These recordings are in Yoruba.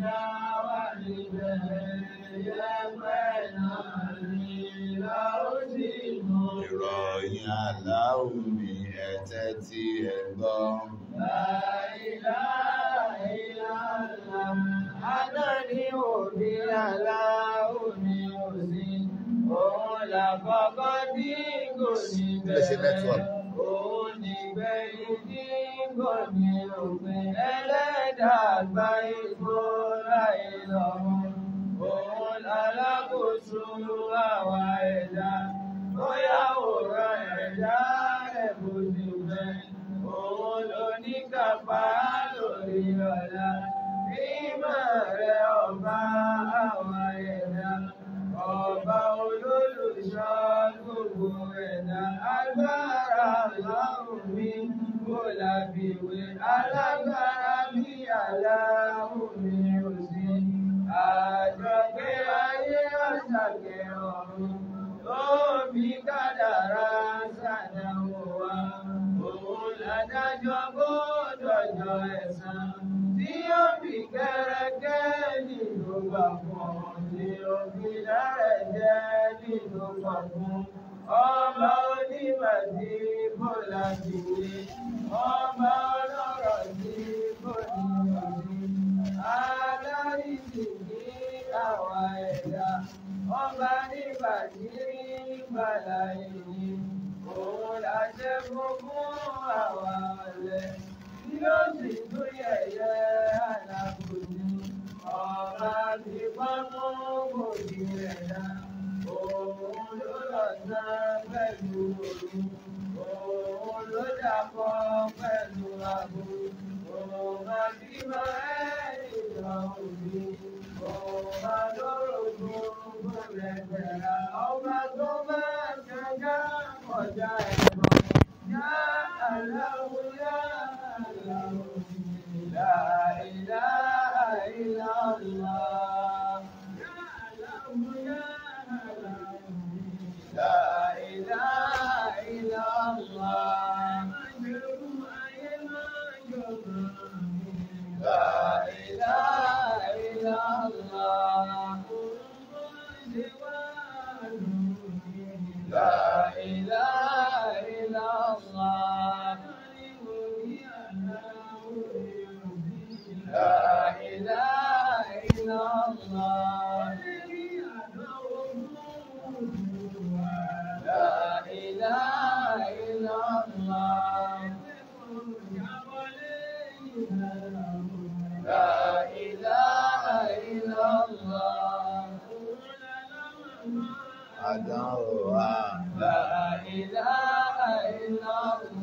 Ìròyìn aláwọ̀ mi ẹ̀tẹ́ tí ẹ gbọ́. Láìlá ìlànà, àná ni òbí aláwọ̀ mi ò Òun làkọ́kọ́ bí kò sí bẹ̀rẹ̀. Òun ìbẹ̀rù tí ń bọ̀ ní òpin ẹlẹ́dàá àgbáyé fúnra ìlọ́run. Òun alákòóso àwa ẹ̀dá. Bóyá òòrùn ẹ̀dá ẹ̀bù ti bẹ̀. Òun lóníkàpá lórí ọ̀la. Bí màá rẹ ọba àwa ẹ̀dá ọba olólùṣọ́ gbogbo ẹ̀dá agbára láwùn mi mo làbìwé alágbára bí aláwùn mi ò sí. àjọké ayé ọ̀sàkẹ́ ọ̀run lómi kádàrá sàdáwò wa òun làdájọ́ bó dọ̀jọ́ ẹ̀san tí ó fi kẹ́rẹ́kẹ́ nìlú bàbá ọ̀run. ينذر بالأجال نصب ọmọ onímọ̀tí bọ́lá ti rí ọmọ ọlọ́rọ̀ tí bọ́lá ti rí alárí sì ní àwọn ẹ̀dá ọba nígbà tí gbàlá èyí òun láṣẹ fún àwọn ọ̀lẹ tí sì tún yẹ̀yẹ́ àlàkùn ọba ti wá fún òbí rẹ̀ dá. Òun ló lọ sán pẹ̀lú òru. Òun ló dàpọ̀ pẹ̀lú àbò. Òun máa bí máa ẹ̀ ìjọ òbí. Òun máa lọ́rọ̀ gbogbo rẹ̀ gbẹ̀rà. Ọba tó máa ń ṣẹ́jà kọjá ẹ̀rọ. Yá àlọ́. glória. Hum. أدعوها لا إله إلا الله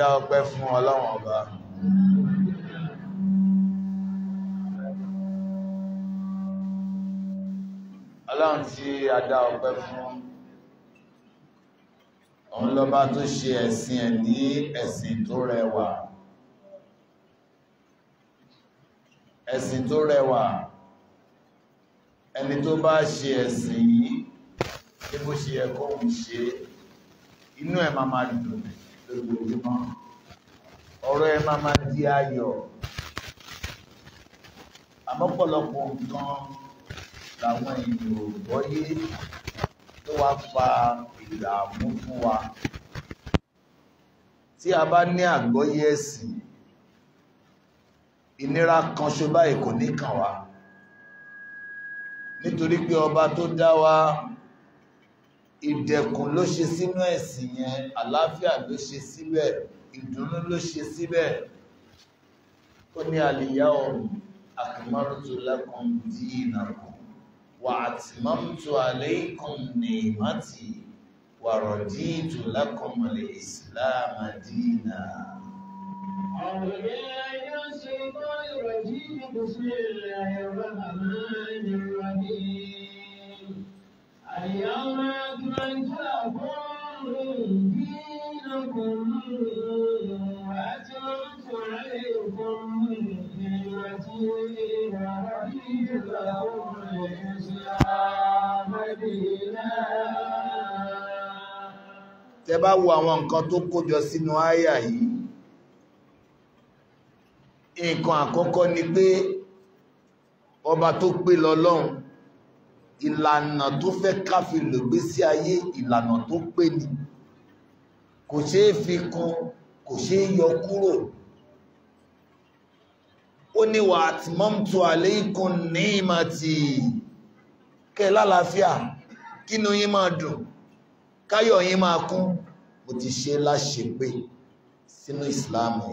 dá ọpẹ́ fún Ọlọ́run ọba Ọlọ́run tí a dá ọpẹ́ fún òun lọ́ba tó ṣe ẹ̀sìn ẹ̀ ní ẹ̀sìn tó rẹwà ẹ̀sìn tó rẹwà ẹni tó bá ṣe ẹ̀sìn yìí bí bó ṣe yẹ kóhun ṣe inú ẹ̀ máa máa dùn lójoojúmọ́ ọ̀rọ̀ ẹ máa máa di ayọ̀ àmọ́pọ̀lọpọ̀ nǹkan làwọn èèyàn ò gbọ́yé tó wá fa ìdààmú fún wa tí a bá ní àgbọ́yé ẹ̀sìn ìnira kan ṣe báyìí kò ní kàn wá nítorí pé ọba tó dá wa ìdẹ̀kùn ló ṣe sínú ẹ̀sìn yẹn àlàáfíà ló ṣe síbẹ̀ ìdùnnú ló ṣe síbẹ̀ ó ní àlìyá ọ̀rùn àkàmọ́rútù lakum dīnakum wà àtìmọ́mtù alaykum ni'matī wà radītu lakum al-islāma dīnā أعوذ بالله من الشيطان الرجيم بسم الله الرحمن الرحيم اليوم أكملت لكم دينكم وأتممت عليكم نعمتي ورضيت لكم الإسلام tẹ bá wo àwọn nǹkan tó kójọ sínú àyà yìí nǹkan àkọ́kọ́ ni pé ọba tó pé lọ́lọ́run ìlànà tó fẹ́ ká fi lògbé sí ayé ìlànà tó pé ni kò ṣeé fi kún kò ṣeé yọ kúrò ó ní wà àti mọ́mtò àléìkún ní ìmọ̀ tí kẹ lálàáfíà kínú yín máa dùn káyọ̀ yín máa kún mo ti ṣe láṣepé sínú ìsìláàmù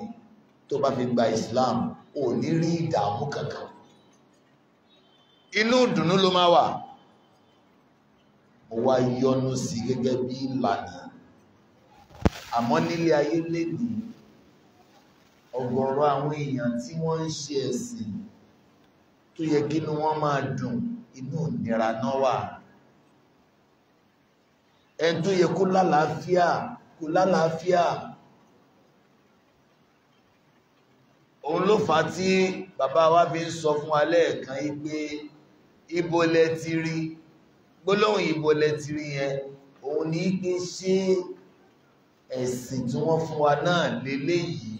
tó bá fi gba ìsìláàmù ò ní rí ìdààmú kankan inú ìdùnnú ló máa wà mo wá yọ́nú sí gẹ́gẹ́ bí ìlànà àmọ́ nílé ayé lèdì ọ̀gọ̀rọ̀ àwọn èèyàn tí wọ́n ń ṣe ẹ̀sìn tó yẹ kí inú wọn máa dùn inú ìnira náà wà ẹni tó yẹ kó lálàáfíà kó lálàáfíà òun ló fà tí bàbá wa fi ń sọ fún alẹ́ ẹ̀kan yí pé ibo lẹ ti rí gbólóhùn ìbò lẹ́tìrí yẹn òun ní kí n ṣe ẹ̀sìn tí wọ́n fún wa náà lélẹ́yìí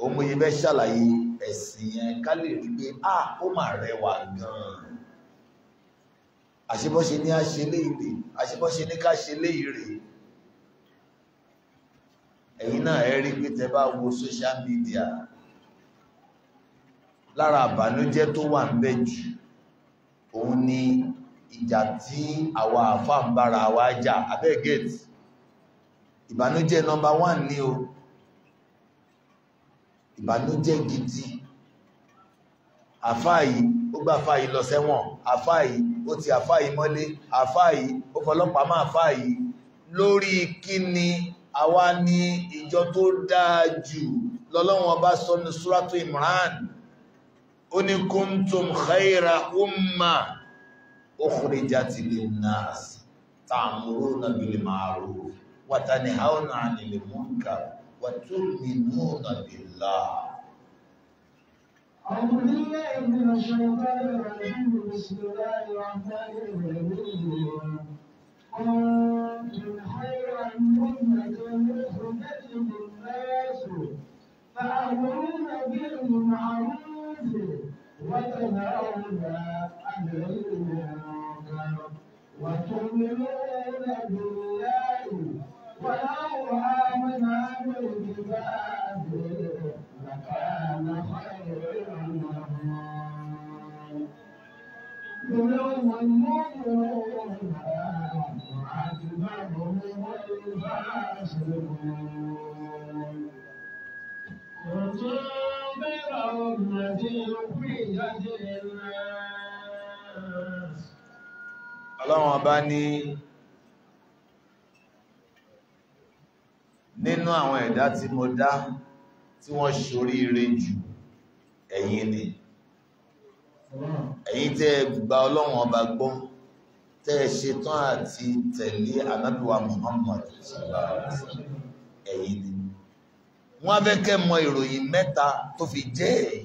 òun mo yẹ fẹ́ ṣàlàyé ẹ̀sìn yẹn ká lè rí pé a ó mà rẹwà gan-an àṣebọ́ṣe ní a àṣebọ́ṣe ní ká ṣe léèrè ẹ̀yin náà ẹ rí pé tẹ bá wo social media lára àbánújẹ́ tó wà ń bẹ jù òun ni ìjà tí àwọn àfà ń bára wa jà abẹ́ gate nọmba one ní o ìbànújẹ́ gidi àfà yìí ó gbà àfà yìí lọ sẹ́wọ̀n àfà yìí ó ti àfà yìí mọ́lé àfà yìí ó fọlọ́pàá má àfà yìí lórí kíni àwa ní ìjọ tó dáa jù lọ́lọ́wọ́n bá sọ ní súrátù Imran ó ní kuntum khaira umma أخرجت للناس تعمرون بالمعروف وتنهون عن المنكر وتؤمنون بالله أعوذ بالله من الشيطان الرجيم بسم الله الرحمن الرحيم كنتم خير أمة أخرجت للناس تأمرون بالمعروف وتنهون عن المنكر وتؤمنون بالله ولو آمنا بالكتاب لكان خيرا لهم قلوب المؤمنون وأتبعهم الفاسقون Ọlọ́run ọba ní nínú àwọn ẹ̀dá tí mo dá tí wọ́n ṣorí ire jù ẹ̀yin ni ẹ̀yin tẹ́ gba ọlọ́run ọba gbọ́ tẹ́ ṣetán àti tẹ̀lé ànábíwá Muhammad ẹ̀yin ni wọ́n fẹ́ kẹ́ mọ ìròyìn mẹ́ta tó fi jẹ́ èyí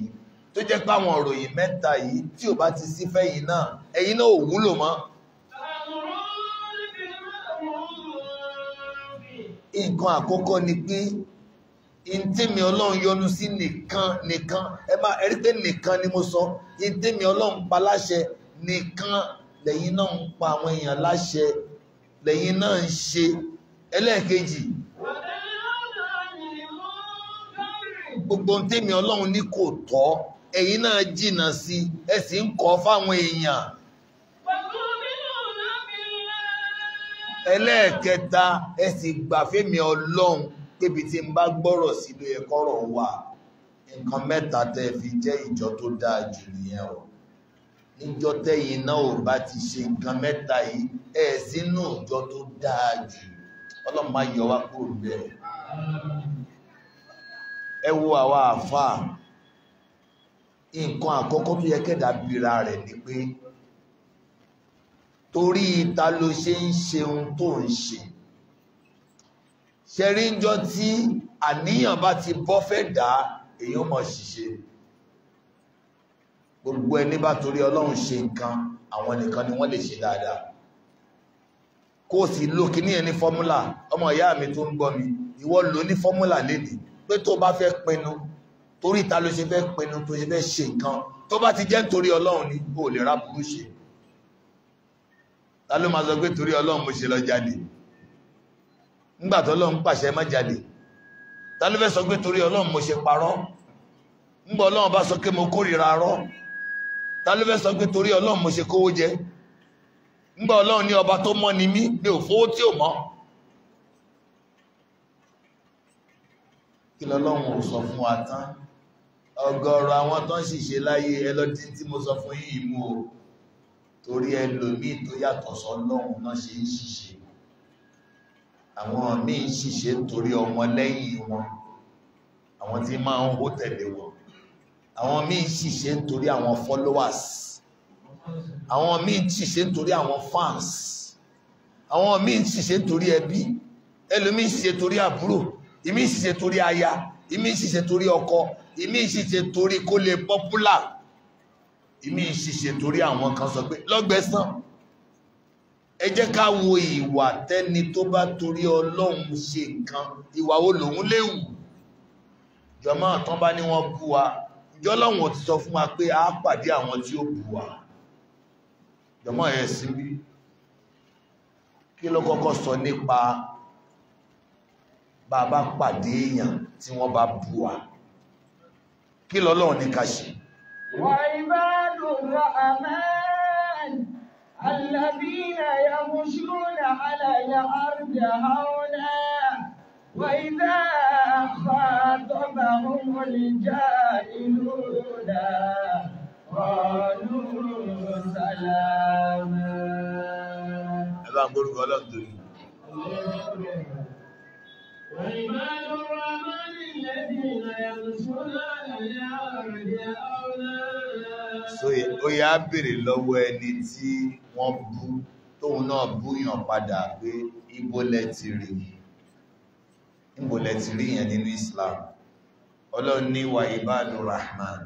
tó jẹ́ pé àwọn ìròyìn mẹ́ta yìí tí ò bá ti sí fẹ́ yìí náà ẹ̀yin náà ò wúlò mọ́. nǹkan àkọ́kọ́ ni pé ìntẹ́mi ọlọ́run yọ́nú sí nìkan nìkan ẹ máa ẹ rí pé nìkan ni mo sọ ìntẹ́mi ọlọ́run pa láṣẹ nìkan lẹ́yìn náà ń pa àwọn èèyàn láṣẹ lẹ́yìn náà ń ṣe ẹlẹ́ẹ̀kejì gbogbo ohun tèmi ọlọ́run ní kò tọ́ ẹ̀yin náà jìnnà sí ẹ sì ń kọ́ fáwọn èèyàn. ẹlẹ́ẹ̀kẹta ẹ sì gbà fẹ́mi ọlọ́run pébi tí n bá gbọ́rọ̀ sí ló yẹ kọ́rọ̀ wà nǹkan mẹ́ta fi jẹ́ ìjọ tó dáa jù o níjọ tẹ́yìn náà ò bá ti ṣe nǹkan mẹ́ta yìí sínú ìjọ tó dáa jù ọlọ́run máa yọ ẹ wo àwa àfáà nǹkan àkọ́kọ́ tó yẹ kẹ́dà bira rẹ̀ ni pé torí ta ló ṣe ń ṣe ohun tó ń ṣe ṣẹ̀rí ń jọ tí àníyàn bá ti bọ́ fẹ́ dá èèyàn mọ̀ ṣiṣẹ́ gbogbo ẹni bá torí ọlọ́run ṣe nǹkan àwọn nìkan ni wọ́n lè ṣe dáadáa kó o sì lo kíní ẹni fọ́múlà ọmọ ìyá mi tó ń gbọ́ mi ìwọ lò ní fọ́múlà lénìí pé tó bá fẹ́ pinnu torí ìta ló ṣe fẹ́ pinnu tó ṣe fẹ́ ṣe nǹkan tó bá ti jẹ́ nítorí ọlọ́run ni kò lè rá burú ṣe ta ló máa sọ pé torí ọlọ́run mo ṣe lọ jáde nígbà tó ọlọ́run pàṣẹ má jáde ta ló fẹ́ sọ pé torí ọlọ́run mo ṣe parọ́ nígbà ọlọ́run bá sọ pé mo kórìíra arọ́ ta ló fẹ́ sọ pé torí ọlọ́run mo ṣe kówó jẹ nígbà ọlọ́run ní ọba tó mọ́ ni mí mi ò fowó tí ò mọ́ kí lọ́lọ́run ò sọ fún wa tán ọ̀gọ̀rọ̀ àwọn tán ṣìṣe láyé ẹlọ́dí tí mo sọ fún yìí mú o torí ẹlòmíì tó yàtọ̀ sọ́lọ́run náà ṣe ń ṣìṣe àwọn míì ń ṣìṣe torí ọmọ lẹ́yìn wọn àwọn tí máa ń hó tẹ̀lé wọn àwọn míì ń ṣìṣe nítorí àwọn followers àwọn míì ń ṣìṣe nítorí àwọn fans àwọn míì ń ṣìṣe nítorí ẹbí ẹlòmíì ń ṣìṣe torí àbúrò ìmí sì ṣe torí aya ìmí sì ṣe torí ọkọ ìmí sì ṣe torí kó lè pọ́pùlà ìmí sì ṣe torí àwọn kan sọ pé lọ́gbẹ̀sán ẹ jẹ́ ká wo ìwà tẹ́ni tó bá torí ọlọ́run ṣe nǹkan ìwà wo lòun léwu jọmọ́ tán bá ní wọ́n bú wa ìjọ lọ́wọ́n ti sọ fún wa pé a pàdé àwọn tí ó bú wa jọmọ́ ẹ̀ sí bí kí ló kọ́kọ́ sọ nípa bá a bá pàdé èèyàn tí wọ́n bá bú wa kí lọ́lọ́run ní ká ṣe. wà ìbádùn rahman alladhina yamshuna ala al-ardi hauna wa idha khatabahum al-jahiluna qalu salama. ẹ bá ń gbórúkọ ọlọ́run tó عباد الرحمن الذين يمشون على الأرض أولا ó yá béèrè lọ́wọ́ ẹni tí wọ́n bú tóun náà búyàn padà pé ibo lẹ ti rí yẹn nínú Islam ọlọ́run ní wà rahman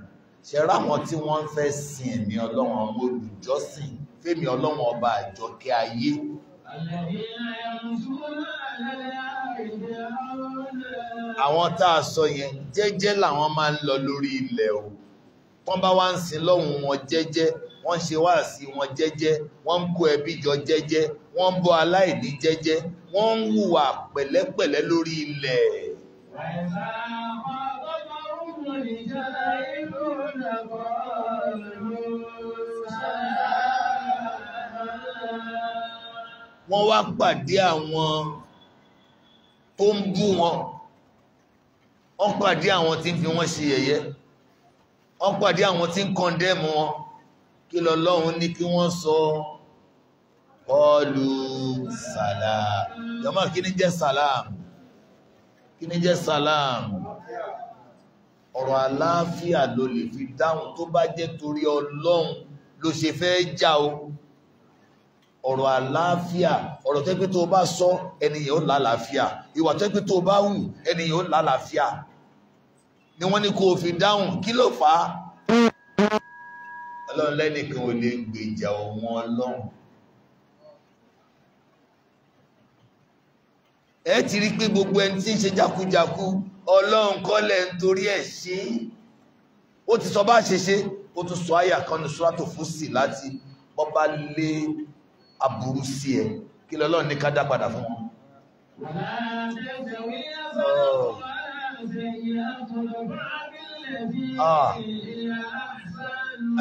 ṣe ráwọn tí wọ́n ń fẹ́ sin ẹ̀mí ọlọ́run ọmọ olùjọ́sìn fẹ́mi ọlọ́run ọba àjọkẹ́ ayé. àlẹ́ ìlànà ìṣúná àlẹ́ àrẹ̀ àwọn tá a sọ yẹn jẹ́jẹ́ làwọn máa ń lọ lórí ilẹ̀ o wọ́n bá wá ń sin lọ́hùn wọn jẹ́jẹ́ wọ́n ṣe wá sí wọn jẹ́jẹ́ wọ́n ń kó ẹbí jọ jẹ́jẹ́ wọ́n ń bọ́ aláìní jẹ́jẹ́ wọ́n ń hùwà pẹ̀lẹ́pẹ̀lẹ́ lórí ilẹ̀. wọ́n wá pàdé àwọn tó ń bú wọn wọ́n pàdé àwọn tí ń fi wọ́n ṣe yẹ̀yẹ́ wọ́n pàdé àwọn tí ń kọ́ndẹ́mù wọn kí lọ́lọ́run ní kí wọ́n sọ kọlu salam yọmọ kí ni jẹ́ salam kí ni jẹ́ salam ọ̀rọ̀ àlàáfíà ló lè fi dáhùn tó bá jẹ́ torí ọlọ́run ló ṣe fẹ́ já o ọ̀rọ̀ àlàáfíà ọ̀rọ̀ tẹ́pẹ́ tó bá sọ ẹnìyàn ó lálàáfíà ìwà tẹ́pẹ́ tó bá wù ẹnìyàn ó lálàáfíà ni wọ́n ní kó o fi dáhùn kí ló fà á ọlọ́run lẹ́nìkan ò lè gbèjà ọmọ ọlọ́run ẹ ti rí pé gbogbo ẹni tí ń ṣe jákujáku ọlọ́run kọ́lẹ̀ ń torí ẹ̀ ṣe ó ti sọ bá ṣe ṣe ó tún sọ àyà kan ní sọ́tò fún sí láti wọ́n bá lé aburú sí ẹ kí lọ́lọ́run ní ká dá padà fún wọn. Ah.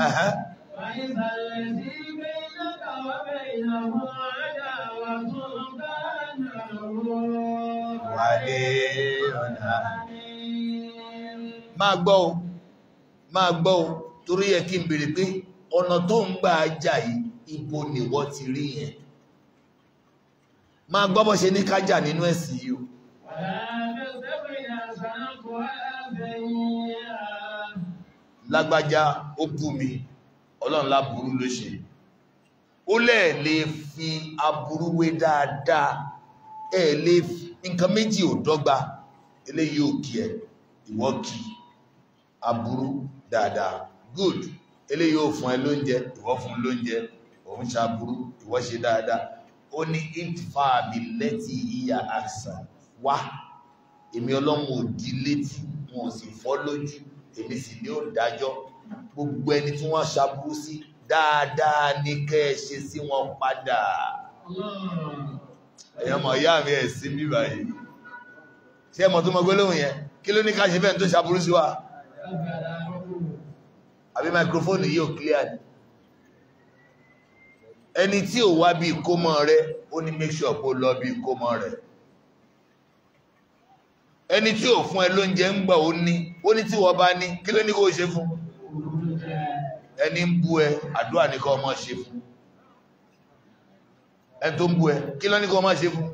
Uh-huh. ma gbọ́ o máa gbọ́ o torí kí n béèrè pé ọ̀nà tó ń gbà ajá yìí ibo nìwọ ti rí yẹn máa gbọ́ ṣe ní kájà nínú ẹ̀sìn yìí lágbájá ó bú mi ọlọ́run láburú ló ṣe ó lẹ̀ lè fi aburú wé dáadáa ẹ̀ lè fi nǹkan méjì ò dọ́gba eléyìí ò kí ẹ̀ ìwọ kí aburú dáadáa good eléyìí ò fún ẹ lóúnjẹ ìwọ fún lóúnjẹ òun ṣaburú ìwọ ṣe dáadáa ó ní ìtìfà àbí lẹ́tì ìyá àṣà wá èmi ọlọ́run ò di létí wọn ò sì fọ́ lójú èmi sì ní ò dájọ́ gbogbo ẹni tí wọ́n ṣaburú sí dáadáa ní kẹ́ ẹ ṣe sí wọn padà ẹ̀yàn mọ̀ ìyá mi ẹ̀ sí mi báyìí ṣé ẹ mọ̀ tó mọ gbólóhùn yẹn kí ló ní ká ṣe fẹ́ẹ̀ tó ṣaburú sí wa àbí microphone yìí ò clear ni ẹni tí ò wá bí ìkómọ rẹ ó ní make sure kó lọ bí ìkómọ rẹ ẹni tí ò fún ẹ lóúnjẹ ń gbà ó ní ó ní tí wọ́n bá ní kí ló ní kó ṣe fún ẹni ń bú ẹ àdúrà ní kó ọmọ ṣe fún ẹni tó ń bú ẹ kí ló ní kó ọmọ ṣe fún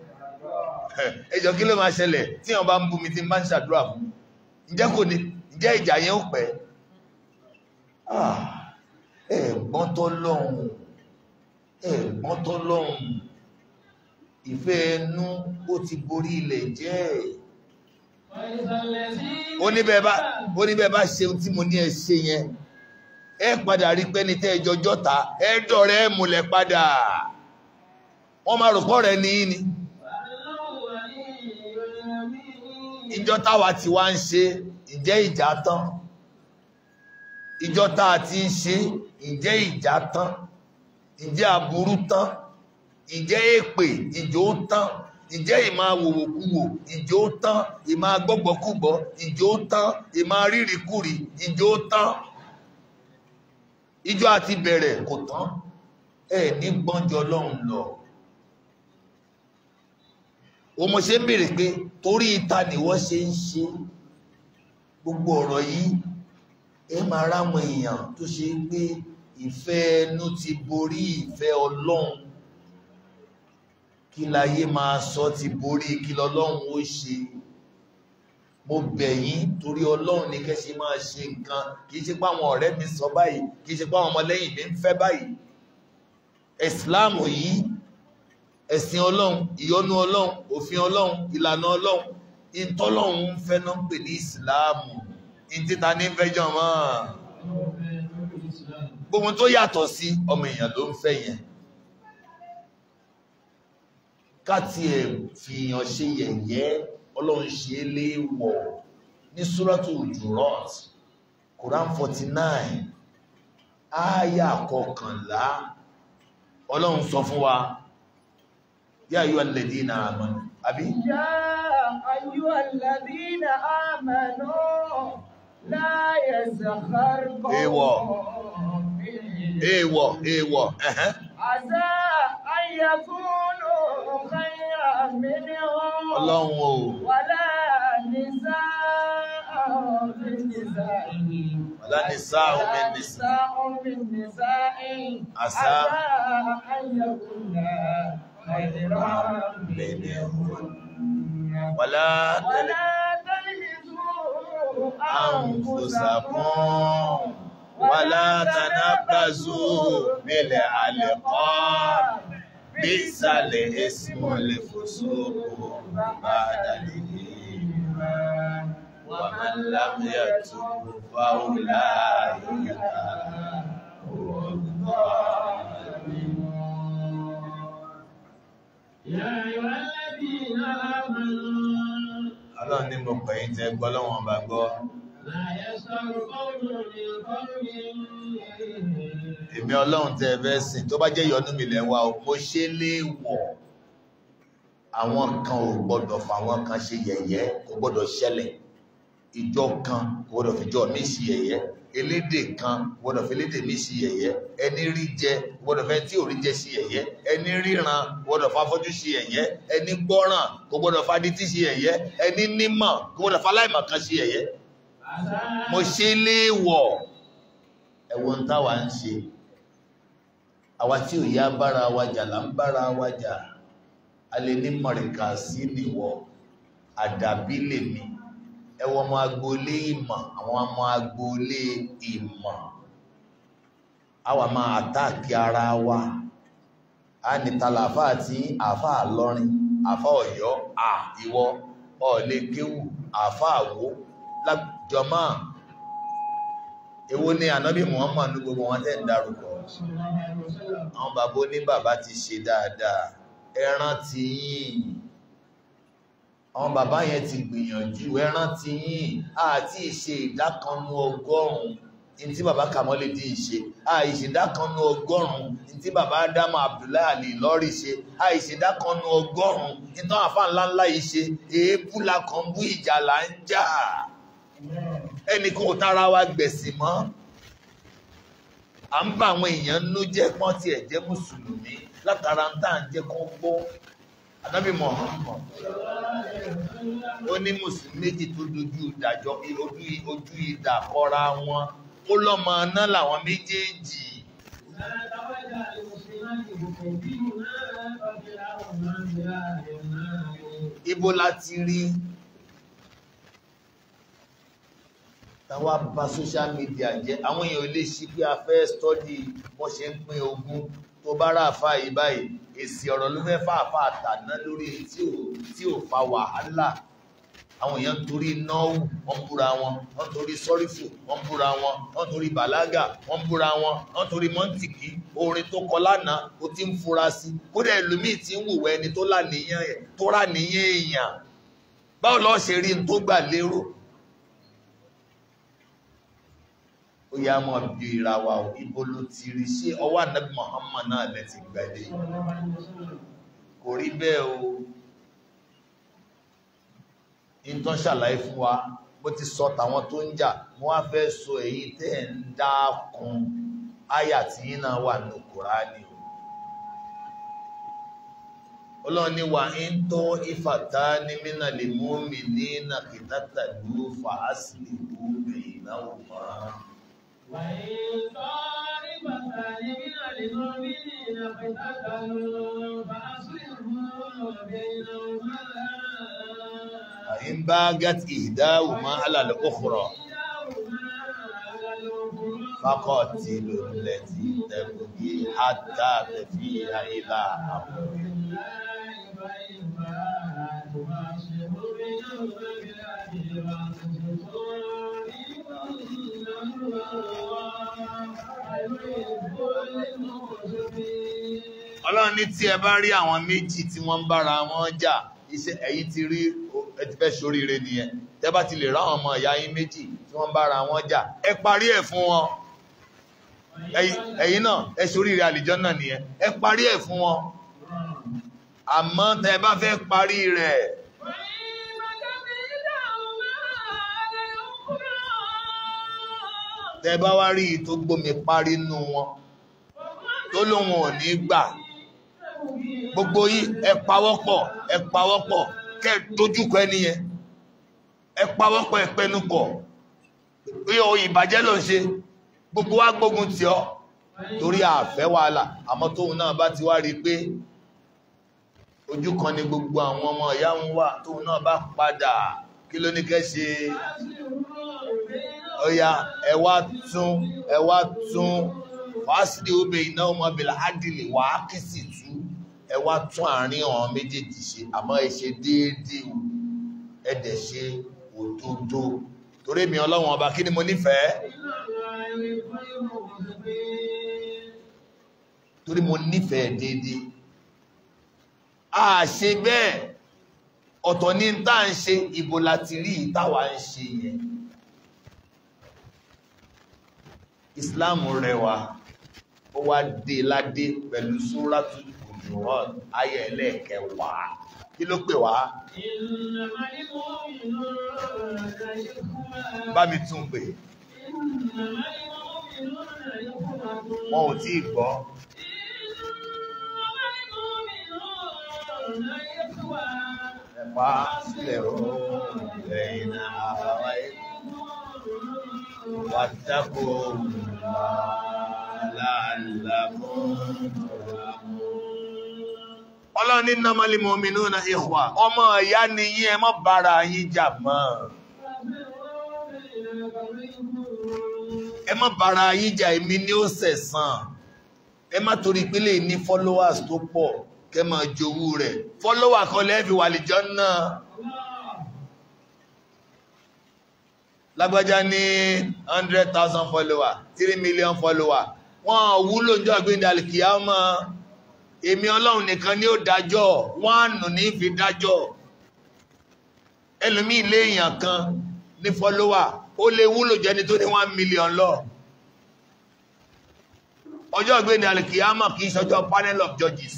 ẹjọ kí ló máa ṣẹlẹ̀ tí wọ́n bá ń bú mi tí n bá ń ṣàdúrà fún ǹjẹ́ kò ní ǹjẹ́ ìjà yẹn ò pẹ́ ah, ẹ̀gbọ́n tó lọ́hùn ẹ̀gbọ́n tó lọ́hùn ìfẹ́ ẹnu ó ti borí ilẹ̀ jẹ́ ẹ̀. ó ní ohun tí mo ní ẹ ṣe yẹn ẹ padà rí pé ní tẹ́ ẹjọ́ jọ́ta ẹ dọ̀rẹ́ ẹ padà wọ́n máa rò pọ̀ rẹ̀ ni. ìjọ táwa ti wá ń ṣe ìjẹ́ ìjà tán ìjọ tá a ti ń ṣe ìjẹ́ ìjà tán ìjẹ́ tán ìjẹ́ èpè tán. ìjẹ́ ìmá wòwòkúwò ìjó tán ìmá gbọ́gbọ́kúgbọ́ ìjó tán ìmá rírìkúrì ìjó tán ìjọ àti bẹ̀rẹ̀ kò tán ẹ̀ ní gbọ́njọ lọ́hùn lọ òmò ṣe ń bèèrè pé torí ìta nìwọ́ ṣe ń ṣe gbogbo ọ̀rọ̀ yìí ẹ máa ráwọn èèyàn tó ṣe pé ìfẹ́ ẹnu ti borí ìfẹ́ ọlọ́run kí láyé máa sọ ti borí kí lọ́lọ́run ó ṣe mo bẹ̀ yín torí ọlọ́run ní kẹ́ṣe máa ṣe nǹkan kìí ṣe páwọn ọ̀rẹ́ mi sọ báyìí kìí ṣe páwọn ọmọlẹ́yìn mi ń fẹ́ báyìí ìsìláàmù yìí ẹ̀sìn ọlọ́run ìyọ́nú ọlọ́run òfin ọlọ́run ìlànà ọlọ́run ìtọ́lọ́run ń fẹ́ náà pè ní ìsìláàmù ìtìta ní fẹ́jọ́ mọ́ gbogbo tó yàtọ̀ sí ọmọ èèyàn ló ń fẹ́ yẹn káti ẹ̀ fìyàn ṣe yẹ̀yẹ́ ọlọ́run ṣe é léèwọ̀ ní súrátù Hujurat Quran forty nine ááyà kọkànlá ọlọ́run sọ fún wa yá ayú alẹ́dínà àmànù àbí. yá ayú alẹ́dínà àmànù láyé zàkárùkọ́. èèwọ̀ èèwọ̀ èèwọ̀. àzá ayẹ̀kún mìíràn. Ọlọ́run o. Wàlá nìsá ọ̀mí nìsá ẹ̀yìn. Wàlá nìsá ọ̀mí nìsá. ọ̀mí nìsá ẹ̀yìn. Àṣà. Àṣà ayẹ̀kùnà àìrọ̀ mìíràn. Wàlá tẹ́lẹ̀. Wàlá tẹ́lẹ̀ àǹfùsàkùn. Wàlá tànàbàzù bílẹ̀ àlẹ́kọ́ bisa leesimo lefusuku baada lihima waman lam yatubu faulaika Ọlọ́run ni mo pẹ̀yìn tẹ gbọ́ lọ́wọ́n bá gbọ́. Èmi Ọlọ́run tẹ́ ẹ̀fẹ́ sìn tó bá jẹ́ ìyọ́nú mi lẹ́ wá o, mo ṣe léèwọ̀. Àwọn kan ò gbọ́dọ̀ fàwọn kan ṣe yẹ̀yẹ́, kò gbọ́dọ̀ ṣẹlẹ̀. Ìjọ kan kò gbọ́dọ̀ fìjọ mi ṣe yẹ̀yẹ́. Elédè kan kò gbọ́dọ̀ fi elédè mi ṣe yẹ̀yẹ́. Ẹni rí jẹ kò gbọ́dọ̀ fẹ́ tí ò rí jẹ ṣe yẹ̀yẹ́. Ẹni ríran kò gbọ́dọ̀ fáfọ́jú ṣe yẹ̀yẹ́. Ẹni gbọ́ràn kò gbọ́dọ̀ fadití ṣe yẹ̀yẹ́. Ẹni nímọ̀ kò gbọ́dọ̀ faláìmọ̀ kan ṣe yẹ̀yẹ́ mo ṣe léèwọ̀ ẹ̀wọ̀n táwa ń ṣe àwa tí ò yá bára wa jà là ń bára wa jà a lè ní mọ̀rìnkà sí nìwọ àdàbí lèmi ẹwọ ọmọ agboolé ìmọ̀ àwọn ọmọ agboolé ìmọ̀ àwa máa àtàkì ara wa a nìtàlà àfà àti àfà àlọrin àfà ọ̀yọ́ à ìwọ ọ̀lẹ́ àfà àwó lágbàá jọmọ́ èwo ni ànábì Muhammad ní gbogbo wọn tẹ́ ń dárúkọ àwọn bàbá ní bàbá ti ṣe dáadáa ẹran ti yìn àwọn bàbá yẹn ti gbìyànjú ẹran ti yìn àti ìṣe ìdákanú ọgọ́rùn-ún tí bàbá kàmọ́ lè dín ìṣe àìṣèdákanú ọgọ́rùn-ún tí bàbá Ádámù Abdullahi Alì lọ́rì ṣe àìṣèdákanú ọgọ́rùn-ún tí tán àfáà ńláńlá yìí ṣe èébú la kan bú ìjà là ń jà ẹnìkan ò tara wa gbẹ̀sìn mọ́ à ń bá àwọn èèyàn nú jẹ́ pọ́n tiẹ̀ jẹ́ mùsùlùmí látara ń tà ń jẹ́ kó gbọ́ ànábì Muhammad ó ní mùsùlùmí méjì tó dojú ìdàjọ ojú ìdà kọra wọn ó lọ́mọ náà làwọn méjèèjì. ibo la ti rí táwa bà social media jẹ́ àwọn èèyàn lè ṣí pé a fẹ́ stọ́dì wọ́n ṣe ń pín ogún tó bá rà fà yìí báyìí èsì ọ̀rọ̀ ló fẹ́ fà fà tàná lórí tí ò fa wàhálà àwọn èèyàn torí náwó wọ́n búra wọn wọ́n torí sọ́rífù wọ́n búra wọn wọ́n torí bàlágà wọ́n búra wọn wọ́n torí mọ́ǹtìkì orin tó kọ lánàá ó ti ń fura sí kódà ẹlòmíì ti ń wùwẹ́ ẹni tó rà níyàn èèyàn báwo lọ́ọ́ ṣe rí n tó gbà lérò ó yá mọ̀ bí ìra wa ò ibo ló ti rí ṣé ọwọ́ ànábì Muhammad náà lẹ ti gbà dé kò rí bẹ́ẹ̀ o in ṣàlàyé fún wa bó ti sọ tàwọn tó ń jà wọ́n á fẹ́ sọ èyí tẹ́ ẹ̀ ń dákun áyà tí yín náà wà ní Kùránì o ọlọ́run ni wà ń tó ìfàtà ní mínà lè mú mi ní nàkìtàtà ló fà á sì lè mú mi ìnáwó máa وإن طائفة من المؤمنين فإن باغت إحداهما على الأخرى فقاتلوا التي تبغي حتى تفيء إلى أمر ọlọ́run ní tí ẹ bá rí àwọn méjì tí wọ́n ń bára wọn jà iṣẹ́ ẹ̀yin ti rí ẹ ti fẹ́ ṣoríire nìyẹn tẹ́ bá ti lè ráwọn ọmọ ìyá yín méjì tí wọ́n ń bára wọn jà ẹ parí ẹ̀ fún wọn ẹ̀yin náà ẹ ṣoríire àlìjọ náà nìyẹn ẹ parí ẹ̀ fún wọn àmọ́ tẹ́ bá fẹ́ parí rẹ̀ tẹ bá wá rí tó gbómi parí nú wọn tó lóun ò ní gbà gbogbo yìí ẹ pawọ́pọ̀ ẹ pawọ́pọ̀ kẹ dojúkọ ẹni yẹn ẹ pawọ́pọ̀ ẹ pẹnukọ̀ yọ ìbàjẹ́ ló ń ṣe gbogbo wa gbógun tì ọ́ torí àfẹ́ wàhálà àmọ́ tóun náà bá ti wá rí i pé ojú kan ni gbogbo àwọn ọmọ ìyá ń wà tóun náà bá padà kí ló ní kẹ́ ṣe ọ̀yà ẹ wá tún ẹ wá tún wàá sì ní obe iná ọmọbìnrin adìlẹ̀ wàá kí sì tú ẹ wá tún àárín ọ̀hún méjèèjì ṣe àmọ́ ẹ ṣe déédéé o ẹ dẹ̀ ṣe òdodo torí mi ọlọ́wọ́n ọba kí ni mo nífẹ̀ẹ́ torí mo nífẹ̀ẹ́ déédéé a ṣe bẹ́ẹ̀ ọ̀tọ̀ ní tá à ń ṣe ìbò láti rí ìtawà ń ṣe yẹn islam rẹwà ó wá dé ládé pẹ̀lú súrátù òjòrán ayẹ ẹlẹ́ẹ̀kẹwàá kí ló pè wá bá mi tún pè wọn ò tí ì gbọ́ ẹ̀pá sílẹ̀ rọ̀ lẹ́yìn náà àwọn واتقوا لعلكم ọlọ́run ní nọ́mọ́lì mọ́mínú na ìhùwà ọmọ ìyá ni yí ẹ mọ́ bára yín jà mọ́ ẹ mọ́ bára yín jà èmi ni ó sẹ̀sán ẹ má torí pílẹ̀ ní followers tó pọ̀ kẹ́ máa jowú rẹ̀ follower kan lẹ́ẹ̀fì wà lìjọ́ náà lágbájá ní thousand follower three million follower wọ́n wúlò ní ọjọ́ ìgbéǹdàlì kìí àmọ́ èmi ọlọ́run nìkan ni ó dájọ́ wọ́n ní fi dájọ́ ẹlòmíì lé èèyàn kan ní fọ́lọ́wà ó lè wúlò jẹni tó ní one million lọ ọjọ́ ìgbéǹdàlì kìí àmọ́ kìí ṣọjọ́ panel of judges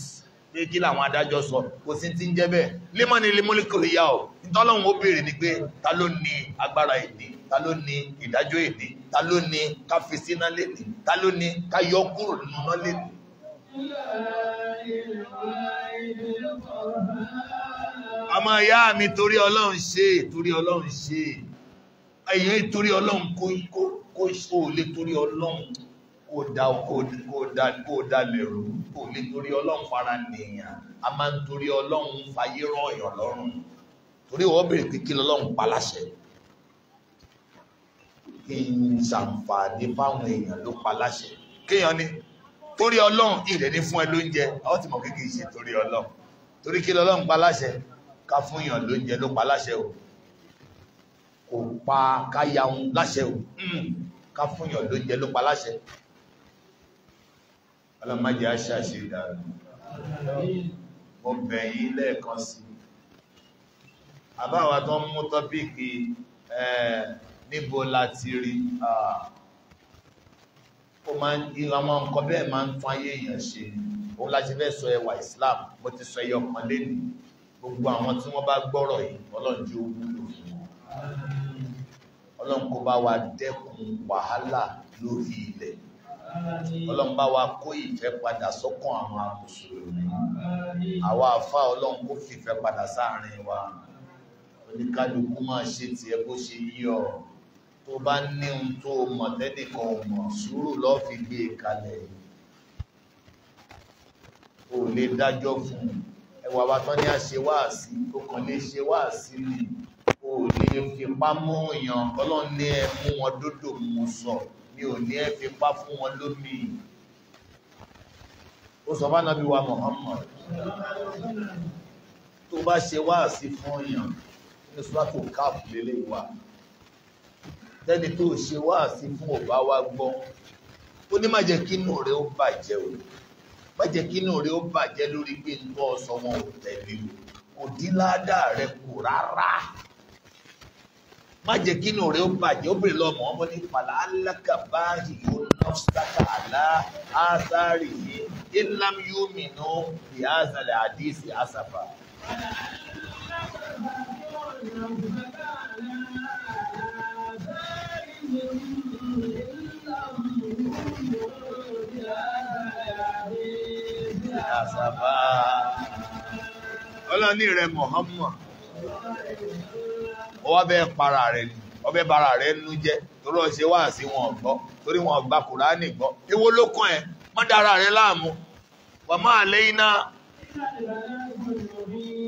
pé kí làwọn adájọ́ sọ kò sí ti ń jẹ́ bẹ́ẹ̀ lémọ́ ni lemọ́lẹ́kọ̀ ìyá ọ̀ ìtọ́lọ́hun ó béèrè ni pé ta ló ní agbára èdè ta ló ní ìdájọ́ èdè ta ló ní ká fi síná lédè ta ló ní ká yọ kúrò nínú náà lédè. àmọ́ ìyá mi torí ọlọ́run ṣe torí ọlọ́run ṣe ẹ̀yìn torí ọlọ́run kó kó kó o lè torí ọlọ́run kó da kó da kó da lẹ́rù kó lè torí ọlọ́run fara nìyàn a máa ń torí ọlọ́run fayé rọ̀yàn lọ́rùn torí wọ́n bèrè pé kí lọ́lọ́run pa láṣẹ kí n ṣàǹfààní fáwọn èèyàn ló pa láṣẹ kéèyàn ni torí ọlọ́run ìrẹ̀ ní fún ẹ lóúnjẹ ọ ti mọ̀ pé kì í ṣe torí ọlọ́run torí kí lọ́lọ́run pa ká fún èèyàn lóúnjẹ ló pa o kò pa káyà ń láṣẹ o hmm. ká fún èèyàn lóúnjẹ ló pa ọlọ́májì aṣáṣe ìdàrú mo bẹ̀ yí lẹ́ẹ̀kan sí àbáwà tó ń mú tọ́píkì níbo láti rí ó máa ń gí ọmọ nǹkan bẹ́ẹ̀ máa ń tún èèyàn ṣe òun láti fẹ́ sọ ẹwà Islam mo ti sọ ẹyọ kan lẹ́nu gbogbo àwọn tí wọ́n bá gbọ́rọ̀ yìí Ọlọ́run wúlò fún bá wa dẹ́kun wàhálà lórí ilẹ̀ ọlọ́run bá wa kó ìfẹ́ padà sọ́kàn àwọn mùsùlùmí àwa àfa ọlọ́run kó fìfẹ́ padà sáàrin wa oníkálukú máa ṣe tiẹ̀ bó ṣe yí ọ tó bá ní ohun tó mọ̀ tẹ́nìkan ò mọ̀ sùúrù lọ́ọ́ fi gbé e kalẹ̀ ò lè dájọ́ fún ẹwà wa tán ní a ṣe wáàsí tó kàn lè ṣe wáàsí ni ò lè fipá mú èèyàn ọlọ́run ní ẹ mú wọn dódò mú sọ̀rọ̀ mi ò ní ẹ fi pa fún wọn lómi ó sọ bá nàbí wa Muhammad tó bá ṣe wá sí fún yàn ní sọ́tò káàpù lélẹ̀ wa tẹ́ni tó ṣe wá sí fún ọba wa gbọ́ ó ní má jẹ́ kínú rẹ̀ ó bàjẹ́ o má jẹ́ kínú rẹ̀ ó bàjẹ́ lórí pé ń bọ́ ọ̀sán wọn ò tẹ̀lé o kò dín ládàá rẹ̀ kù rárá má jẹ́ kí inú rẹ̀ ó bàjẹ́ obìnrin lọ́mọ ọmọ ní pàlà alákàbá ìlú nọ́fṣàkà àlá àṣàrì yìí ilam yomi nù bí àṣàlẹ̀ àdìsí àṣàfà. Ọlọ́ni rẹ̀ Muhammad ọwọ́ bẹ́ẹ̀ para rẹ̀ ni ọbẹ̀ bara rẹ̀ nínú jẹ́ torí ọ̀ṣẹ́ wà sí wọn gbọ́ torí wọn gba kùránì gbọ́ èwo ló kàn ẹ́ má dára rẹ̀ láàmú wà máa lé iná.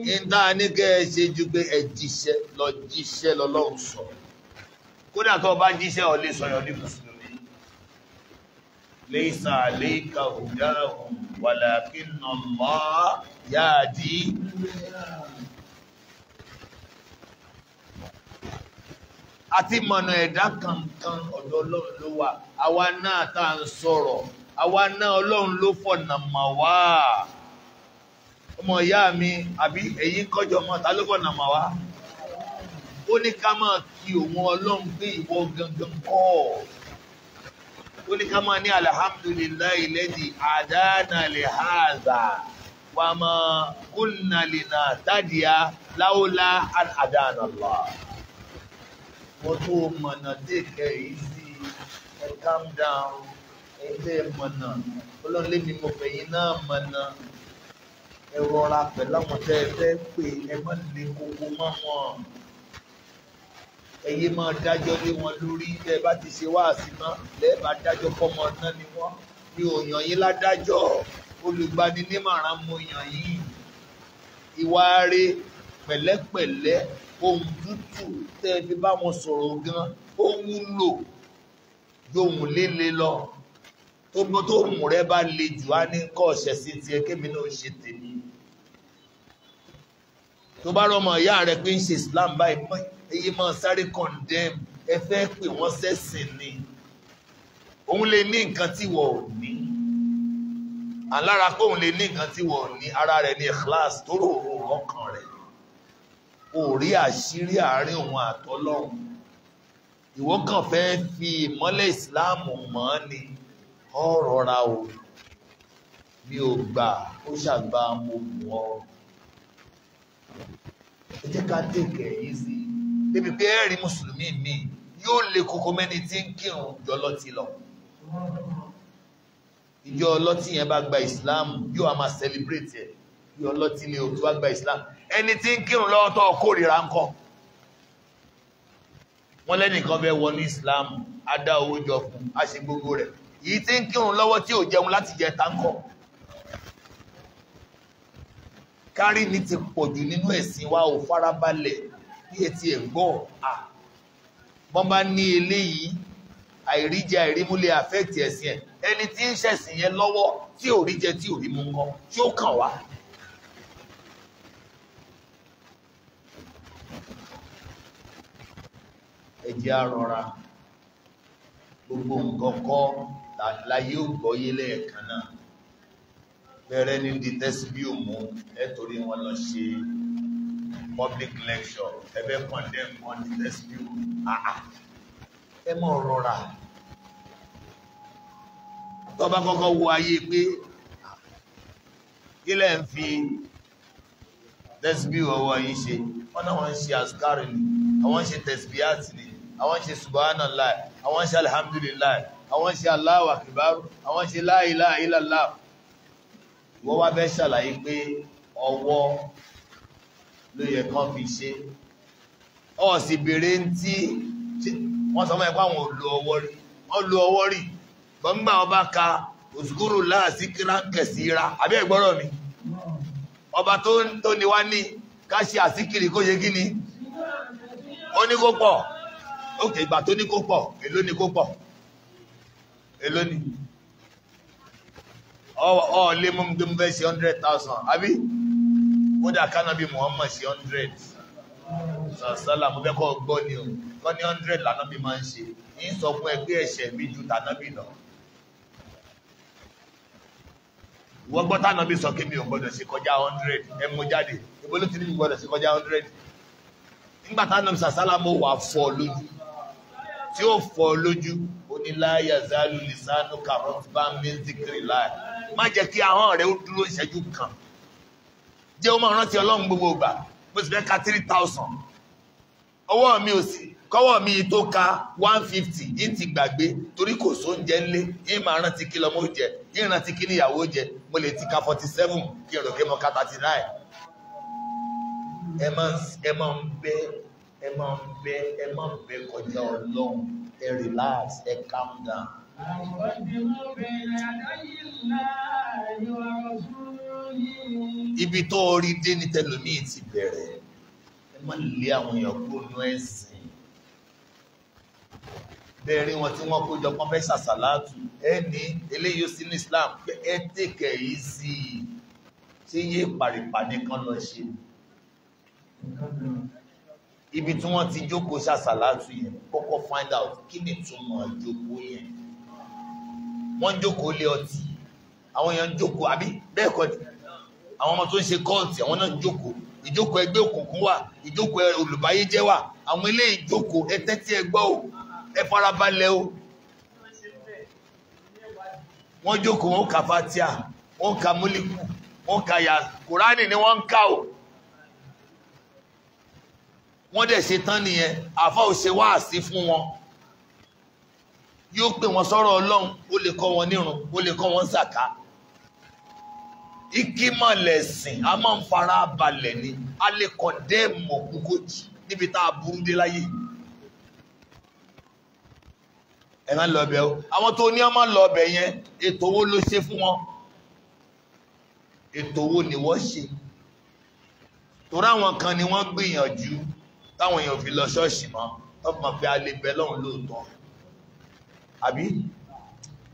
níta ní kẹ́ ẹ ṣe ju pé ẹ jíṣẹ́ lọ jíṣẹ́ lọ́lọ́run sọ kódà tó o bá jíṣẹ́ ọ lè sọyọ̀ ní mùsùlùmí. ليس عليك هداهم ولكن الله يهدي àti mọ̀nà ẹ̀dá kankan ọ̀dọ̀ ọlọ́run ló wà àwa náà tá à ń sọ̀rọ̀ àwa náà ọlọ́run ló fọ̀nà mà wá ọmọ ìyá mi àbí ẹ̀yin kọjọ mọ́ ta ló fọ̀nà mà wá ó ní ká máa kí òun ọlọ́run pé ìwọ gangan kọ́ ó ní ká máa ní alihamudulilayi lẹ́dí àdáná hàzà wàmọ̀ kúnnà lè nà tádìá wọ́n tó mọ̀nà tèkẹ́ yìí sí ẹ calm down ẹ tẹ́ e mọ̀nà ọlọ́run lémi mo fẹ̀yìn náà mọ̀nà ẹ rọra pẹ̀lú àwọn tẹ́ ẹ fẹ́ pè ẹ má lè koko mọ́ wọn ẹ̀yin máa dájọ́ lé wọn lórí bẹ́ẹ̀ bá ti ṣe wáàsí mọ́ bẹ́ẹ̀ bá dájọ́ fọmọ náà ni wọ́n mi ò yàn yín ládájọ́ olùgbaninímọ̀ràn mo yàn yín ìwà rẹ̀ pẹ̀lẹ́pẹ̀lẹ́ ohun tútù tẹ́ fi bá wọn sọ̀rọ̀ gan ohun lò yóò líle lọ tó gbọ́ tó mú rẹ bá le jù á ní kọ́ ọ̀ṣẹ̀ sí ti ẹkémi náà ṣe tèmi tó bá rọmọ ìyá rẹ pé ń ṣe Islam báyìí èyí máa sáré condemn ẹ fẹ́ pè wọ́n sẹ́sìn ni òun lè ní nǹkan tí wọ́n ò ní alára kóun lè ní nǹkan tí wọ́n ò ní ara rẹ̀ ní ikhlas tó rò ó ọkàn rẹ̀ kò rí àṣírí àárín òun àtọ́lọ́hun ìwọ kàn fẹ́ fi ìmọ́lẹ̀ ìsìláàmù mọ́ ni ọ̀rọ̀ ra o mi ò gbà ó ṣàgbà mo mú ọ ẹ jẹ́ ká tèkẹ̀ yìí sí débi pé ẹ̀rí mùsùlùmí mi yóò lè kókó mẹ́ni tí ń kírun jọlọ́tí lọ ìjọ ọlọ́tí yẹn bá gba ìsìláàmù yóò a máa celebrate ẹ̀ yóò ọlọ́tí lè òtún wá gba ìsìláàmù ẹni tí ń kírun lọ́wọ́ tó kórìíra ń kọ́ wọ́n lẹ́nìkan bẹ́ẹ̀ wọ ní Islam a dá owó jọ fún a gbogbo rẹ̀ yìí tí ń kírun lọ́wọ́ tí ò jẹun láti jẹ táǹkọ̀ kárí ni ti pọ̀jù nínú ẹ̀sìn wa ò farabalẹ̀ ní etí ẹ̀ gbọ́ à wọ́n bá ní eléyìí àìríjẹ àìrímúlẹ̀ àfẹ́ẹ̀tì ẹ̀sìn ẹ̀ ẹni tí ń ṣẹ̀sìn yẹn lọ́wọ́ tí ò ríjẹ tí ò rí mu ńkọ́ tí ó kàn wá ẹjẹ́ àrọra gbogbo nǹkan kọ́ láyé ògbọ́yé lẹ́ẹ̀kan náà bẹ̀rẹ̀ ní di tẹ́sí bí òmú ẹ̀tọ́rí wọn lọ ṣe public lecture ẹbẹ́ pọ̀ndẹ̀ wọn di tẹ́sí bí òmú àà ẹ mọ̀ rọra tó bá kọ́kọ́ wo ayé pé kí lẹ́ ń fi tẹ́sí bí ọwọ́ yìí ṣe wọ́n náà wọ́n ń ṣe àṣkárì ni àwọn ń ṣe tẹ̀sí ni àwọn ṣe subhanallah àwọn ṣe alhamdulillah àwọn ṣe Allahu akbar àwọn ṣe la ilaha illallah wọ́n wá bẹ́ ṣàlàyé pé ọwọ́ ló yẹ kán fi ṣe ó sì bèèrè ń tí wọ́n sọ mọ́ ẹ̀kọ́ àwọn olú ọwọ́ rí wọ́n lu ọwọ́ rí gbọ́ngbà ọba ka òṣùkúrù láàsí kíráńkẹ̀sí ra àbí ẹ̀gbọ́rọ̀ mi ọba tó ní ṣe àsíkiri òkè ìgbà tó ní kó pọ̀ èló ni kó pọ̀ èló ni ọ lé mọ́ mú gbẹ́mú fẹ́ sí 100,000 àbí ó dà kánà bí Muhammad sí 100 sàṣálà mo fẹ́ kọ́ gbọ́ ni o kọ́ ní 100 lànà bí máa ń ṣe ní sọ fún ẹgbẹ́ ẹ̀ṣẹ̀ mi ju tànà bí lọ wọ́n gbọ́ tànà bí sọ kí mi ò gbọ́dọ̀ sí kọjá 100 ẹ mú jáde ìbólú ti ní mi gbọ́dọ̀ sí kọjá 100 nígbà tànà bí sàṣálà mo wà fọ́ lójú tí ó fọ́ lójú oníláyà zálù lisanu karot bá ń mẹ́sìkiri láì má jẹ́ kí ahọ́n rẹ̀ ó dúró ìṣẹ́jú kan jẹ́ ó máa rántí ọlọ́run gbogbo ìgbà mo sì fẹ́ ka three thousand ọwọ́ mi ò sí kọ́wọ́ mi tó ka one fifty ń ti gbàgbé torí kò sóúnjẹ ńlẹ̀ ń máa rántí kí lọ́mọ jẹ ń rántí kí níyàwó jẹ mo lè ti ka forty seven kí n rò pé mo ka thirty nine ẹ máa ń bẹ́ẹ̀ ẹ máa ń bẹ ẹ máa ń bẹ kọjá ọlọ́run ẹ relax ẹ calm down. ibi tó orí dé ní tẹlómi ti bẹ̀rẹ̀ ẹ má lé àwọn èèyàn kúrò ní ẹ̀sìn bẹ́ẹ̀rí wọn tí wọ́n kó jọ pọ́n ṣàṣàlátù ẹ ní eléyìí sí ní Islam pé ẹ tèkẹ̀ yìí sí i tí yé pàrìpàdé kan lọ ṣe ibi tí wọ́n ti jókòó ṣàṣàlátù yẹn kọ́kọ́ find out kí ni túmọ̀ jókòó yẹn wọ́n jókòó lé ọtí àwọn èèyàn jókòó àbí bẹ́ẹ̀ kọ́ ni àwọn ọmọ tó ń ṣe kọ́ọ̀tì àwọn náà jókòó ìjókòó ẹgbẹ́ òkùnkùn wà ìjókòó olùbáyéjẹ́ wà àwọn ilé ìjókòó ẹ tẹ́tí ẹ gbọ́ o ẹ farabalẹ̀ o wọ́n jókòó wọ́n kà fatia wọ́n kà múlíkù wọ́n kà yà kùránì ni wọ́n ń kà o wọ́n dẹ̀ ṣe tán nìyẹn àfa ò ṣe wáàsí fún wọn yóò pè wọ́n sọ̀rọ̀ ọlọ́run ó lè kọ́ wọn nírun ó lè kọ́ wọn sàká ikímọ̀ lẹ̀sìn a máa ń fara balẹ̀ ni a lè kọ̀ dẹ́ẹ̀mọ̀ kúkójì níbi tá a burú dé láyé ẹ máa o àwọn tó ní ọ máa yẹn ètò owó ló ṣe fún wọn ètò owó ni wọ́n ṣe torí àwọn kan ni wọ́n gbìyànjú táwọn èèyàn fi lọ ṣọ́ọ̀ṣì mọ́ wọ́n mọ̀ pé a lè bẹ lọ́hùn lóòótọ́ àbí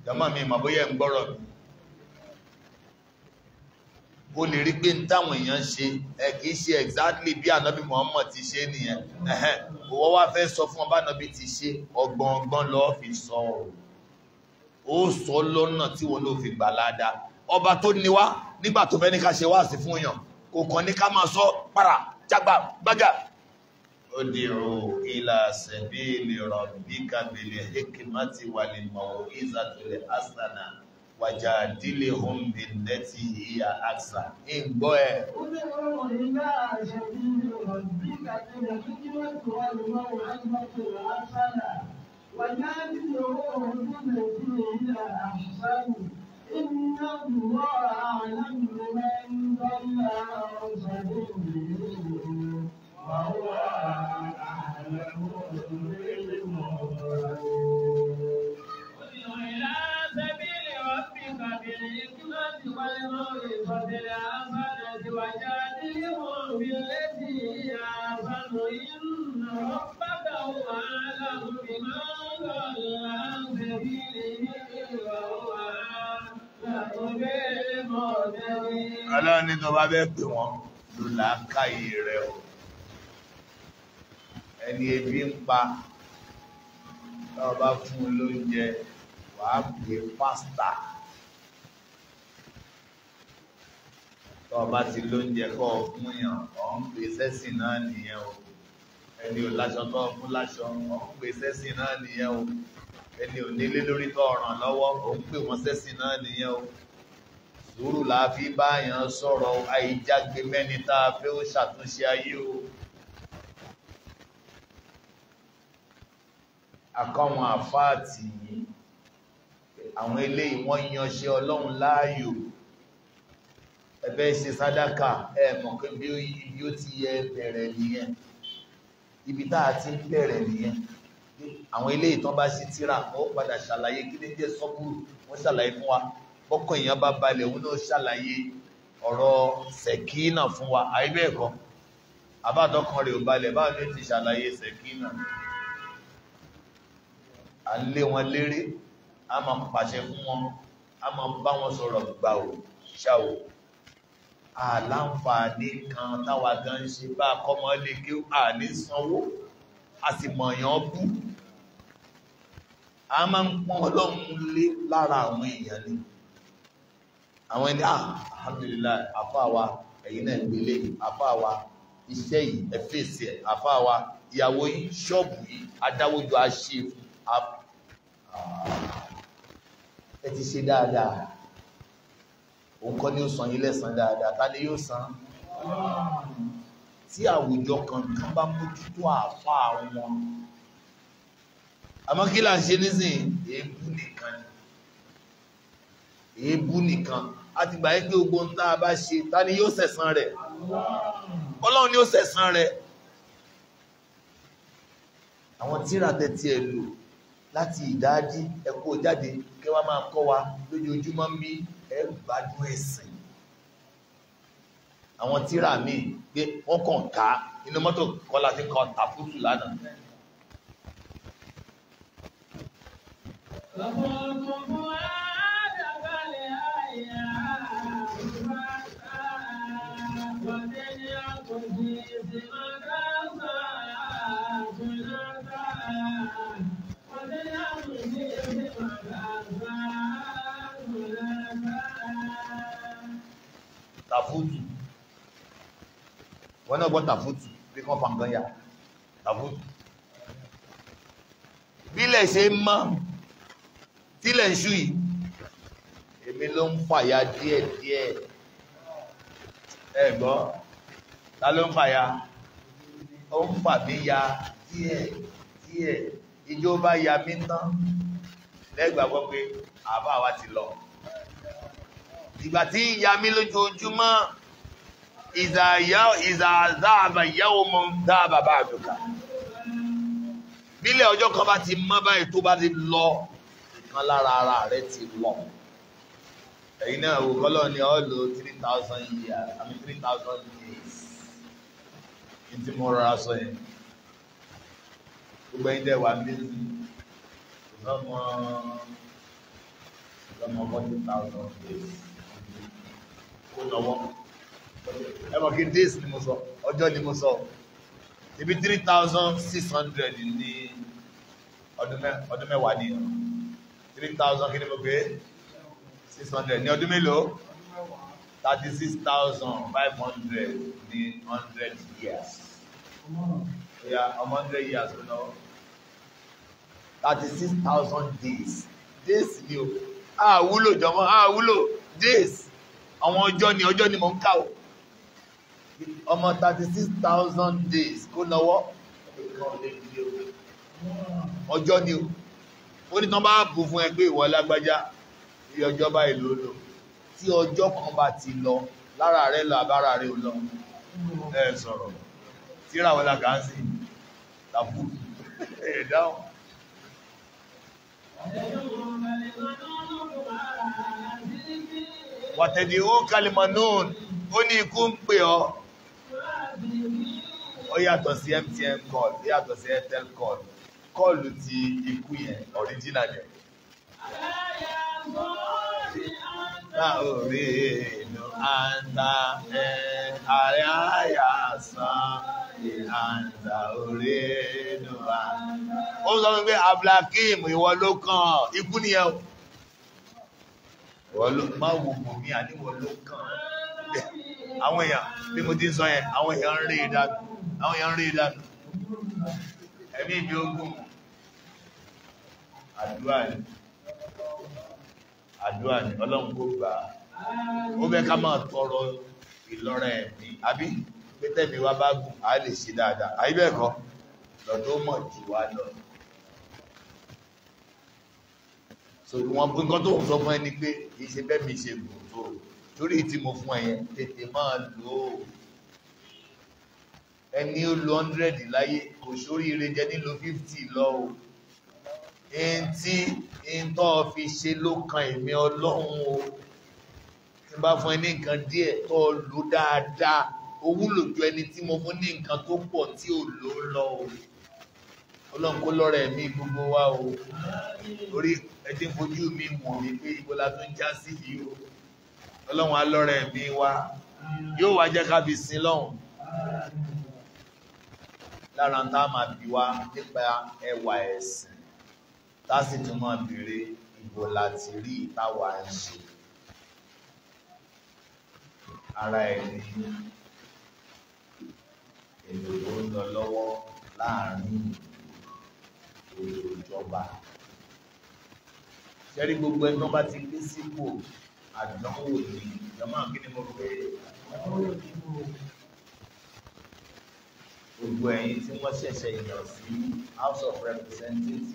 jàmá mi mà bóyá ń gbọ́rọ̀ mi o lè rí pé táwọn èèyàn ṣe ẹ kìí ṣe exactly bí ànábì Muhammad ti ṣe nìyẹn òwò wá fẹ́ sọ fún ọba ànábì ti ṣe ọgbọ̀n ọgbọ́n lọ́ọ́ fi sọ ó sọ lọ́nà tí wọn ló fi gbà ládàá ọba tó ní wá nígbà tó fẹ́ ní ká ṣe wá sí fún yàn kò kàn ní ká máa sọ para jágba gbága ادعوا إلى سبيل ربك بالحكمة والموعظة الحسنة وجادلهم بالتي هي أحسن إن بوي ادعوا إلى سبيل ربك بالحكمة والموعظة الحسنة وجادلهم بالتي هي أحسن إن الله أعلم بمن ضل عن سبيله tó bá bẹ́ pè wọ́n ló làákàyè rẹ̀ o ẹni ebi ń pa tó bá fún un lóúnjẹ wàá pè pásítà tó bá ti lóúnjẹ kọ́ fún yàn ọ̀ ń pè sẹ́sìn náà nìyẹn o ẹni ò láṣọ tó fún láṣọ ọ̀ ń pè sẹ́sìn náà nìyẹn o ẹni ò nílé lórí tó ọ̀ràn lọ́wọ́ ò ń pè wọ́n sẹ́sìn náà nìyẹn o sùúrù láàfí báyàn sọ̀rọ̀ àìjágbe mẹ́ni táa fẹ́ ó ṣàtúnṣe ayé o àkọ́wọn àfáàtì yìí àwọn eléyìí wọ́n yanṣẹ́ ọlọ́run láàyò ẹ̀bẹ́ ṣe sádákà ẹ̀mọ̀ pé bí ó ti yẹ bẹ̀rẹ̀ nìyẹn ibi táà ti ń bẹ̀rẹ̀ nìyẹn àwọn eléyìí tán bá sí tíra wọ́n padà ṣàlàyé kí ní jẹ́ sọ́kúrù wọ́n ṣàlàyé fún wa bọ́kọ̀ èèyàn bá balẹ̀ òun ló ṣàlàyé ọ̀rọ̀ sẹ̀kínà fún wa àìbẹ́ ẹ̀kọ́ àbádọ́kan rẹ̀ ò balẹ̀ báwọn ló ti ṣàlàyé sẹ̀kínà à ń lé wọn léré a máa ń pàṣẹ fún wọn a máa bá wọn sọ̀rọ̀ gbà ò ṣá ò àláǹfààní kan táwa gan ṣe bá kọ́mọ lè kí à ní sanwó a sì mọ̀yàn bú a máa ń pọ́n ọlọ́run lé lára àwọn èèyàn ni àwọn ẹni ah alhamdulilayi àfa wa ẹ̀yin náà gbélé àfa wa iṣẹ́ yìí ẹ̀fẹ̀sì ẹ̀ àfa wa ìyàwó yìí ṣọ́ọ̀bù yìí adáwójú aṣe ah, ẹ ti ṣe dáadáa òun kọ́ ni ó san yín lẹ́san dáadáa ta ni yóò san tí àwùjọ kankan bá mójútó àfa wọn àmọ́ kí là ń ṣe nísìnyí èébú nìkan èébú nìkan àti gbà yín pé gbogbo ń tá a bá ṣe ta ni yóò sẹ̀san rẹ̀ ọlọ́run ni yóò sẹ̀san rẹ̀ àwọn tíra tẹ̀tí ẹ̀ lò láti ìdájí ẹ̀kọ́ jáde kẹ́ wá máa kọ́ wa lójoojúmọ́ ń bí ẹ̀ gbádùn ẹ̀sìn àwọn tíra míì pé wọ́n kàn ká inú mọ́tò kọ́lá ti kọ́ tàfútù lánàá. tàfútù wọn náà gbọ́ tàfútù bí kò fa nǹkan yà tàfútù bílẹ̀ ṣe ń mọ́ tílẹ̀ ń ṣú yìí èmi ló ń fàyà díẹ̀díẹ̀ ẹ gbọ́ ta ló ń fàyà ó ń fà mí ya díẹ̀díẹ̀ ìjọba ya mí tán lẹ́gbàá gbọ́ pé àbá wa ti lọ ìgbà tí ń ya mí lójoojúmọ́ ìzàzáàbà ìyáwó mọ dáàbà bá àdùkà bílẹ̀ ọjọ́ kan bá ti mọ́ báyìí tó bá ti lọ nǹkan lára ara rẹ ti lọ ẹ̀yin náà wò kọ́lọ́ ni ọ lò three thousand years àmì three thousand years ní tí mo rọra sọ yẹn gbogbo ẹ̀yin dẹ̀ wà bísí lọ́mọ lọ́mọ forty thousand years ó nọwọ́ ẹmọ̀ kí days ni mo sọ ọjọ́ ni mo sọ ibi three thousand six hundred ní ọdún mẹ́wàá ní three thousand kí ni mo gbé six hundred ní ọdún mélòó thirty six thousand five hundred ní hundred years ya ọmọ hundred years ó nọwọ́ thirty six thousand days days ni o àwúlò jọmọ àwúlò days àwọn ọjọ́ ni ọjọ́ ni mò ń kà ó ọmọ thirty six thousand days kó lọ́wọ́ ọjọ́ ni o ó ní tán bá bù fún ẹ pé ìwọ lágbájá iye ọjọ́ báyìí ló lò tí ọjọ́ kan bá ti lọ lára rẹ lọ àbára rẹ ò lọ ẹ sọ̀rọ̀ tíra wọn la kà á sí tàbú ẹ dáhùn wàtẹ̀dì ó kalimanun ó ní ikú ń pè ọ́ ó yàtọ̀ sí MTN call ó yàtọ̀ sí Airtel call kọ́ọ̀lù ti ikú yẹn original yẹn. Láòrí ìlú àǹdà ẹ̀ àrẹ àyà sàn ìhàǹdà orí ìlú àǹdà. Ó sọ fún mi pé Abdulhakeem ìwọ ló kàn ikú nìyẹn o má wo bò mí àníwọ̀ ló kàn àwọn èèyàn bí mo ti ń sọ yẹn àwọn èèyàn ń rí ìdánù àwọn èèyàn ń rí ìdánù ẹ̀mí ìbí ogun àdúrà ni àdúrà ni ọlọ́run kò gbà á ó bẹ́ ká máa tọrọ ìlọ́rẹ̀ ẹ̀mí àbí pétẹ́mi wá bá gùn á lè ṣe dáadáa àyíbẹ̀kọ́ lọ́dọ́ mọ̀ jù wá lọ. sori wọn pé nǹkan tó ń sọ fún ẹ ni pé kì í ṣe bẹ́ẹ̀ mi ṣe gùn tó torí tí mo fún ẹ yẹn tètè máa lò ó ẹni ó lo hundred láyé kò sórí ire jẹ nílò fifty lọ o ẹn tí ẹn tó fi ṣe ló kan èmi ọlọ́run o tí n bá fún ẹ ní nǹkan díẹ̀ tó lò dáadáa ó wúlò ju ẹni tí mo fún ní nǹkan tó pọ̀ tí ò lò lọ o ọlọ́run kó lọ́rọ̀ mi gbogbo wa o torí ẹdí fojú mi wò mí pé ibo la tún já sí yìí o ọlọ́run á lọ́rọ̀ wa yóò wá jẹ́ ká fi sin lọ́hùn lára tá a máa bi wá nípa ẹwà ẹ̀sìn tá a sì tún máa béèrè ibo la ti rí ìtawà ń ara ẹ̀ ní tó ń lọ lọ́wọ́ láàrin ìlú ìjọba ṣẹ́rí gbogbo ẹni tó bá ti gbé sípò àdánwò ní ìjọba kí ni mo pè é gbogbo ẹ̀yin tí wọ́n ṣẹ̀ṣẹ̀ yàn sí House of Representatives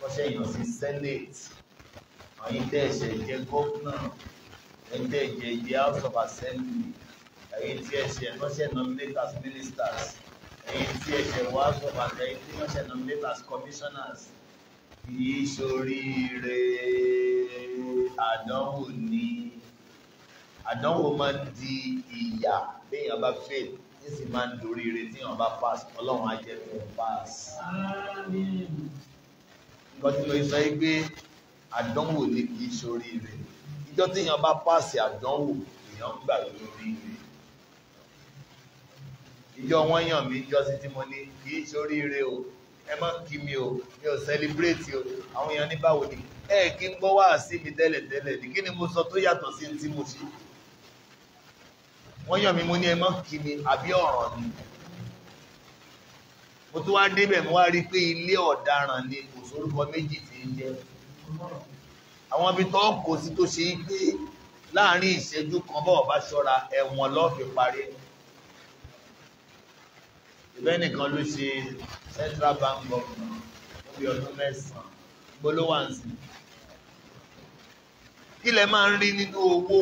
wọ́n ṣẹ̀ yàn sí Senate ẹ̀yin tẹ́ ẹ̀ṣẹ̀ jẹ́ gómìnà ẹ̀yin tẹ́ ẹ̀jẹ̀ jẹ́ House of Assembly ẹ̀yin tí ẹ̀ṣẹ̀ lọ́ṣẹ̀ nominate as ministers èyí tí ẹsẹ̀ wá sọ bàtà èyí tí wọ́n ṣe nominate as commissioners kìí ṣoríire àdánwò ni àdánwò máa ń di ìyà béèyàn bá fail ní sì máa ń dorí ire téèyàn bá pass ọlọ́run á jẹ́ kí pass. nǹkan tí mo sọ yìí pé àdánwò ni kìí ṣoríire ìjọ téèyàn bá pass àdánwò èèyàn gbà lórí ìjọ wọn yàn mí jọ sí tí mo ní kì í ṣoríire o ẹ má kí mi o mi ò sẹlẹbírètì o àwọn èèyàn ní báwo ni ẹ kí n gbọ́ wá sí mi tẹ́lẹ̀tẹ́lẹ̀ ní kí ni mo sọ tó yàtọ̀ sí tí mo ṣe wọ́n yàn mí mo ní ẹ má kí mi àbí ọ̀ràn ni mo tún wá débẹ̀ mo wá rí i pé ilé ọ̀daràn ni kò sórúkọ méjì tí ń jẹ́ àwọn ibi tó ń kó sí tó ṣe é pé láàárín ìṣẹ́jú kan bọ́ọ̀ bá ṣọ́ra ẹ̀wọ̀n lọ́ọ́ parí ẹ̀ ìbẹ́nìkan ló ṣe central bank governor níbi ọdún mẹ́sàn-án gbólówàǹsì kí lẹ máa ń rí nínú owó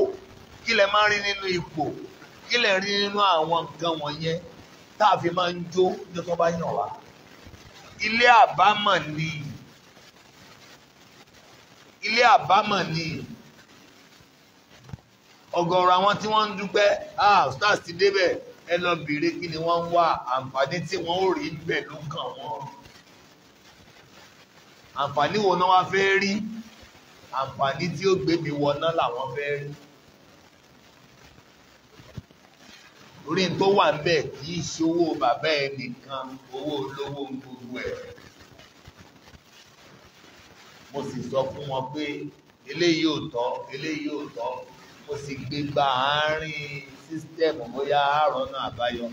kí lẹ máa ń rí nínú ipò kí lẹ rí nínú àwọn nǹkan wọ̀nyẹn tá a fi máa ń jó ní tó bá yàn wá ilé àbámọ̀ ni ilé àbámọ̀ ni ọ̀gọ̀ọ̀rọ̀ àwọn tí wọ́n ń dúpẹ́ ah stars ti débẹ̀ ẹ lọ bèèrè kí ni wọ́n ń wá àǹfààní tí wọ́n ó rí bẹ̀ ló kàn wọ́n àǹfààní wo náà wá fẹ́ rí àǹfààní tí ó gbé mi wọná làwọn fẹ́ rí orí n tó wà bẹ́ẹ̀ kì í ṣowó bàbá ẹnìkan owó olówó gbogbo ẹ̀ mo sì sọ fún wọn pé eléyìí ò tọ́ eléyìí ò tọ́ mo sì gbégbá àárín sísítẹ́ẹ̀mù bóyá àárọ̀nà àbáyọ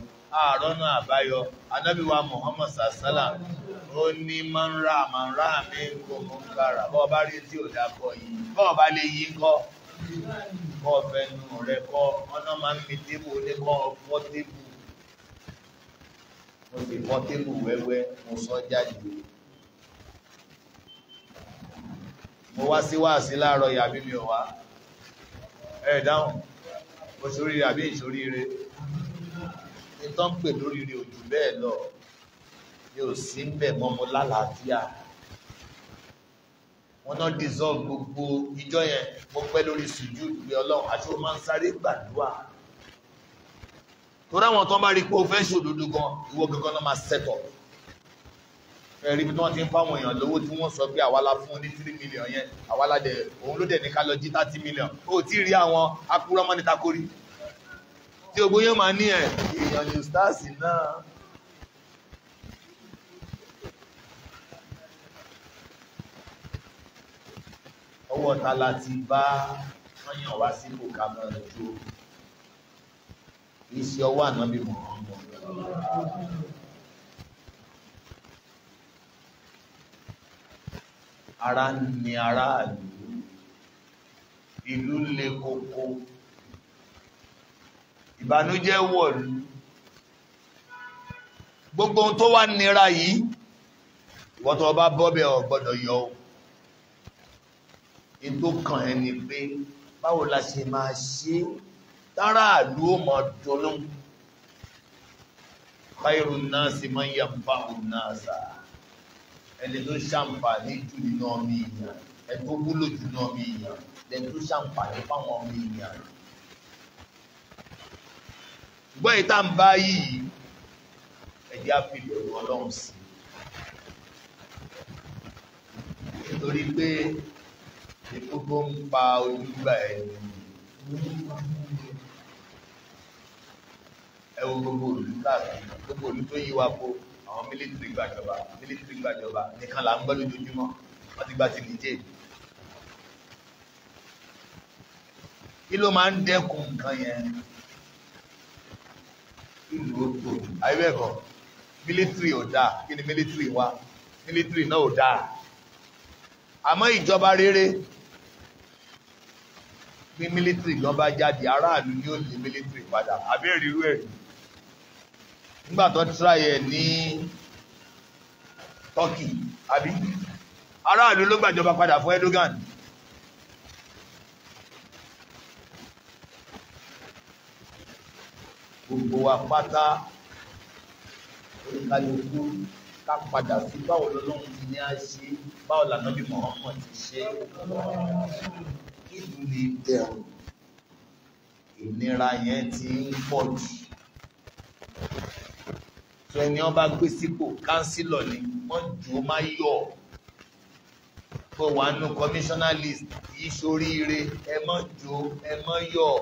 àárọ̀nà àbáyọ anábíwá Muhammad sàṣálà ó ní máa ń rà máa ń rà mí kò mú ń kára bọ́ọ̀ bá rí tí ò dá kọ yìí bọ́ọ̀ bá lè yí kọ́ kọ́ fẹnu rẹ̀ kọ́ ọ̀nà máa ń fi tébù lé kọ́ ọ̀pọ̀ tébù mo sì mọ tébù wẹ́wẹ́ mo sọ jáde mo wá sí wáàsí láàárọ̀ yàbí mi ò wá ẹ̀ dáhùn ó ṣoríire àbí ìṣoríire ìtàn pè lóríire òjò bẹ́ẹ̀ lọ mi ò sí ń bẹ̀ mọ́ mo lálàáfíà wọn náà dissolve gbogbo ìjọ yẹn mo pẹ́ lórí sùjú ìgbé ọlọ́run àti o máa ń sáré gbàdúrà torí àwọn tó bá rí pé o fẹ́ ṣòdodo gan ìwọ gangan náà máa set up ẹ̀rí bí wọ́n ti ń fáwọn èèyàn lówó tí wọ́n sọ pé àwa la fún ní three million yẹn àwa la dẹ̀ òun ló dẹ̀ ní ká lọ jí thirty million ó ti rí àwọn akúrọ́mọ́ ní takori tí ogbó yẹn máa ní ẹ̀ èèyàn ní stars náà. ọwọ́ ta la ti bá wọ́n yàn wá sípò ká mọ́ tó iṣẹ́ ọwọ́ ànábì mọ̀ ọ́n mọ́. ara ń ni aráàlú ìlú le koko ìbànújẹ́ wọ̀lú gbogbo ohun tó wà nira yìí wọ́n tó bá bọ́bẹ̀ ò gbọ́dọ̀ yọ ọ́ in tó kàn ẹ́ ni pé báwo la ṣe máa ṣe táráàlú ó mọ̀ dùnnú khairu nnasi man yanfa'u nnasa ẹni tó ṣàǹfààní jù nínú ọmọ èèyàn ẹni tó wúlò jù nínú ọmọ èèyàn ẹni tó ṣàǹfààní fáwọn ọmọ èèyàn. ṣùgbọ́n èyí tá à ń bá yìí ẹ̀jẹ̀ á fi bẹ̀rù ọlọ́run sí i. nítorí pé ìgbógbó ń pa ojúgbà ẹni. ẹ wo gbogbo olùkàkì gbogbo olùtó yíwa kó àwọn mílítìrì gbàjọba mílítìrì gbàjọba nìkan là ń gbọ́ lójoojúmọ́ wọ́n ti gba ti nìjẹ́ kí ló máa ń dẹ́kun nǹkan yẹn ìlú òkú ayébẹ̀kọ mílítìrì ò dáa kí ni mílítìrì wa mílítìrì náà ò dáa àmọ́ ìjọba rere bí mílítìrì gan jáde aráàlú ni ó lè mílítìrì padà àbẹ́rẹ́ irú ẹ̀rí nígbà tó Israel ní Turkey àbí aráàlú ló gbàjọba padà fún Erdogan gbogbo wa pátá oníkàlùkù ká padà sí báwo lọ́lọ́run ti ní á báwo lànà bí Muhammad ti ṣe ìlú lè dẹrù ìnira yẹn ti ń pọ̀ jù tó ẹni wọn bá gbé sípò kánsílọ̀ ni wọ́n jù ú má yọ̀ tó wà nù commissioner list yìí ṣoríire ẹ mọ́ jù ú ẹ mọ́ yọ̀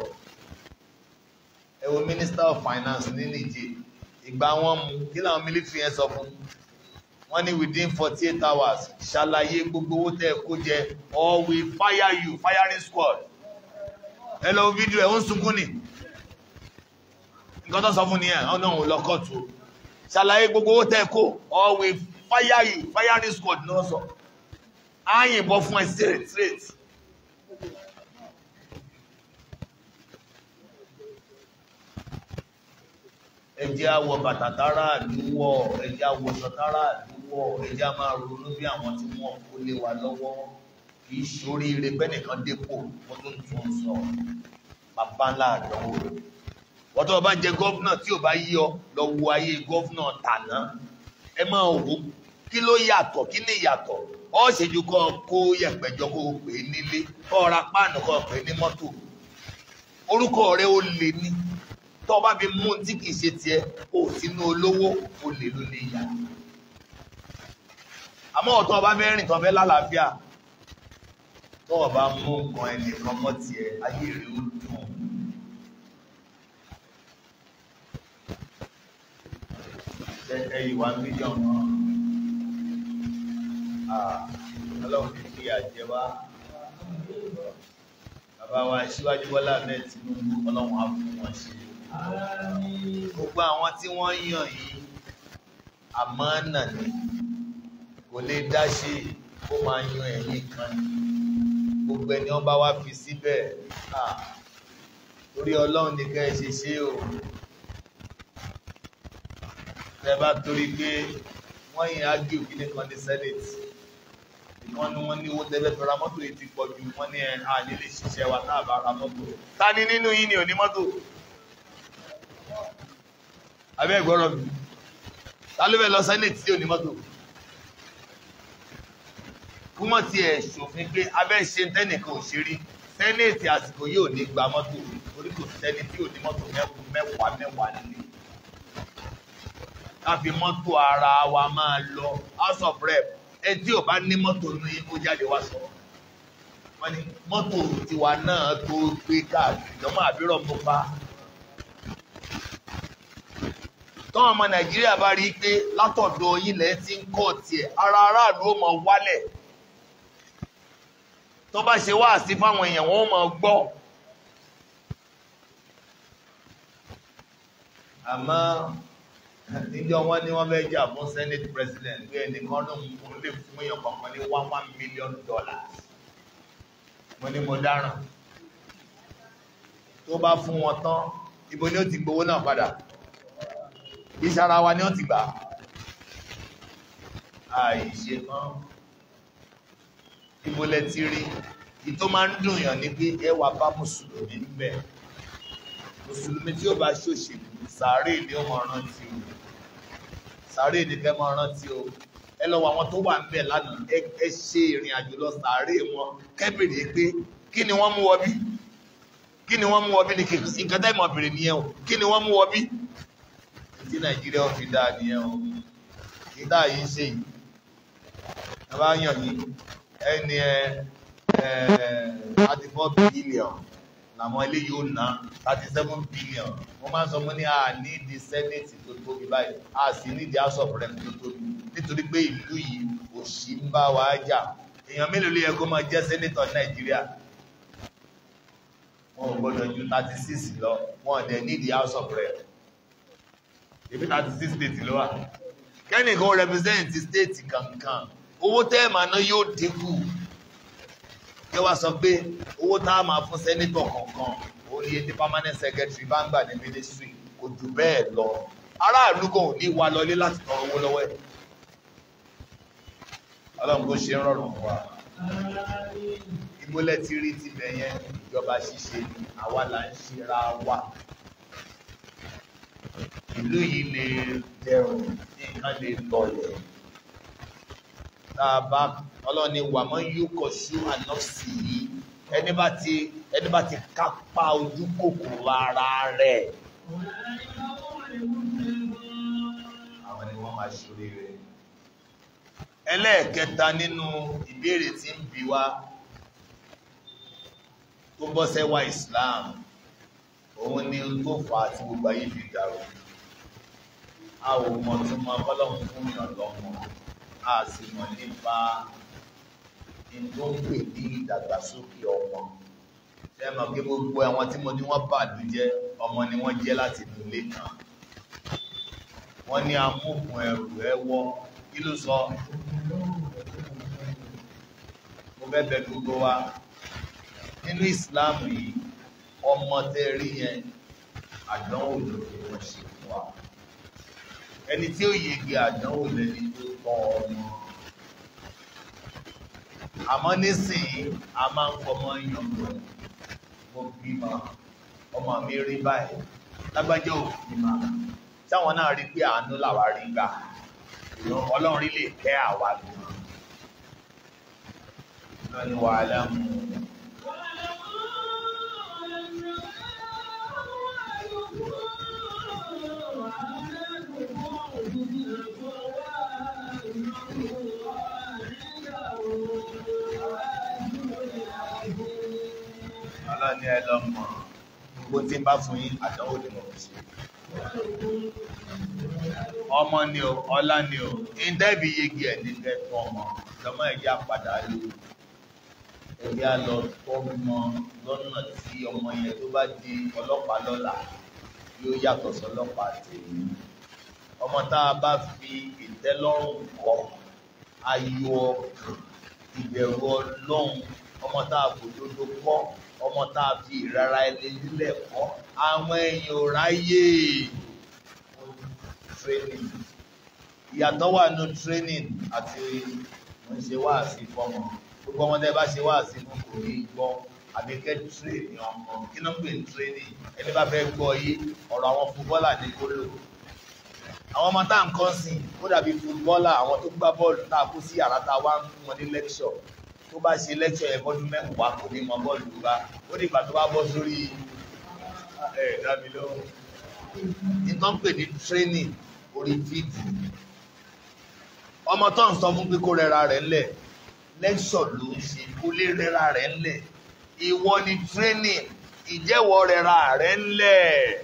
ẹ wo minister of finance ní nìjẹ́ ìgbà wọn mú kí làwọn mílítì yẹn sọ fún wọn ní within forty eight hours ṣàlàyé gbogbo owó tẹ kó jẹ or we fire you firing squad ẹ lọ fídíò ẹ ń sunkún ni nǹkan tó sọ fún nìyẹn ọ náà ò lọ kóòtù o ṣàlàyé gbogbo owó tẹ́ẹ̀kó or we fire you firing squad ní wọ́n sọ á yìnbọn fún ẹ straight straight. ẹ jẹ́ á wọ bàtà tára àdúwọ ẹ jẹ́ á wọṣọ tára àdúwọ ẹ jẹ́ á máa ronú bí àwọn tí wọ́n kó lé wa lọ́wọ́ kì í ṣoríire bẹ́nìkan dépò wọ́n tún tún sọ bàbá ńlá àdánwò rẹ̀ wọ́n tó bá jẹ gọ́vnà tí ò bá yí ọ lọ wo ayé gọ́vnà tàná ẹ máa wò kí ló yàtọ̀ kí lè yàtọ̀ ọ ṣèjú kọ́ kó yẹ̀pẹ̀jọ kó o pè é nílé kọ́ ọ ra páànù kọ́ ọ pè é ní mọ́tò orúkọ rẹ ó lè ní tó bá fi mú tí kìí ṣe tiẹ̀ ó sínú olówó ó lè ló lè yà àmọ́ ọ̀tọ́ ọba fẹ́ rìn tó fẹ́ lálàáfíà tó ọba mú nǹkan ẹnì kan mọ́ tiẹ̀ ayé rẹ̀ ó dùn. ẹyìn wá mílíọ̀nù ọlọ́run ti fi àjẹ wá bàbá wa síwájú Bọ́lá bẹ́ẹ̀ Tinubu ọlọ́run á fún wọn ṣe gbogbo àwọn tí wọ́n yàn yìí àmọ́ nà ni kò lè dá ṣe kó máa yan ẹ̀yìn kan ni gbogbo ẹni wọ́n bá wá fi síbẹ̀ torí ọlọ́run nìkan ẹ̀ ṣe ṣe o tẹ bá torí pé wọ́n yìí ágì òkìlẹ̀ kan ní senate ìkan ni wọ́n ní owó tẹ́lẹ̀ fẹ́ ra mọ́tò yìí ti pọ̀ ju wọ́n ní ẹ̀ á nílé ṣiṣẹ́ wa tá bá ra mọ́tò. ta ni nínú yín ni ò ní mọ́tò? abẹ́ ìgbọ́rọ̀ mi ta ló fẹ́ lọ senate tí ò ní kúmọ̀ tí ẹ̀ ṣòfin pé abẹ́ ṣe tẹ́nìkan ò ṣe rí senate àsìkò yìí ní gba mọ́tò orí kò sẹ́ni tí ò ní mẹ́wàá mẹ́wàá nílé ká fi mọ́tò ara wa máa lọ house of rep ẹ tí ò bá ní mọ́tò ní ó jáde wá sọ wọ́n ní mọ́tò tiwa náà tó gbé káàkiri ìjọba àbírọ̀ mọ́ pa tọ́wọ́n ọmọ nàìjíríà bá rí i pé látọ̀dọ̀ ilẹ̀ ti ń kọ́ tiẹ̀ ara aráàlú ó mọ wálẹ̀ tó bá ṣe wáàsí fáwọn èèyàn wọn ó mọ gbọ́. àmọ́ níjọ́ wọn ní wọ́n fẹ́ẹ́ jà fún senate president pé ẹnìkan ló ń lè fún èèyàn kankan ní one one million dollars mo ní mo dáràn tó bá fún wọn tán ibo ni ó ti gbowó náà padà ìsara wa ni ó ti gbà àìṣe kan ibo lẹ ti rí ìtó máa ń dùn yàn ní pé ẹwà bá mùsùlùmí ń bẹ mùsùlùmí tí ó bá ṣòṣèlú sàárè ni ó mọ rántí o sàárè nìkẹ́ máa rántí o ẹ lọ wọ àwọn tó wà ń bẹ̀ lánàá ẹ ṣe ìrìn àjò lọ sàárè wọn kẹ́bìrì pé kí ni wọ́n mú wọ bí kí ni wọ́n mú wọ bí ni nǹkan tẹ́ ìmọ̀ bèrè nìyẹn o kí ni wọ́n mú wọ bí tí nàìjíríà fi dáa nìyẹn o kí dáa yìí ṣe yìí ẹ bá yàn yìí ẹni ẹ ẹ àti fọ́ bílíọ̀nù làwọn eléyìí ó ná thirty seven billion wọ́n máa ń sọ mọ́ ní a ní di senate tó tóbi báyìí a ah, sì ní di house of rep tó tóbi nítorí pé ìlú yìí òṣì ń bá wa jà èèyàn mélòó ló yẹ kó máa jẹ́ senator nàìjíríà wọn ò gbọdọ̀ ju thirty six lọ wọn ò dẹ̀ ní di house of rep èmi thirty six state ló wà kẹ́nìkan represent state kankan owó tẹ́ẹ̀mà náà yóò dínkù kẹ wá sọ pé owó tá a máa fún sẹ́nítọ̀ kọ̀ọ̀kan òun ni etí permanent secretary bá ń gbà ní ministry kò jù bẹ́ẹ̀ lọ aráàlú kan ò ní wa lọlé láti tọrọ owó lọ́wọ́ ẹ̀ ọlọ́run kò ṣe ń rọrùn fún wa ìmúlẹ̀ ti rí tibẹ̀ yẹn ìjọba ṣíṣe ni àwa là ń ṣera wa ìlú yìí lè dẹrùn nǹkan lè lọlẹ̀ tá a bá ọlọ́ni wà mọ́ yóò kọ ṣú ànọ́sì yìí ẹni bá ti ẹni bá ti kápá ojú kòkòrò ara rẹ̀. àwọn ni wọ́n máa ṣorí rẹ̀. ẹlẹ́ẹ̀kẹta nínú ìbéèrè tí ń bi wá tó bọ́ sẹ́wà Islam òun ni tó fà á tí gbogbo ayé fi dàrú. a ò mọ̀ tó máa bọ́lọ́hún fún ìrànlọ́wọ́ a sì mọ̀ nípa tó ń pè ní ìdàgbàsókè ọmọ ṣe mọ̀ pé gbogbo àwọn tí mo ní wọ́n bàdú jẹ́ ọmọ ni wọ́n jẹ́ láti inú ilé kan wọ́n ní amókun ẹrù ẹwọ́ kí ló sọ mo fẹ́ bẹ̀ gbogbo wa nínú Islam yìí ọmọ tẹ́ rí yẹn àdánwò ló fi wọ́n ṣe fún wa ẹni tí ó yege àdánwò lẹ́ni tó kọ́ ọmọ àmọ́ nísìnyí a máa ń fọmọ yan mo bímọ ọmọ mi rí báyìí lágbájá ò bímọ táwọn náà rí pé àánú làwa rí gbà ọlọ́run rí lè kẹ́ àwa gan-an lọ́ni wàhálà mu. kẹ́ ẹ lọ mọ̀ gbogbo tí ń bá fún yín àdánwò ni mo ṣe. ọmọ ni o ọlá ni o ìdẹ́bi yege ẹ̀ ní kẹ́ tó ọmọ lọ́mọ ẹ̀yà padà lò ẹ̀yà lọ tọ́ mọ lọ́nà tí ọmọ yẹn tó bá di ọlọ́pàá lọ́la yóò yàtọ̀ sọ́lọ́pàá tèmi ọmọ tá a bá fi ìtẹ́lọ́rùn kọ́ ayọ̀ ìbẹ̀rù ọlọ́run ọmọ tá a kò dodo kọ́ ọmọ tá a fi ìrara ẹni nílẹ̀ kọ́ àwọn èèyàn ò ráyè training ìyàtọ̀ wà nù training àti mo ṣe wáàsí fọmọ gbogbo ọmọdé bá ṣe wáàsí fún kò ní gbọ́ àbí kẹ́ tírénì ọmọ kí ló ń pè ní tírénì ẹni bá fẹ́ gbọ́ yé ọ̀rọ̀ àwọn fúbọ́là ní kó lò àwọn ọmọ tá à ń kọ́ sí ó dàbí fúbọ́là àwọn tó gbá bọ́ọ̀lù tá a kó sí yàrá tá a wá ń fún wọn ní lẹ́kṣọ̀ tó bá ṣe lẹ́tọ̀ ẹ̀ bọ́dún mẹ́wàá kò ní mọ bọ́ọ̀lù gbá ó dìgbà tó bá bọ́ sórí ẹ̀ dábì lọ́wọ́ nǹkan pè ní training orí fíìdì ọmọ tó ń sọ fún pé kó rẹra rẹ̀ ńlẹ̀ lẹ́sọ̀ ló ń ṣe kó lè rẹra rẹ̀ ńlẹ̀ ìwọ ni training ìjẹ́wọ́ rẹra rẹ̀ ńlẹ̀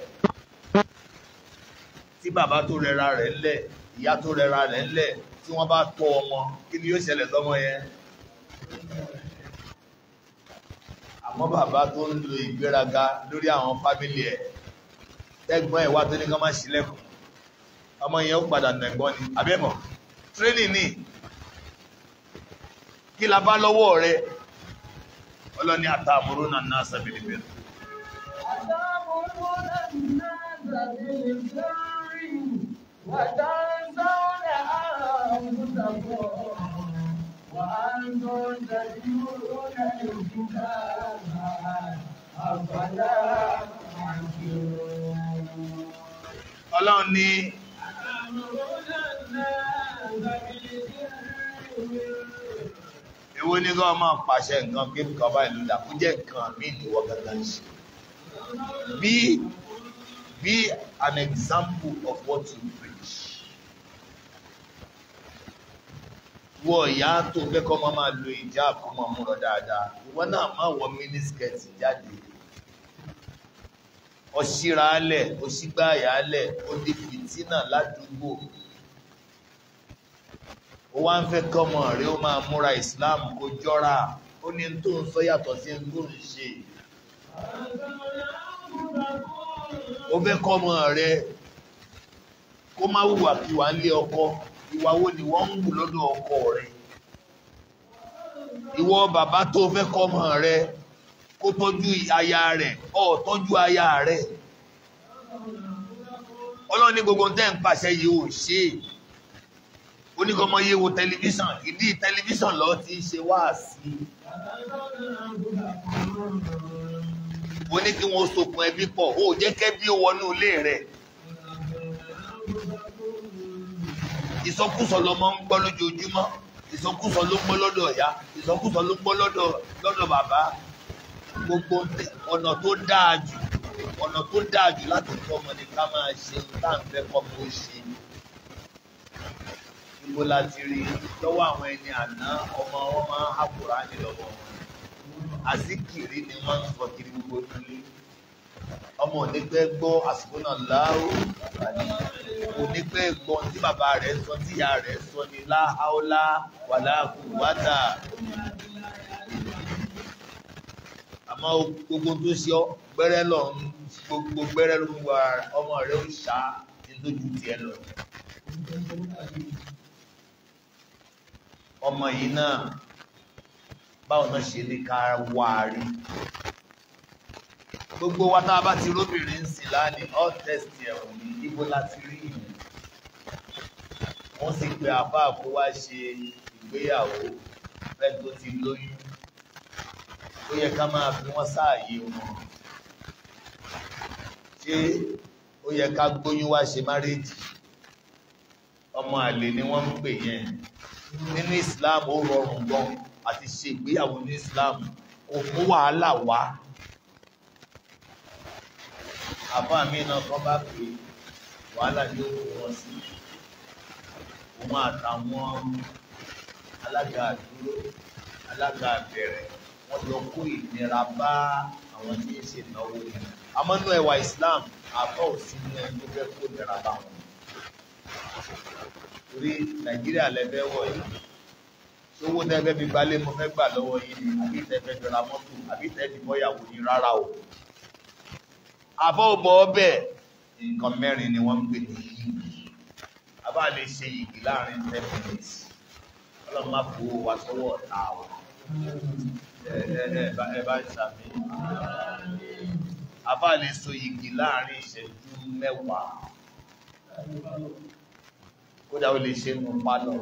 tí bàbá tó rẹra rẹ̀ ńlẹ̀ ìyá tó rẹra rẹ̀ ńlẹ̀ tí wọ́n bá tọ́ ọmọ kí ni yóò ṣẹlẹ̀ sọ́mọ yẹn àmọ́ bàbá tó ń lo ìgbéraga lórí àwọn fámílì ẹ̀ tẹ́gbọ́n ẹ̀ wá tó ní kán má ṣílẹ̀kùn ọmọ yẹn ó padà nẹ̀gbọ́n ni abẹ́mọ̀ tírénì ní kí la bá lọ́wọ́ rẹ ọlọ́ni àtàmúrú náà náà sábìlì bẹ̀rẹ̀. Wàtá ń sọ́ọ́rẹ́ àrùn ìdàgbọ́. تتلون الكتاب أفلا Ọlọ́run ni Èwo ní kọ́ máa pàṣẹ nǹkan kí nǹkan bá ìlú dàkú jẹ́ nǹkan mí ìdíwọ́ gẹ́gẹ́ ń ṣe. Be, be an example of what you pray. wọ ìyá tó fẹ́ kọ́ máa máa lo ìjà kọ́ máa múra dáadáa ìwọ náà máa wọ mínísíkẹ̀tì jáde ọ̀ṣíralẹ̀ ọ̀ṣígbáyàálẹ̀ ó di fìtínà ládùúgbò ó wá ń fẹ́ kọ́mọ rẹ̀ ó máa múra Islam kó jọra ó ní tó ń sọ yàtọ̀ sí ń tó ń ṣe ó fẹ́ kọ́mọ rẹ̀ kó má hùwàkiwà ń lé ọkọ ìwà wo ni wọ́n ń wù lọ́dọ̀ ọkọ rẹ ìwọ bàbá tó fẹ́ kọ́mọ rẹ kó tọ́jú aya rẹ̀ ó tọ́jú aya rẹ̀ ọlọ́run ní gbogbo tẹ́ ń pàṣẹ yìí ò ṣe oníkọmọ yé wo tẹlifíṣàn ìdí tẹlifíṣàn lọ ti ṣe wáàsí o ní kí wọn sokùn ẹbí pọ̀ o jẹ́ kẹ́bí ó wọnú ilé rẹ̀ ìsọkúsọ lọmọ ń gbọ́ lójoojúmọ́ ìsọkúsọ ló ń gbọ́ lọ́dọ̀ ìyá ìsọkúsọ ló ń gbọ́ lọ́dọ̀ lọ́dọ̀ bàbá gbogbo ọ̀nà tó dáa jù ọ̀nà tó dáa jù láti fún ọmọ ni ká máa ṣe tá à ń fẹ́ kọ́ bó ṣe ibo la ti rí lọ́wọ́ àwọn ẹni àná ọmọ wọn máa ń hàkùrá nílọ́wọ́ wọn ni wọ́n ń sọ kiri gbogbo nílé ọmọ onígbẹ́ gbọ́ àsìkò náà láàrú àní onígbẹ́ gbọ́ tí bàbá rẹ̀ sọ tí ìyá rẹ̀ sọ ní láhàólá wàláàkú wádà àmọ́ gbogbo tó ṣe ọ́ gbẹ́rẹ́ lọ gbogbo gbẹ́rẹ́ ló ń wà ọmọ rẹ̀ ń ṣá lójú tiẹ̀ lọ. ọmọ yìí náà báwo náà ṣe ní ká wá rí gbogbo wa tá a bá ti róbìnrin ń sìn láàní all test ẹ̀wọ̀n ní ibo láti rí ìyẹn wọ́n sì pe àfáà kó wá ṣe ìgbéyàwó fẹ́ tó ti lóyún ó yẹ ká máa fi wọ́n sáàyè wọn ṣé ó yẹ ká gbóyún wá ṣe márèjì ọmọ àlè ni wọ́n ń pè yẹn nínú Islam ó rọrùn gan àti ṣe ìgbéyàwó ní Islam kò mú wàhálà wá. Wa àbá mi náà kọ́ bá pè é wàhálà ni ó kó wọn sí òun àtàwọn alága àdúró alága àbẹ̀rẹ̀ wọ́n lọ kó ìnira bá àwọn tí ń ṣe ìnáwó yẹn àmọ́ nínú ẹwà Islam àbá òsín ní ẹni tó fẹ́ kó ìnira bá wọn torí Nàìjíríà lẹ́fẹ́ wọ̀ yìí sówó tẹ́fẹ́ bíi balẹ̀ mo fẹ́ gbà lọ́wọ́ yìí ni àbí tẹ́fẹ́ jọra mọ́tò àbí tẹ́fẹ́ bọ́yàwó yìí rárá o àfọ́gbọ̀ ọbẹ̀ nǹkan mẹ́rin ni wọ́n ń pè ní yìí a bá lè ṣe yìí láàrin ten minutes ọlọ́run má fò wá sọ́wọ́ ọ̀tá wa ẹ bá ń ṣàmì a bá lè so yìí láàrin ìṣẹ́jú mẹ́wàá kódà ó lè ṣe nù pálọ̀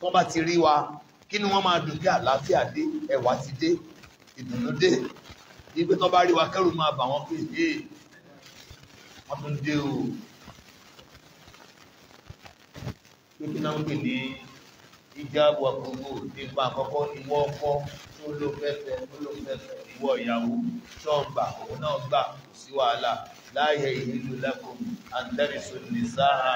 tó bá ti rí wa kí ni wọ́n máa dùn kí àlàáfíà dé ẹwà ti dé ìdùnnú dé ibi tó bá rí wa kẹ́rù máa bà wọ́n pé ee wọ́n tún dé o lókè náà ń pè ní ìjáàbù àkókò nípa àkọ́kọ́ ìwọ ọkọ tó ló fẹ́fẹ́ tó ló fẹ́fẹ́ ìwọ ìyàwó tó ń gbà òun náà gbà kò sí wàhálà láàyè ìlú lẹ́kọ̀ọ́ àǹtẹ́rìsọ ní sáà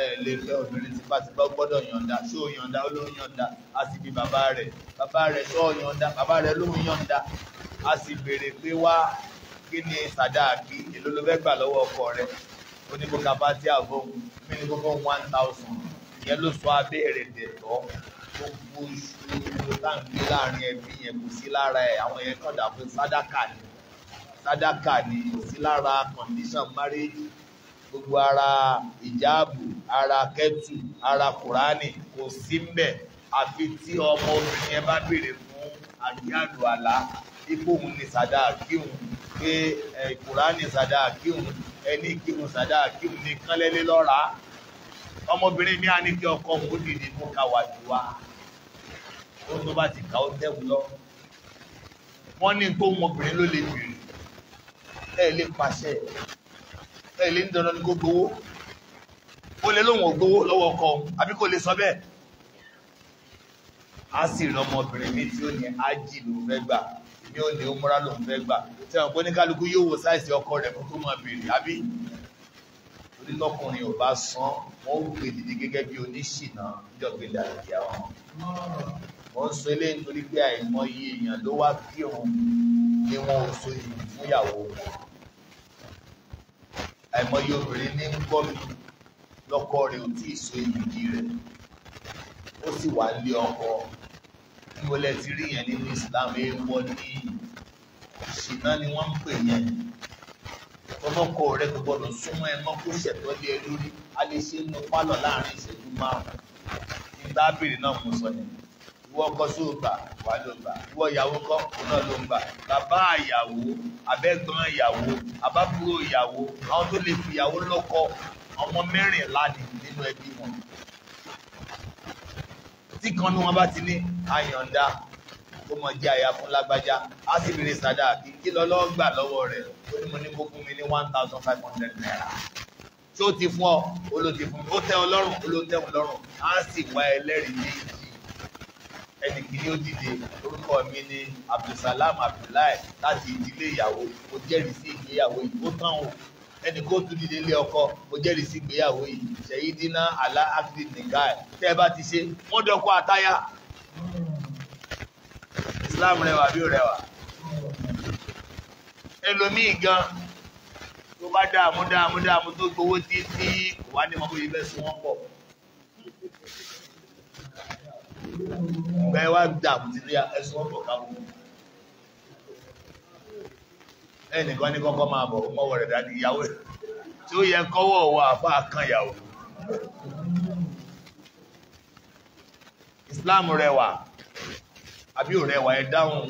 ẹ lè fẹ́ obìnrin tí bá gbọ́dọ̀ yọ̀ǹda ṣó yọ̀ǹda ó ló ń yọ̀ǹda a sì bí bàbá rẹ̀ bàbá rẹ̀ ṣó yọ̀ǹda bàbá rẹ̀ ló ń yọ̀ǹda a sì béèrè pé wá kí ni sàdáàkì èló ló fẹ́ gbà lọ́wọ́ ọkọ rẹ̀ oníbùkà bá tí a mí ní gbogbo one thousand ìyẹn ló sọ abẹ́rẹ́ tẹ̀tọ́ gbogbo ìṣòro láǹgbé láàrin ẹbí yẹn kò sí lára ẹ̀ àwọn yẹn kàn dà fún sádàkà ni sádàkà ni kò sí lára condition marriage gbogbo ara ìjáàbù ara kẹ́tù ara kùránì kò sí mbẹ̀ àfi tí ọmọ obìnrin yẹn bá béèrè fún àdíàdù àlá ipò òun ni sàdá kíhun pé ìkùrá ni sàdá kíhun ẹni kíhun sàdá kíhun ní kánlẹ́lẹ́ lọ́ra ọmọbìnrin mi á ní kí ọkọ òun dìde kó ka wà jù wá ó tó bá ti kà ó tẹ́wù lọ wọ́n ní tó ọmọbìnrin ló lè bèrè ẹ lè pàṣẹ ẹ lè ń dandan ní kó gbowó ó lè lóun ò gbowó lọ́wọ́ ọkọ àbí kò lè sọ bẹ́ẹ̀ á sì rí ọmọbìnrin mi tí ó ní ájì ló fẹ́ gbà yóò ní ó múra lòun fẹ́ gbà tí àwọn oníkálukú yóò wò sáìsì ọkọ rẹ̀ kó tó máa bèèrè àbí onílọ́kùnrin ò bá san wọ́n ó pè dìde gẹ́gẹ́ bí oníṣìnà níjọba ilẹ̀ àti àwọn wọ́n sọ ilé nítorí pé àìmọye èèyàn ló wá bí òun ni wọn ò so ìlú fúnyàwó wọn àìmọye obìnrin ní ń gbọ́ mi lọ́kọ rẹ̀ ò tí ì so ìlú rẹ̀ ó sì wá lé ọkọ wọlé ti rí yẹn nínú Islam èèwọ̀ ní ṣìnà ni wọ́n ń pè yẹn ọmọkọ rẹ kò gbọdọ̀ súnmọ́ ẹ mọ́ kó ṣẹ̀tọ́ lé ẹ lórí a lè ṣe inú pálọ̀ láàrin ìṣẹ́jú márùn-ún nígbà bèrè náà mo sọ yẹn ìwọ kọ sí ògbà wà ló gbà ìwọ ìyàwó kọ òun náà ló ń gbà bàbá ìyàwó abẹ́gbọ́n ìyàwó abábúrò ìyàwó àwọn tó lè fi ìyàwó lọ́kọ ọmọ mẹ́rìnlá nínú ẹbí wọn tí kan ní wọn bá ti ní àyàndá kó mọ jẹ àyà fún lágbájá á sì bèrè sádà kí kí lọ́lọ́ọ́ gbà lọ́wọ́ rẹ̀ ó ní mo ní kó mi ní one thousand five hundred naira tí ó ti fún ọ ó ló ti fún mi ó tẹ́ ọ lọ́rùn ó ló tẹ́ ọ lọ́rùn á sì wá ẹlẹ́rìí méjì ẹnì kìíní ó dìde orúkọ mi ni Abdulsalam Abdullahi láti ìdílé ìyàwó ó jẹ́rìí sí ìgbéyàwó yìí ó o ẹnì kó tún dìde ilé ọkọ mo jẹ́rìí sí ìgbéyàwó yìí ṣèyí dínà àlá ákìdì nìka ẹ̀ tẹ́ ẹ bá ti ṣe wọ́n dọ́kọ àtáyà Islam rẹwà bí ó rẹwà ẹlòmíì gan tó bá dààmú dààmú dààmú tó gbowó títí kò wá ní mọ́kúrò ibẹ̀ sún wọ́n pọ̀ bẹ́ẹ̀ wá dààmú títí ẹ̀sùn wọ́n pọ̀ káwọn ẹnìkan ní kọ́kọ́ máa bọ̀ ọmọ wọ̀rẹ̀ dá ní ìyàwó tí ó yẹ kọ́wọ́ wọ àfá kan ìyàwó Islam rẹwà àbí ò rẹwà ẹ dáhùn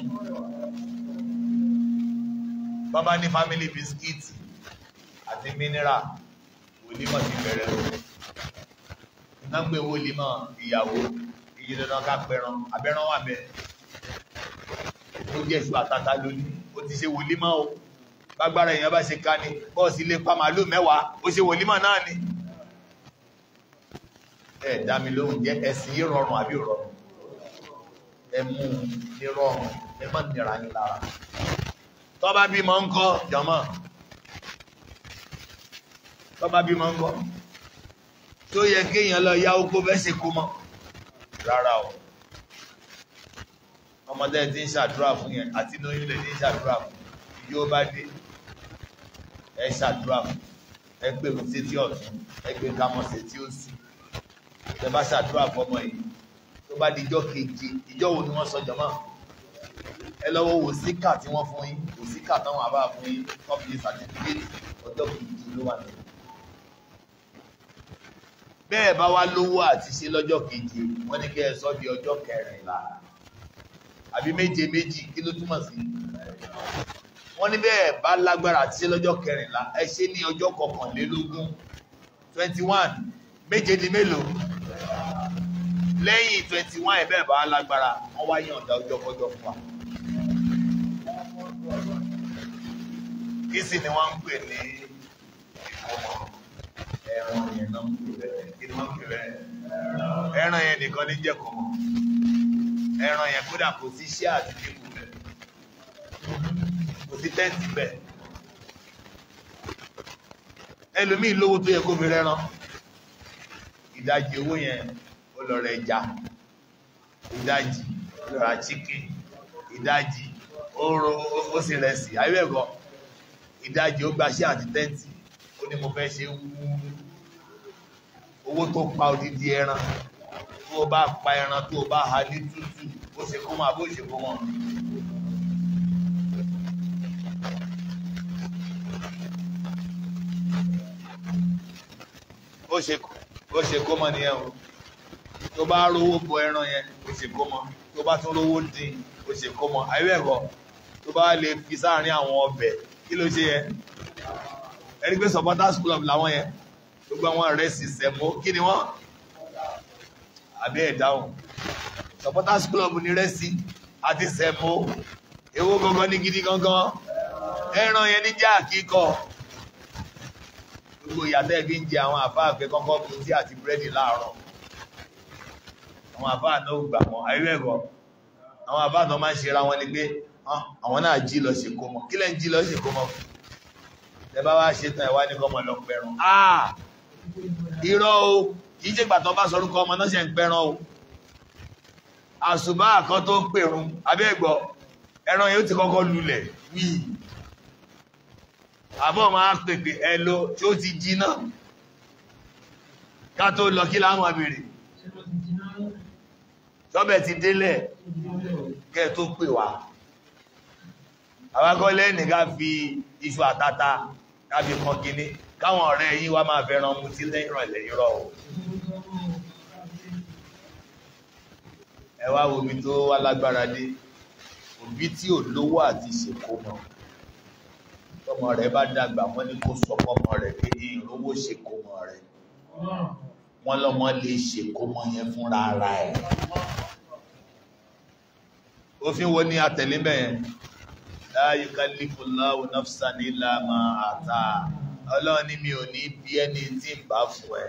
bàbá ní family biscuit àti mineral wòlímọ̀ ti bẹ̀rẹ̀ lọ ìgbàgbé wòlímọ̀ ìyàwó èyí dandan ká pẹran abẹ́ran wà bẹ́ẹ̀ ó jẹ́ ìṣù àtàtà lónìí ó ti ṣe wòlímọ̀ o gbàgbára èèyàn bá ṣe ká ni bọ́ọ̀sì lè pa màálù mẹ́wàá ó ṣe wòlímọ̀ náà ni. ẹ dá mi lóhùn jẹ ẹsìn yìí rọrùn àbí rọrùn ẹ mú ní rọrùn ẹ má nira ní lára tọ́ba bímọ ń kọ́ jọmọ́ tọ́ba bímọ ń kọ́ tó yẹ kéèyàn lọ yá oko bẹ́ẹ̀ ṣe kó mọ́ rárá o ọmọdé ti ń ṣàdúrà fún yẹn àti inú ilé ti ń ṣàdúrà fún yóò bá dé ẹ ṣàdúrà fún ẹ gbé mi sétí ọ̀tún ẹ gbé kámọ́ sétí òsì ẹ bá ṣàdúrà fọmọ yìí tó bá dijọ́ keje ìjọ wo ni wọ́n sọ jọmọ́ ẹ lọ́wọ́ wò síkà tí wọ́n fún yín wò síkà táwọn àbá fún yín kọ́pìlì sàtìfíkẹ́tì ọjọ́ keje ló wà nínú bẹ́ẹ̀ bá wá lówó àti ṣe lọ́jọ́ keje wọ́n ní kí ẹ sọ di ọjọ́ kẹrìnlá àbí méje méjì kí ló túmọ̀ sí wọ́n ní bẹ́ẹ̀ bá lágbára àti ṣe lọ́jọ́ kẹrìnlá ẹ ṣe ní ọjọ́ kọkànlélógún twenty one méje di mélòó lẹ́yìn twenty one ẹ̀ bẹ́ẹ̀ bá lágbára wọ́n wá yàn ọ̀dà ọjọ́ kọjọ́ fún wa. kí sì ni wọ́n ń pè ní ẹran yẹn náà kí ni wọ́n ń pè bẹ́ẹ̀ ẹran yẹn nìkan ní jẹ́kọ̀ọ́ ẹran yẹn kódà kò sí iṣẹ́ àti dínkù rẹ̀ fi tẹ́ǹtì bẹ̀ ẹlòmíì lówó tó yẹ kó fi rẹ́ran ìdajì owó yẹn ó lọ rẹ ẹja ìdajì ó lọ ra chicken ìdajì ó ro ó sì rẹsì ayé ẹ̀kọ́ ìdajì ó gbaṣẹ́ àti tẹ́ǹtì ó ní mo fẹ́ ṣe wú owó tó pa odidi ẹran tó o bá pa ẹran tó o bá ha ní tútù ó ṣe kó máa bó ṣe kó wọn. ó ṣe ó ṣe kó mọ nìyẹn o tó bá rówó bọ ẹran yẹn ó ṣe kó mọ tó bá tún rówó dín ó ṣe kó mọ àyẹ̀wò tó bá lè fi sáàárín àwọn ọbẹ̀ kí ló ṣe yẹn ẹni pé supporters club làwọn yẹn gbogbo àwọn rẹ́sì sẹ̀mó kí ni wọ́n àbí ẹ̀ dáhùn supporters club ní rẹ́sì àti sẹ̀mó èwo gangan ní gidi gangan ẹran yẹn ní jẹ́ àkíkọ́ gbogbo ìyàtẹ́ fi ń jẹ àwọn àfáà fẹ́ kọ́kọ́ fún tí àti búrẹ́dì láàárọ̀ àwọn àfáà náà gbà mọ́ àríwẹ̀kọ́ àwọn àfáà náà máa ń ṣera wọn ni pé ah, àwọn náà jí lọ sí kó mọ́ kí lẹ́ ń jí lọ sí kó mọ́ ẹ bá wá ṣe tán ẹ wá ní kọ́mọ lọ pẹ̀rùn ah! irọ́ o kì í ṣe gbà tó bá sọ orúkọ ọmọ náà ṣe ń pẹ̀rùn o àṣùbà kan tó pèrún abẹ́gbọ́ ẹran yóò ti kọ́kọ́ lulẹ̀ wíì àbọ̀ máa pèpè ẹlò tí ó ti jiná ká tó lọ kí láwọn abèrè sọ́bẹ̀ ti délẹ̀ kẹ́ tó pè wá àwákọ́ lẹ́nì ká fi iṣu àtàtà kábi kan gíní káwọn ọ̀rẹ́ yín wá máa fẹ́ràn mú sí lẹ́yìnrọ̀lẹ̀ ìrọ̀ o ẹwà omi tó wá lágbára dé òbí tí ò lówó àti ṣèkó mọ́ tọmọ rẹ̀ bá dàgbà wọ́n ní kó sọ fọ́mọ rẹ̀ pé ní ìrówó ṣèkómọ rẹ̀ wọ́n lọ́mọ lè ṣèkómọ yẹn fúnra ara ẹ̀ òfin wo ni àtẹ̀lé bẹ́ẹ̀ la yukalifullahu nafsan illa ma ata ọlọ́run ni mi ò ní bí ẹni tí ń bá fún ẹ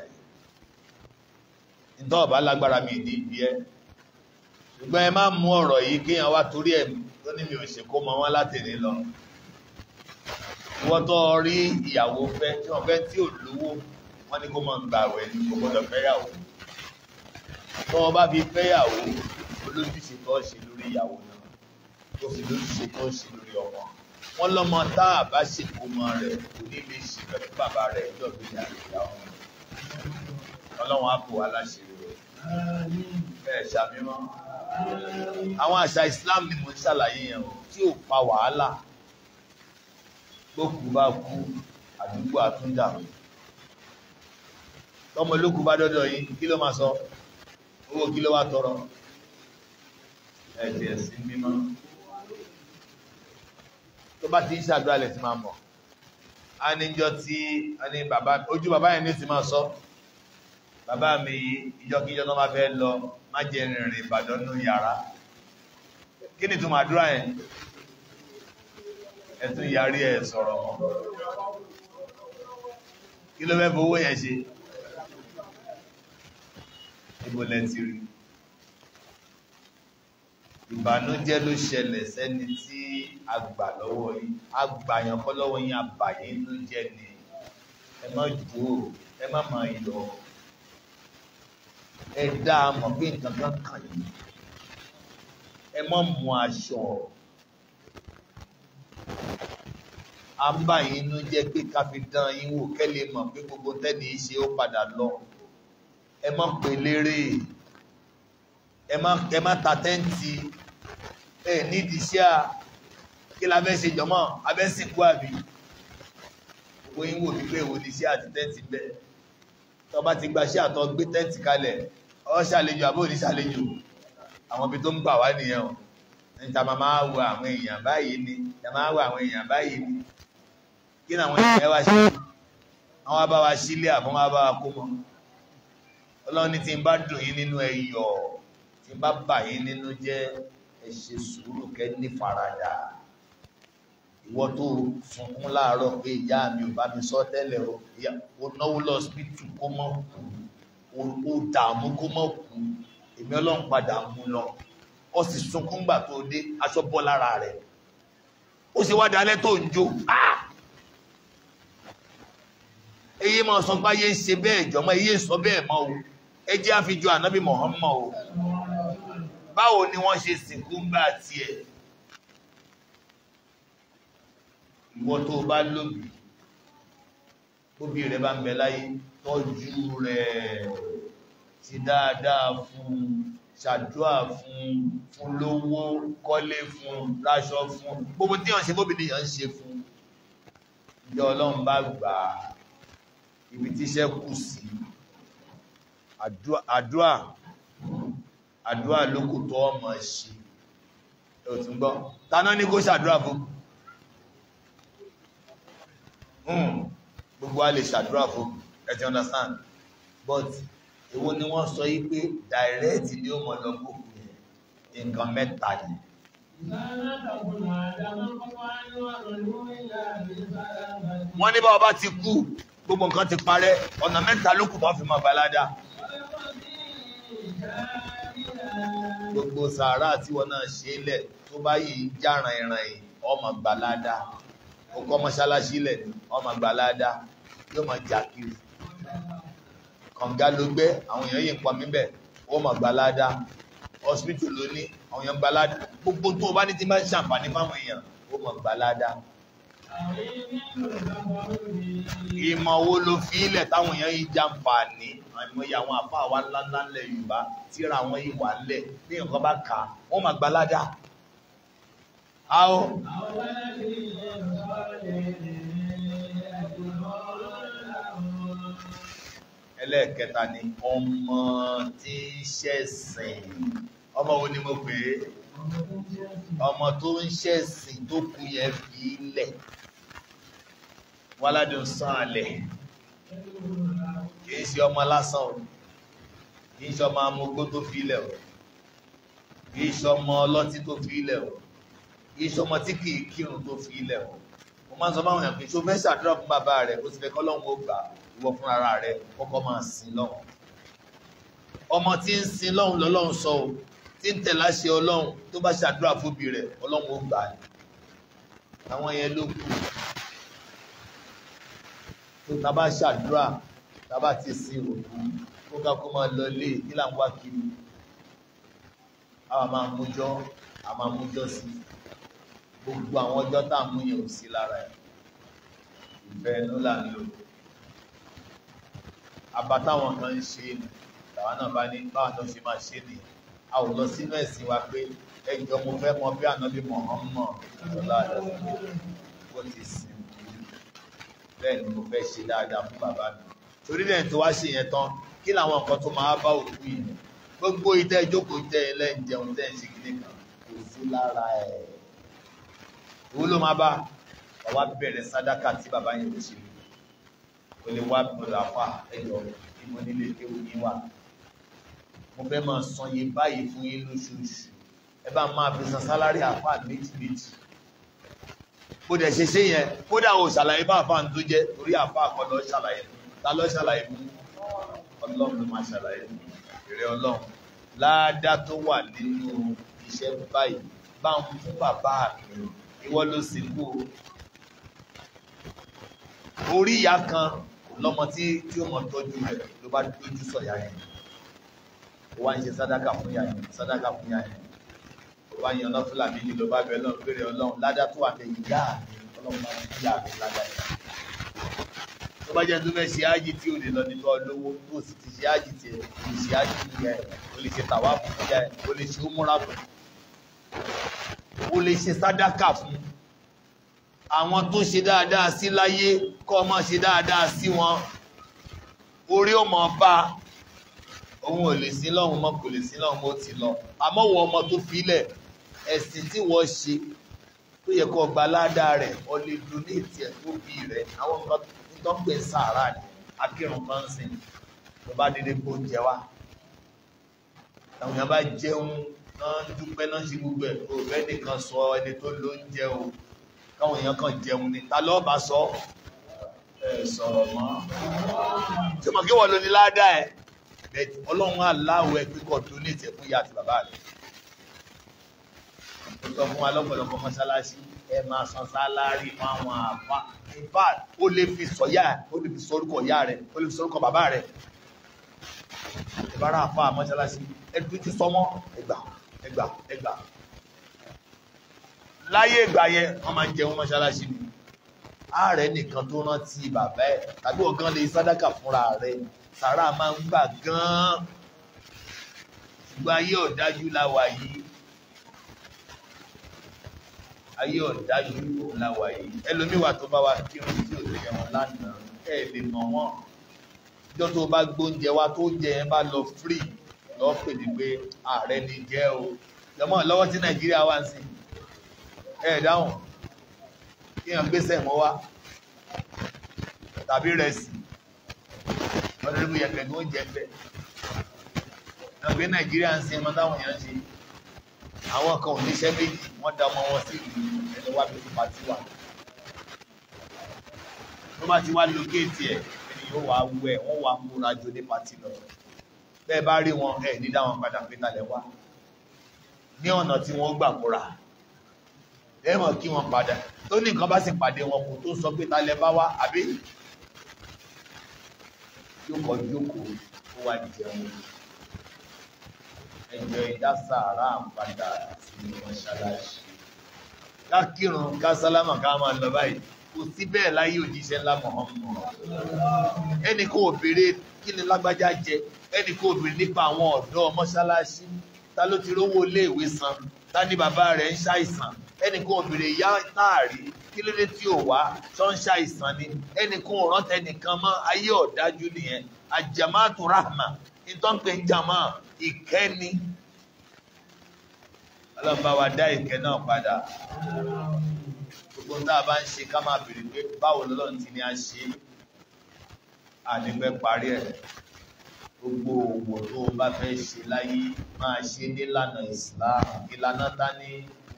ìtọ́ ọ̀bá lágbára mi ní bí ẹ ṣùgbọ́n ẹ má mú ọ̀rọ̀ yìí kéèyàn wá torí ẹ̀ tó ní mi ò ṣe kó mọ wọn láti lọ wọ́n tó rí ìyàwó fẹ́ tí wọ́n fẹ́ tí ò lówó wọ́n ní kó máa gba àwẹ̀ ní kò gbọ́dọ̀ fẹ́yàwó tó wọ́n bá fi fẹ́yàwó olójúṣe tó ṣe lórí ìyàwó náà tó fi lójúṣe tó ṣe lórí ọmọ wọn lọmọ tá a bá ṣèkó mọ rẹ kò ní lè ṣe pẹ̀lú bàbá rẹ ẹjọ́ bí ìyá ọmọ Ọlọ́run á bò wá láṣìírí rẹ bẹ́ẹ̀ ṣàmímọ àwọn àṣà Islam ni mo ń ṣàlàyé yẹn o tí ò pa wàhálà gbókù bá kú àdúgbò àtúndà tọmọ olókù bá dọdọ yìí kí ló máa sọ owó kí ló wá tọrọ ẹ̀jẹ̀ sí mímọ́ tó bá ti ń ṣàdúrà lẹ̀ ti máa mọ̀ a ní jọ tí a ní bàbá ojú bàbá yẹn ní ti máa sọ bàbá mi ìjọkíjọ tó máa fẹ́ lọ má jẹ́ rìnrìn Ìbàdàn nù yàrá kí ni tó máa dúrà yẹn ẹ̀tún yarí ẹ̀ sọ̀rọ̀ kí ló fẹ́ fowó yẹn ṣe ìbòlẹ̀ ti rí ìbànújẹ́ ló ṣẹlẹ̀ sẹ́ni tí a gbà lọ́wọ́ yìí a gbà yàn kọ́ lọ́wọ́ yìí àbàyè ló jẹ́ ni ẹ má jù ú ẹ má máa yọ ẹ dá a mọ̀ pé nǹkan kan kàn yín ẹ má mú aṣọ a ń bà yín inú jẹ́ pé ká fi dán yín wò kẹ́lẹ̀ mọ̀ pé gbogbo tẹ́ni ṣe ó padà lọ ẹ má pè lérè ẹ má ta tẹ́ǹtì ẹ nídìí iṣẹ́ à kí la fẹ́ ṣe jọmọ́ abẹ́ sìnkú àbí gbogbo yín wò wípé èwo ni iṣẹ́ àti tẹ́ǹtì bẹ́ẹ̀ tó bá ti gba iṣẹ́ àtọ́ gbé tẹ́ǹtì kalẹ̀ ọ ṣàlejò àbó ní ṣàlejò àwọn ibi tó ń gbà wá nìyẹn o níta máa máa wo àwọn èèyàn báyìí ni máa wà àwọn èèyàn báyìí ni kí làwọn èèyàn wá ṣe àwọn bá wa sílé àbọ̀ wọn bá wa kó mọ́ ọlọ́run ní tí n bá dùn yín nínú ẹyọ tí n bá bà yín nínú jẹ́ ẹ ṣe sùúrù kẹ́ ní faradà ìwọ tó sunkún láàárọ̀ pé ìyá mi ò bá mi sọ tẹ́lẹ̀ o ò náwó lọ síbítù kó mọ́ kú dààmú kó mọ́ kú èmi ọlọ́run padà mú lọ ó sì sunkún gbà tó dé aṣọ bọ́ lára rẹ̀ ó sì wá dalẹ́ tó ń jó eye ah! máa sọ pé ayé ń ṣe bẹ́ẹ̀ jọmọ eye ń sọ bẹ́ẹ̀ mọ́ o ẹ jẹ́ àfijọ́ ànábì Muhammad o báwo ni wọ́n ṣe sìnkú ń bá tiẹ̀ ìwọ tó bá lóbi tóbi rẹ bá ń bẹ láyé tọ́jú rẹ̀ ti dáadáa fún un ṣàdúà fún fún lówó kọ́lé fún láṣọ fún gbogbo tí wọ́n ṣe bóbi ni yàn ṣe fún ìjọ ọlọ́run bá gbà ibi tí iṣẹ́ kù sí àdúà àdúà lókù tó ọmọ ṣe ò tún gbọ́ taná ní kó ṣàdúà fún hmm, gbogbo a lè ṣàdúà fún ẹ ti understand but èwo ni wọ́n sọ yí pé direct ni ó mọ̀ lọ gbogbo yẹn nǹkan mẹ́ta yìí. wọ́n ní báwa bá ti kú gbogbo nǹkan ti parẹ́ ọ̀nà mẹ́ta ló kù tó fi máa balada. gbogbo sàárà tí wọn náà ṣe lẹ̀ tó bá yìí já ràn-ìràn-ì ọmọ balada ó kọ́ mọ́ṣáláṣí lẹ̀ ọmọ balada yóò máa jà kiri kànga ló gbé àwọn èèyàn yìí ń pọnmi bẹ́ẹ̀ ó mọ̀ gbalada hospital ló ní àwọn èèyàn gbalada gbogbo tó o bá ní ti máa ń ṣàǹfààní fáwọn èèyàn ó mọ̀ gbalada. ìmọ̀ wo ló fi ilẹ̀ táwọn èèyàn yìí jàǹfààní àìmọye àwọn àfa àwa ńláńlá ńlẹ̀ Yorùbá tíra àwọn ìwà ńlẹ̀ bí nǹkan bá kà á wọ́n mọ̀ gbalada. Àwọn. Àwọn ẹni ìyẹn lè rìn. ẹlẹ́ẹ̀kẹta ni ọmọ tí ń ṣẹ̀sìn ọmọ wo ni mo pè é ọmọ tó ń ṣẹ̀sìn tó kù yẹn fi ilẹ̀ wáládùn sáàlẹ̀ kìí ṣe ọmọ lásán o kìí ṣe ọmọ amogó tó fi ilẹ̀ o kìí ṣe ọmọ ọlọ́tí tó fi ilẹ̀ o kìí ṣe ọmọ tí kìí kírun tó fi ilẹ̀ o mo máa ń sọ fáwọn èèyàn pé ṣó fẹ́ ṣàdúrà fún bàbá rẹ̀ ó sì fẹ́ kọ́ lọ́hùn ó gbà á wọ fún ara rẹ kọ́kọ́ máa sin lọ́hùn ọmọ tí ń sin lọ́hùn lọ́lọ́hùn sọ o tí ń tẹ̀lá ṣe ọlọ́hùn tó bá ṣàdúrà fóbi rẹ̀ ọlọ́hùn ó gbà ní àwọn yẹn ló kù tó ta bá ṣàdúrà ta bá ti sin òkú kó ká kó máa lọ kí là ń wá kiri àwa máa mújọ́ a máa mújọ́ sí gbogbo àwọn ọjọ́ tá a mú yẹn ò sí lára ẹ̀ ìfẹ́ ẹnu là ń lò àbátáwọn kan ń ṣe nù tàwa náà bá ní báwọn náà ṣe máa ṣe nìyẹn a ò lọ sínú ẹ̀sìn wa pé ẹjọ́ mo fẹ́ mọ bí ànábì Muhammad ṣọlá àdàsí ó ti sìn bẹ́ẹ̀ ni mo fẹ́ ṣe dáadáa fún bàbá mi torí lẹ́yìn tó wá ṣe yẹn tán kí làwọn nǹkan tó máa bá òkú yìí gbogbo ìtẹ́ ìjókòó tẹ́ ẹ lẹ́ǹjẹun tẹ́ ẹ ṣe kìíní kan kò sí lára ẹ̀ òun ló máa bá bàbá bẹ̀rẹ̀ sádàkà tí bàbá yẹn ò ṣe o lè wá bí ọ̀là wà ẹjọ́ ìmọ̀ nílé tí ó ní wà mo fẹ́ máa san iye báyìí fún yín lóṣooṣù ẹ bá máa fi san sálárì àfà méjì méjì bó dẹ̀ ṣe ṣe yẹn kódà ò ṣàlàyé bá àfà ń tó jẹ́ torí àfà kọ́ lọ ṣàlàyé ta lọ ṣàlàyé fún ọlọ́run ló máa ṣàlàyé fún ìrẹ́ ọlọ́run láádá tó wà nínú iṣẹ́ báyìí bá ń fún bàbá mi ìwọ ló sì kú orí ìyá kan lọ́mọ tí tí ó mọ̀ tọ́jú rẹ̀ ló bá dójú sọ ìyá yẹn ó wá ń ṣe sádàkà fún ìyá yẹn sádàkà fún ìyá yẹn ó wá yan lọ́fúlà méjì ló bá bẹ lọ́run péré ọlọ́run ládá tó wà bẹ yìí yáà mi ọlọ́run máa ń yáà mi ládá yẹn tó bá jẹ́ tó ṣe ájì tí ò lè lọ nínú ọlọ́wọ́ tó sì ti ṣe ájì tí ò lè ṣe ájì tí ẹ ò lè ṣe tàwa fún ìyá ẹ ò lè ṣe ó múra fún ó lè ṣe sádàkà fún àwọn tó ṣe dáadáa sí láyé kọ́ ọmọ ṣe dáadáa sí wọn orí ò mọ̀ bá òun ò lè sí lọ́hùn mọ́ kò lè sí lọ́hùn mọ́ ti lọ àmọ́ wọ ọmọ tó filẹ̀ ẹ̀sìn tí wọ́n ṣe tó yẹ kó gba ládàá rẹ̀ ọ lè donate ẹ̀ tó bí rẹ̀ àwọn nǹkan tó ń pè sàárà ni akírun kan ń sìn ló bá dédé kó jẹ wá àwọn èèyàn bá jẹun náà dúpẹ́ náà ṣe gbogbo ẹ̀ kó bẹ́ẹ̀ nìkan sọ ẹni tó ló ń jẹun káwọn èèyàn kan jẹun ni ta lọ́ọ́ bá sọ ẹ sọ̀rọ̀ mọ́ tí mo kí wọ́n lò ní ládàá ẹ̀ bẹ́ẹ̀ ọlọ́run aláwọ̀ ẹgbẹ́ kan tó ní ìtẹ̀ fún ìyá àti bàbá rẹ̀ ó sọ fún wa lọ́pọ̀lọpọ̀ mọ́ṣáláṣí ẹ máa san sálárì fún àwọn àfa ìfà ó lè fi sọ̀yà ó lè fi sọ̀rúkọ̀ ìyá rẹ̀ ó lè fi sọ̀rúkọ̀ bàbá rẹ̀ ìbára àfa mọ́ṣáláṣí ẹ dúró ti sọmọ ẹgbà ẹgbà ẹgbà láyé ìgbà yẹn wọ́n máa ń jẹun mọ́ṣáláṣí ni ààrẹ nìkan tó rántí bàbá ẹ̀ tàbí ọ̀gán lè sádàkà fúnra rẹ̀ sàrà máa ń gbà gan-an ṣùgbọ́n ayé ọ̀dájú la wà yìí ayé ọ̀dájú la wà yìí ẹlòmíwà tó bá wa kírun tí ò lè wọn lánàá ẹ lè mọ̀ wọ́n ìjọ tó bá gbóúnjẹ wa tó jẹ ẹ bá lọ fírì lọ́ọ́ pè ní pé ààrẹ ni jẹ́ o lọ́mọ lọ́wọ́ tí nàìjíríà wà sí i ẹ̀ dáhùn kí èèyàn gbé sẹ̀mọ́ wá tàbí rẹsì ọdún ìlú yẹ̀kẹ̀ tó jẹ́ bẹ́ẹ̀ ẹgbẹ́ nàìjíríà ń sin ọmọ táwọn èèyàn ṣe àwọn kan ò níṣẹ́ méjì wọ́n da ọmọ wọn sí ìlú ẹni wá bí ipa ti wà tó bá ti wá lókèétì ẹ̀ ẹni yóò wá wú ẹ̀ wọ́n wá múra jù ní pati lọ bẹ́ẹ̀ bá rí wọn ẹ̀ nídá wọn padà pé kalẹ̀ wá ní ọ̀nà tí wọ́n gbà múra ẹ mọ̀ kí wọ́n padà tó ní nǹkan bá sì pàdé wọn kò tó sọ pé talẹ̀ bá wá àbí jókòó jókòó ó wá jẹun ẹjọ ìdásàárà ń padà sínú mọ́ṣáláṣí ká kírun ká sálámà ká máa lọ báyìí kò sí bẹ́ẹ̀ láyé òjíṣẹ́ ńlá Muhammad ẹnì kò béèrè kí ni lágbájá jẹ ẹnì kò béèrè nípa àwọn ọ̀dọ́ mọ́ṣáláṣí ta ló ti rówó iléèwé san ta ni bàbá rẹ̀ ń ṣàìsàn ẹnìkan obìnrin ìyá táàrí kí ló dé tí ò wá ṣọ́nṣà ìsàn ni ẹnìkan ò rántẹ nìkan mọ́ ayé ọ̀dájú nìyẹn àjàmáàtò rahma ìtọ́npẹ̀ jàmá ìkẹ́ni ọlọ́mọba wa dá ìkẹ́ náà padà gbogbo tá a bá ń ṣe ká máa bèrè pé báwo lọ́lọ́run ti ní a ṣe àdìgbẹ́ parí ẹ̀ gbogbo òwò tó o bá fẹ́ ṣe láyé máa ṣe nílànà ìsìláàmù ìlànà ta ni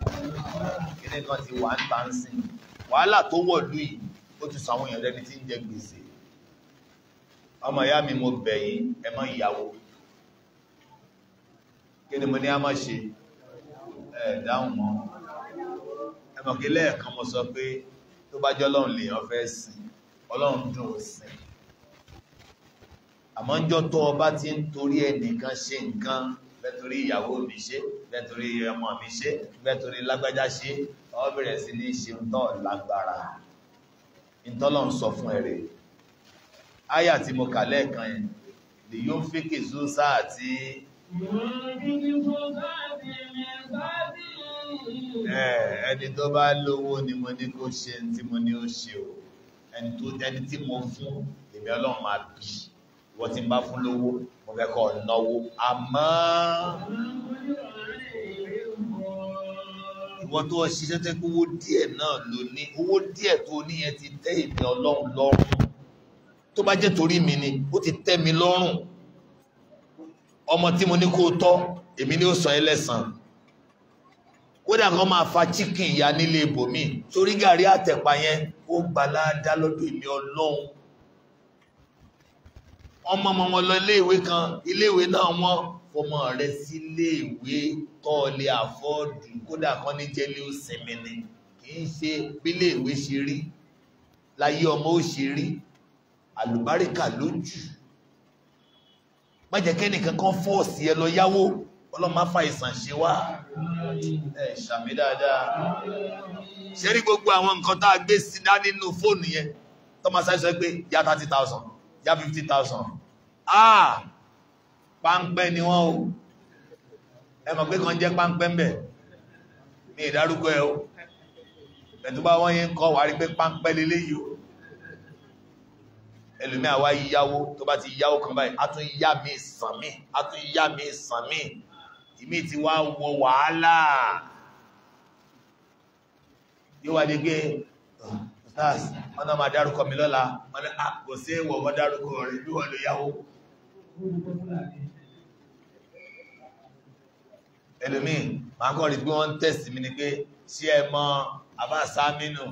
kíní kan ti wà ń ta ń sìn wàhálà tó wọ̀lú yìí ó ti sọ àwọn èèyàn lẹ́ni tí ń jẹ gbèsè ọmọ ìyá mi mo bẹ̀ yín ẹ má ìyàwó kí ni mo ní a má ṣe ẹ dáhùn mọ́ ẹ mọ̀ kí lẹ́ẹ̀kan mo sọ pé tó bá jẹ́ ọlọ́run lèèyàn fẹ́ sìn ọlọ́run dùn ó sìn àmọ́ ń jọ́ tó ọba ti ń torí ẹnìkan ṣe nǹkan bẹ́torí ìyàwó mi ṣe bẹ́torí ọmọ mi ṣe bẹ́torí lágbájá ṣe ó bẹ̀rẹ̀ sí ní ṣe ń tọ́ lágbára ìtọ́lọ̀ ń sọ fún ẹ̀rẹ̀ áyà tí mo kà lẹ́ẹ̀kan yẹn lè yóò fèkè zó sáà tí ẹni tó bá lówó ni mo ní kó ṣe tí mo ní ó ṣe o ẹni tí mo fún èmi máa bí i wọ́n ti bá fún lówó mo fẹ́ kọ́ náwó àmọ́ ìwọ́n tó ṣiṣẹ́ tẹ́ kó owó díẹ̀ náà ló ní owó díẹ̀ tó ní yẹn ti tẹ́ èmi ọlọ́run lọ́rùn tó bá jẹ́ torí mi ni ó ti tẹ́ mi lọ́rùn ọmọ tí mo ní kó tọ́ èmi ni ó sọ ẹ lẹ́san kódà kan máa fa chicken ìyá nílé ibòmíì torí gàrí àtẹ̀pà yẹn ó gbalá dá lọ́dọ̀ èmi ọlọ́run wọ́n mọ́ wọn lọ iléèwé kan iléèwé náà wọ́n fọmọ rẹ̀ sí iléèwé tọ́ lè àfọ́ọ̀dù kódà kan ní jẹ́lé ó sinmi ni kì í ṣe bíléèwé ṣe rí láyé ọmọ ó ṣe rí àlùbáríkà lójú má jẹ́ kẹ́nìkan kan fọ́ọ̀sì ẹ lọ yáwó ọlọ́mọ afa ìsàn ṣe wá ẹ ṣàmì dáadáa ṣe rí gbogbo àwọn nǹkan tá a gbé sí dá nínú fóònù yẹn tọ́mọ sáyé pé yá thirty thousand yá fifty thousand ah páńpẹ́ ni wọ́n o ẹ mọ̀ pé kan jẹ́ páńpẹ́ mbẹ̀ mi ìdárúkọ ẹ o ẹ̀tún bá wọ́n yí ń kọ́ wà rí pé páńpẹ́ lélé yìí o ẹlòmí àwa yíyáwó tó bá ti yáwó kan báyìí a tún yá mi sàn mí a tún yá mi sàn mí ìmí ti wá wọ wàhálà yóò wá dé pé ọ̀nà máa dárúkọ mi lọ́la ọ̀nà àpòsí ah, ìwọ̀ mọ́ dárúkọ rẹ̀ bí wọ́n lè yáwó ẹlòmí ma kọ́ rí pé wọ́n tẹ̀sì mi ni pé sí ẹ mọ́ àbá sáàmínú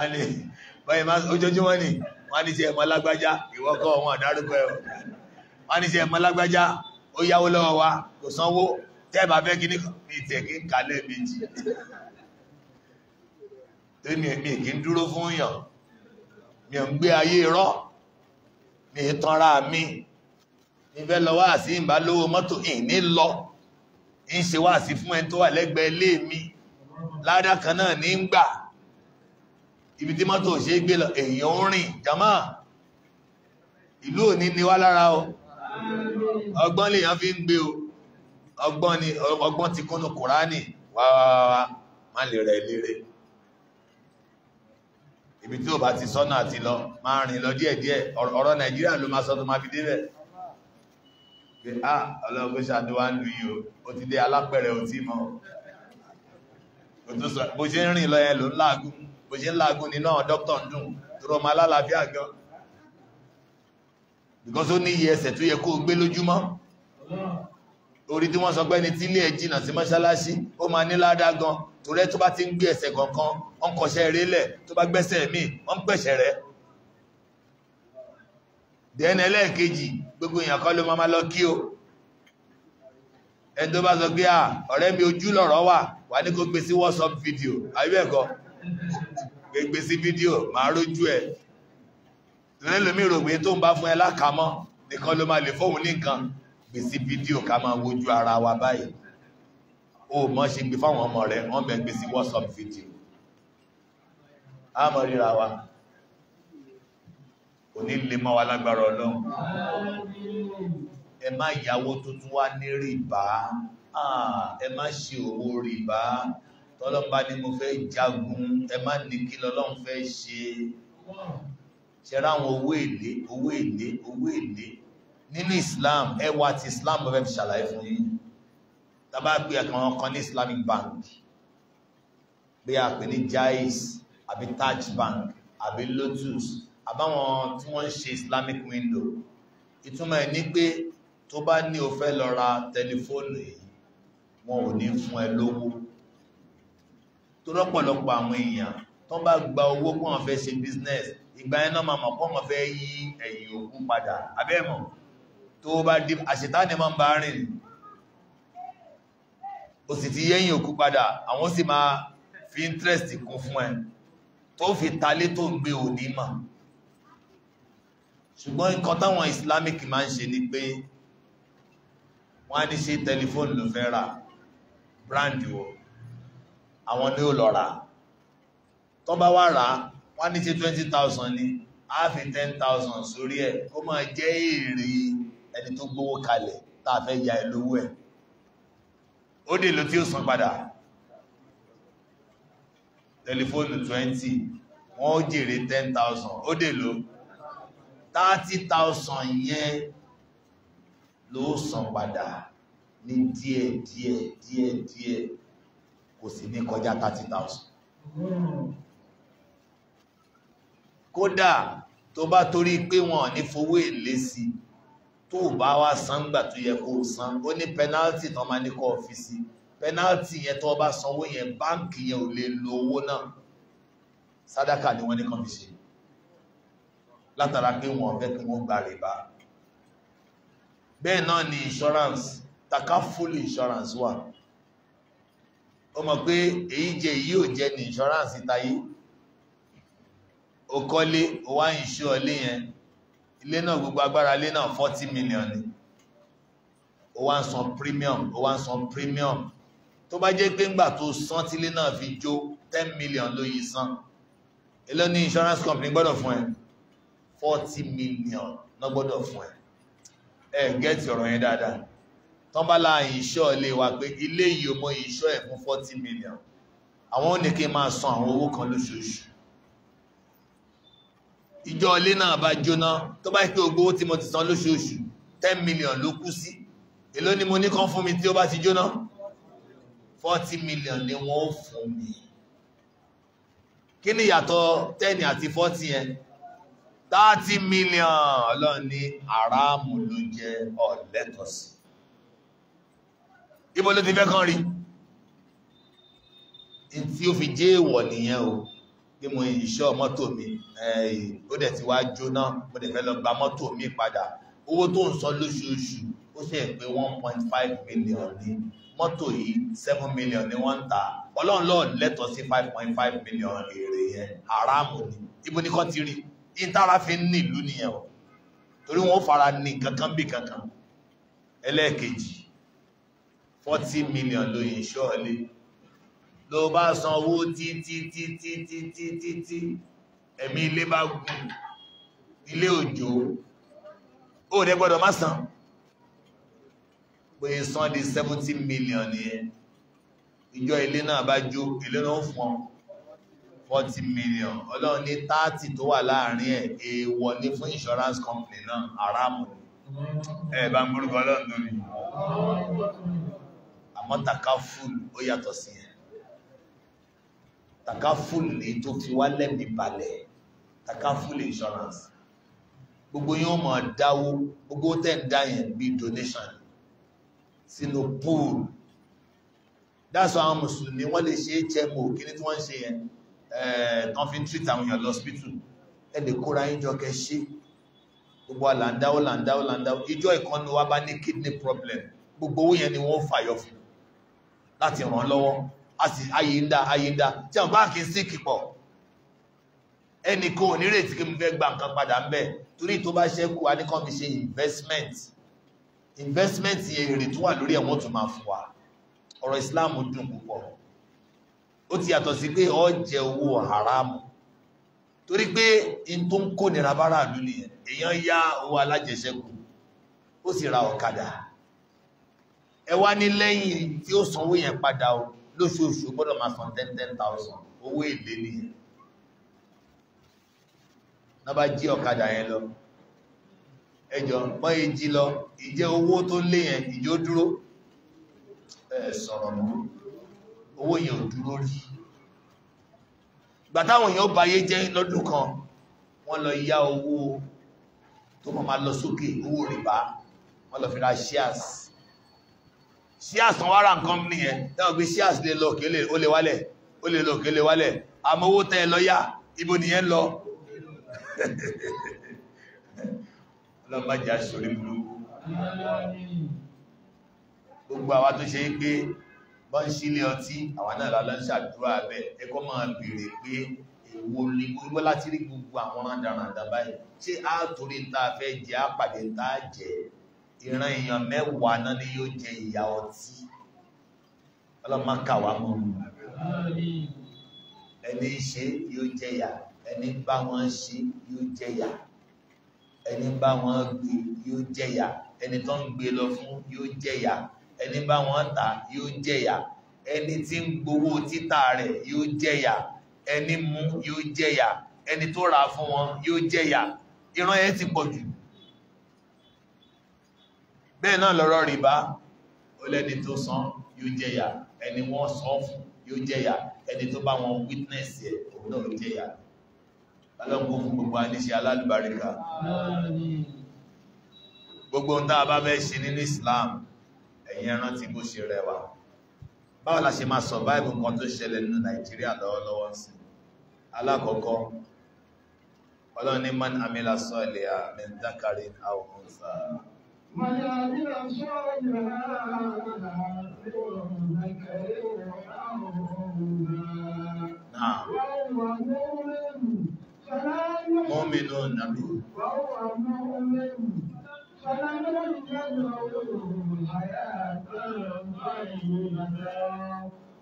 àní báyìí máa ojoojúmọ́ ni wọ́n ní sí ẹmọ lágbájá ìwọ́kọ́ wọn àdárúkọ ẹ̀ wọ́n ní sí ẹmọ lágbájá ó yáwó lọ́wọ́ wa kò sanwó tẹ́ẹ̀bà fẹ́ kí ní ìtẹ̀kí kalẹ̀ méjì tó ní ẹ̀mí kí ń dúró fún yàn mi ò ń gbé ayé rọ́ mi tanra mi ìfẹ́ lọ wá sí ìbá lówó mọ́tò ìní lọ ń ṣe wá sí fún ẹni tó wà lẹ́gbẹ̀ẹ́ ilé mi ládá kan náà ní ń gbà ibi tí mọ́tò ṣe gbé lọ èèyàn ń rìn jama ìlú òní ni wá lára o ọgbọ́n lèèyàn fi ń gbé o ọgbọ́n ti kúnnù kùránì wá má lè rẹ̀ lérè ibi tí ó bá ti sọ́nà àti lọ máa rìn lọ díẹ̀díẹ̀ ọ̀rọ̀ nàìjíríà ló máa sọ tó máa fi débẹ̀ pé á ah, ọlọ́gbẹ́ ṣàdúwà ń lu yìí ó ti dé alápẹ̀rẹ̀ ò tí mọ́ bó ṣe ń rìn lọ yẹn ló ń láàgùn bó ṣe ń láàgùn nínú àwọn dókítà ń dùn tóró ọmọ alálàáfíà gan because ó ní iye ẹsẹ̀ tó yẹ kó gbé lójúmọ́ orí tí wọ́n sọ pé ẹni tí ilé ẹ̀ jìnnà sí mọ́ṣáláṣí ó máa ní ládàá gan torí ẹ tó bá ti ń gbé ẹsẹ̀ kankan ọ ń kọṣẹ́ rélẹ̀ tó bá gbẹ́sẹ̀ míì ọ ń pẹ̀ṣẹ̀ rẹ̀ dẹ́nà ẹlẹ́ẹ̀kejì gbogbo èèyàn kọ́ ló máa lọ kí o ẹni tó bá sọ pé à ọ̀rẹ́ mi ojú lọ̀rọ̀ wà wà ní kó gbé sí WhatsApp fídíò àbí ẹ̀kọ́ gbé sí fídíò máa rójú ẹ̀ torí lómi rò pé tó ń bá fún ẹ lákàmọ́ nìkan ló máa lè fóun ní nǹkan gbé sí fídíò ká máa wojú ara wa báyìí o mọ́ ṣe gbé fáwọn ọmọ rẹ̀ wọ́n bẹ̀ gbé sí whatsapp fídíò a mọ̀ ríra wa kò ní lè mọ́ wa lágbára ọlọ́run ẹ má yáwó tuntun wá ní rìbá ẹ má ṣe owó rìbá tọ́lọ́mbá ni mo fẹ́ jagun ẹ má ní kí lọ́lọ́run fẹ́ ṣe ṣẹ́rá àwọn owó èlé owó èlé owó èlé nínú Islam ẹwà ti Islam bẹ́ẹ̀ fi ṣàlàyé fún yín tàbá gbé àwọn kan ní Islamic Bank bí a pè ní Jais àbí Taj Bank àbí Lotus àbáwọn tí wọ́n ń ṣe Islamic window ìtumọ̀ ẹ̀ ní pé tó bá ní o fẹ́ lọ ra tẹlifóònù yìí wọn ò ní fún ẹ lówó tó rọ́pọ̀lọpọ̀ àwọn èèyàn tó bá gba owó kó wọn fẹ́ ṣe business ìgbà ẹ̀ náà màmá kó wọn fẹ́ yí ẹ̀yìn òkú padà abẹ́mọ̀ tó bá di àṣetánimọ̀ bá rìn o sì ti yẹ́yìn òkú padà àwọn sì máa fi interest kún fún ẹ tó fi talé tó ń gbé òní mọ̀ ṣùgbọ́n nǹkan táwọn islamic máa ń ṣe ni pé wọ́n á ní ṣe tẹlifóònù ló fẹ́ rà brand o àwọn ní ó lọ rà tó bá wá rà wọ́n á ní ṣe twenty thousand ni á fi ten thousand sórí ẹ̀ kó máa jẹ́ èrè ẹni tó gbówó kalẹ̀ tá a fẹ́ ya ẹ lówó ẹ̀ ó dè ló tí ó san padà tẹlifóònù 20 wọ́n ó jèrè 10,000 ó dè ló 30,000 yẹn ló san padà ní díẹ̀ díẹ̀ díẹ̀ díẹ̀ kò sì ní kọjá 30,000 kódà tó bá torí pé wọn ní fowó èlé sí i tó bá wá sángbà tó yẹ kó san ó ní pẹnáltì tán máa ní kó ọ́fíìsì pẹnáltì yẹn tó bá sanwó yẹn báǹkì yẹn ò lè lo owó náà sádàkà ni wọ́n ní kan fi ṣe látara pé wọ́n fẹ́ kí wọ́n gba rìbá bẹ́ẹ̀ náà ni insurance takafuli insurance wà ó mọ̀ pé èyí jẹ èyí ò jẹ ní insurance ìtayé ó kọ́lé ó wá insure ọlé yẹn ilé náà gbogbo agbára ilé náà 40 million ni ó wá ń san premium ó wá ń san premium tó bá jẹ́ pé ńgbà tó san tílé náà fi jó 10 million ló yìí san ilé ní insurance company gbọ́dọ̀ fún ẹ Forty million náà gbọ́dọ̀ fún ẹ ẹ gẹ́ẹ̀tì ọ̀rọ̀ yẹn dáadáa tán bá la ìṣọ́ ilé wa pé ilé yìí o mọ ìṣọ́ ẹ̀ fún 40 million àwọn ò ní kí n máa san àwọn owó kan lóṣooṣù ìjọ ilé náà bá jóná tó bá pé ogbó tí mo ti san lóṣooṣù ten million ló kú sí èló ni mo ní kán fún mi tí ó bá ti jóná forty million ni wọ́n ó fún mi kí ni ìyàtọ̀ ten àti forty yẹn thirty million ọlọ́run ní aráàmù ló jẹ́ ọ̀lẹ́tọ̀sí ibo ló ti fẹ́ kán rí tí ó fi jẹ́ èèwọ̀ nìyẹn o pé mo ìṣọ́ mọ́tò mi ó dẹ̀ ti wá jóná mo dẹ̀ fẹ́ lọ gba mọ́tò mi padà owó tó ń sọ lóṣooṣù ó ṣe pé one point five million ní mọ́tò yìí seven million ni wọ́n ń tà ọlọ́run lọ́ọ̀ lẹ́tọ̀ọ́ sí five point five million èrè yẹn haramu ni ibo ni kò ti rí ìtara fi ń nílùú nìyẹn o torí wọn fara ní kankan bí kankan ẹlẹ́ẹ̀kejì forty million ló yìn ṣọ́ọ̀lé tó bá san owó títí títí títí títí ẹ̀mí ilé bá gùn ilé òjò ó rẹ gbọ́dọ̀ má san pé san di 70 million yẹn ìjọ ilé náà bá jó ilé náà fún ọ 40 million ọlọ́run ní 30 tó wà láàrin ẹ̀ èèwọ̀ ní fún insurance company náà aráàmù ẹ̀ bá ń gbórúkọ ọlọ́run lórí àmọ́ takaful ó yàtọ̀ sí ẹ takafuli tó fi wá lẹ́mìí balẹ̀ takafuli insurance gbogbo yóò máa dáwó gbogbo tẹ́ ń dá yẹn bí donation sínú pool dáṣọ àwọn mùsùlùmí wọ́n lè ṣe HMO kí ní tí wọ́n ń ṣe yẹn eh, tán fi ń treat àwọn èèyàn lọ́spítù ẹ lè kóra yín jọ kẹ ṣe gbogbo àlàndáwó làndáwó làndáwó ìjọ ìkànnì wa bá ní kidney problem gbogbo owó yẹn ni wọ́n fàyọ fún láti ràn án lọ́wọ́ ayé ń dá ayé ń dá tí àwọn báńkì sí kìpọ̀ ẹnì kan ò ní retí kí mo fẹ́ gba nǹkan padà ń bẹ̀ torí tó bá ṣẹ́kù wa ní kàn ṣe investment investment yẹn èrè tó wà lórí ẹ̀ wọ́n máa fún wa ọ̀rọ̀ Islam dùn púpọ̀ ó ti yàtọ̀ sí pé ó jẹ owó haramu torí pé in tó ń kó nira bára ìlú èèyàn yá owó alájẹsẹ́kù ó sì ra ọ̀kadà ẹ wá ní lẹ́yìn tí ó sanwó yẹn padà o lóṣooṣù gbọ́dọ̀ máa san ten ten thousand owó èlé ni náà bá jí ọ̀kadà yẹn lọ ẹjọ́ ń pọ́n ìjí lọ ìjẹ́ owó tó lé yẹn ìjó dúró ẹ̀ sọ̀rọ̀ mọ́ owó yẹn ò dúró rí gbàtàwọn èèyàn báyé jẹ́ lọ́dún kan wọ́n lọ yá owó tó máa lọ sókè owó rìbá wọ́n lọ fi ra shares Sears tán wára nǹkan ní ẹ̀ tẹ́wọ̀n pé Sears lè lọ kí ó lè wálẹ̀ ó lè lọ kí ó lè wálẹ̀ àmọ́ owó tẹ́ lọ́yà ibo nìyẹn lọ ọlọ́mọjà sórí burúkú gbogbo àwa tó ṣe é pé bọ́n sílé ọtí àwọn náà lọ́lọ́ ṣàdúrà bẹ́ ẹkọ́ máa bèèrè pé èwo ni gbogbo láti rí gbogbo àwọn rándaràndà báyìí ṣé a ta fẹ́ jẹ́ àpàdé ta jẹ́ ìran èèyàn mẹ́wàá náà ni yóò jẹ ìyà ọtí ọlọ́mọ kàwá mọ́ ẹni ṣe yóò jẹ ìyà ẹni bá wọn ṣe yóò jẹ ìyà ẹni bá wọn gbé yóò jẹ ìyà ẹni tó ń gbé lọ fún yóò jẹ ìyà ẹni bá wọn tà yóò jẹ ìyà ẹni tí ń gbowó títà rẹ̀ yóò jẹ ẹni mú yóò jẹ ẹni tó rà fún wọn yóò jẹ ìran yẹn ti pọ̀ jù bẹ́ẹ̀ náà lọ́rọ̀ rìbá ó lẹ́ni tó san yóò jẹyà ẹni wọ́n san fún yóò jẹyà ẹni tó bá wọn witness ẹ̀ òun náà yóò jẹyà alọ́gbọ́n fún gbogbo aníṣẹ́ alálùbáríkà gbogbo ń tàbá bẹ́ ṣe nínú Islam ẹ̀yin ẹran tí bó ṣe rẹwà báwo la ṣe máa survive nǹkan tó ṣẹlẹ̀ nínú Nàìjíríà lọ́wọ́lọ́wọ́ sí alákọ̀ọ́kọ́ ọlọ́ni man amila sọ́ọ̀lẹ̀ àmì dákàrí àwọn ọ̀sán ميادين صالحا ذكر وأنثى وهو مؤمن فلا مؤمن وهو مؤمن فلا نجعل حياة طيبة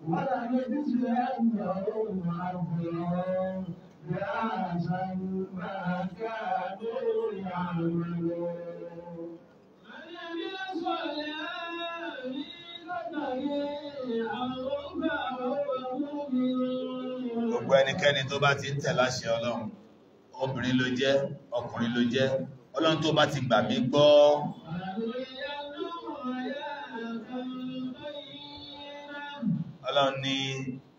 ولا نجزينهم أجرهم بأحسن ما كانوا يعملون gbogbo ẹnikẹ́ni tó bá ti ń tẹ̀ láṣẹ ọlọ́run obìnrin ló jẹ́ ọkùnrin ló jẹ́ ọlọ́run tó bá ti gbà mí gbọ́ ọlọ́run ní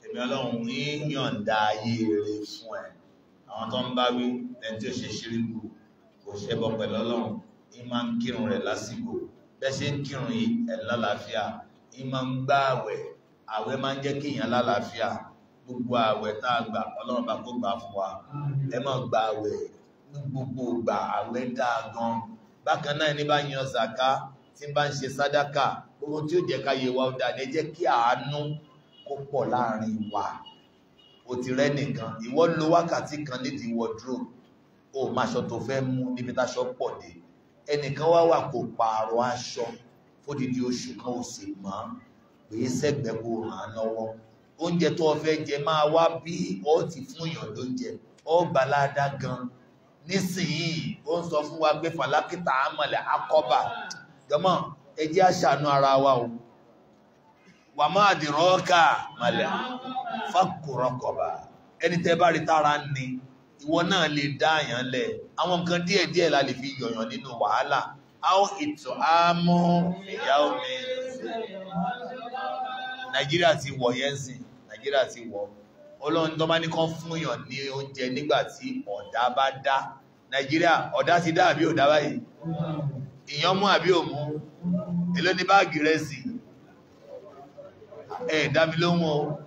èmi ọlọ́run ní yọ̀ǹda ayé rere fún ẹ àwọn tó ń bá wí ẹni tí ó ṣe ṣírígbù kò ṣẹbọ pẹ̀lú ọlọ́run ní máa ń kírun rẹ̀ lásìkò bẹ́ẹ̀ ṣe ń kírun yìí ẹ̀ lálàáfíà ní máa ń gbààwẹ̀ àwẹ̀ máa ń jẹ́ kí lálàáfíà gbogbo àwẹ̀ tá a gbà ọlọ́run bá kó gbà fún wa ẹ má gba àwẹ̀ gbogbo gbà àwẹ̀ dáa gan bákan náà ní bá yan zaka tí bá ń ṣe sádákà ohun tí ó jẹ́ ká yé wa ó dáa ní jẹ́ kí àánú kó pọ̀ láàrin wa ó ti rẹ́ nìkan ìwọ lo wákàtí kan nídìí wardrobe ó máa ṣọ tó fẹ́ mú níbi táṣọ pọ̀ dé ẹnìkan wá wà kó pààrọ̀ aṣọ fódìdí oṣù kan ó sì mọ́ pèé sẹ́gbẹ̀ẹ́ kó ràn án lọ́wọ́ oúnjẹ tó o ọfẹ́ jẹ máa wá bí ọ ti fún èèyàn lóúnjẹ ọ gbàládá gan nísìnyí ó ń sọ fún wa pé fàlákìtà àmàlẹ̀ akọ́bà jọmọ́ ẹ jẹ́ a ṣàánú ara wa o wà máa dìrọ́ ọ́kà màlẹ̀ fàkùrọ̀kọ̀bà ẹni tẹ́ bá rí tára ni ìwọ náà lè dá àyàn lẹ̀ àwọn nǹkan díẹ̀díẹ̀ la lè fi yọ̀yàn nínú wàhálà áwọn ètò àmọ́ ìyá omi nàìjíríà ti wọ̀ yẹn sìn nàìjíríà ti wọ̀ ọlọ́run tó bá ní kán fún yàn ní oúnjẹ nígbà tí ọ̀dá bá dá nàìjíríà ọ̀dá ti dá àbí ọ̀dá báyìí ìyàn mú àbí òmú èló ní báàgì rẹ̀ sí ẹ̀ dábí lóhun o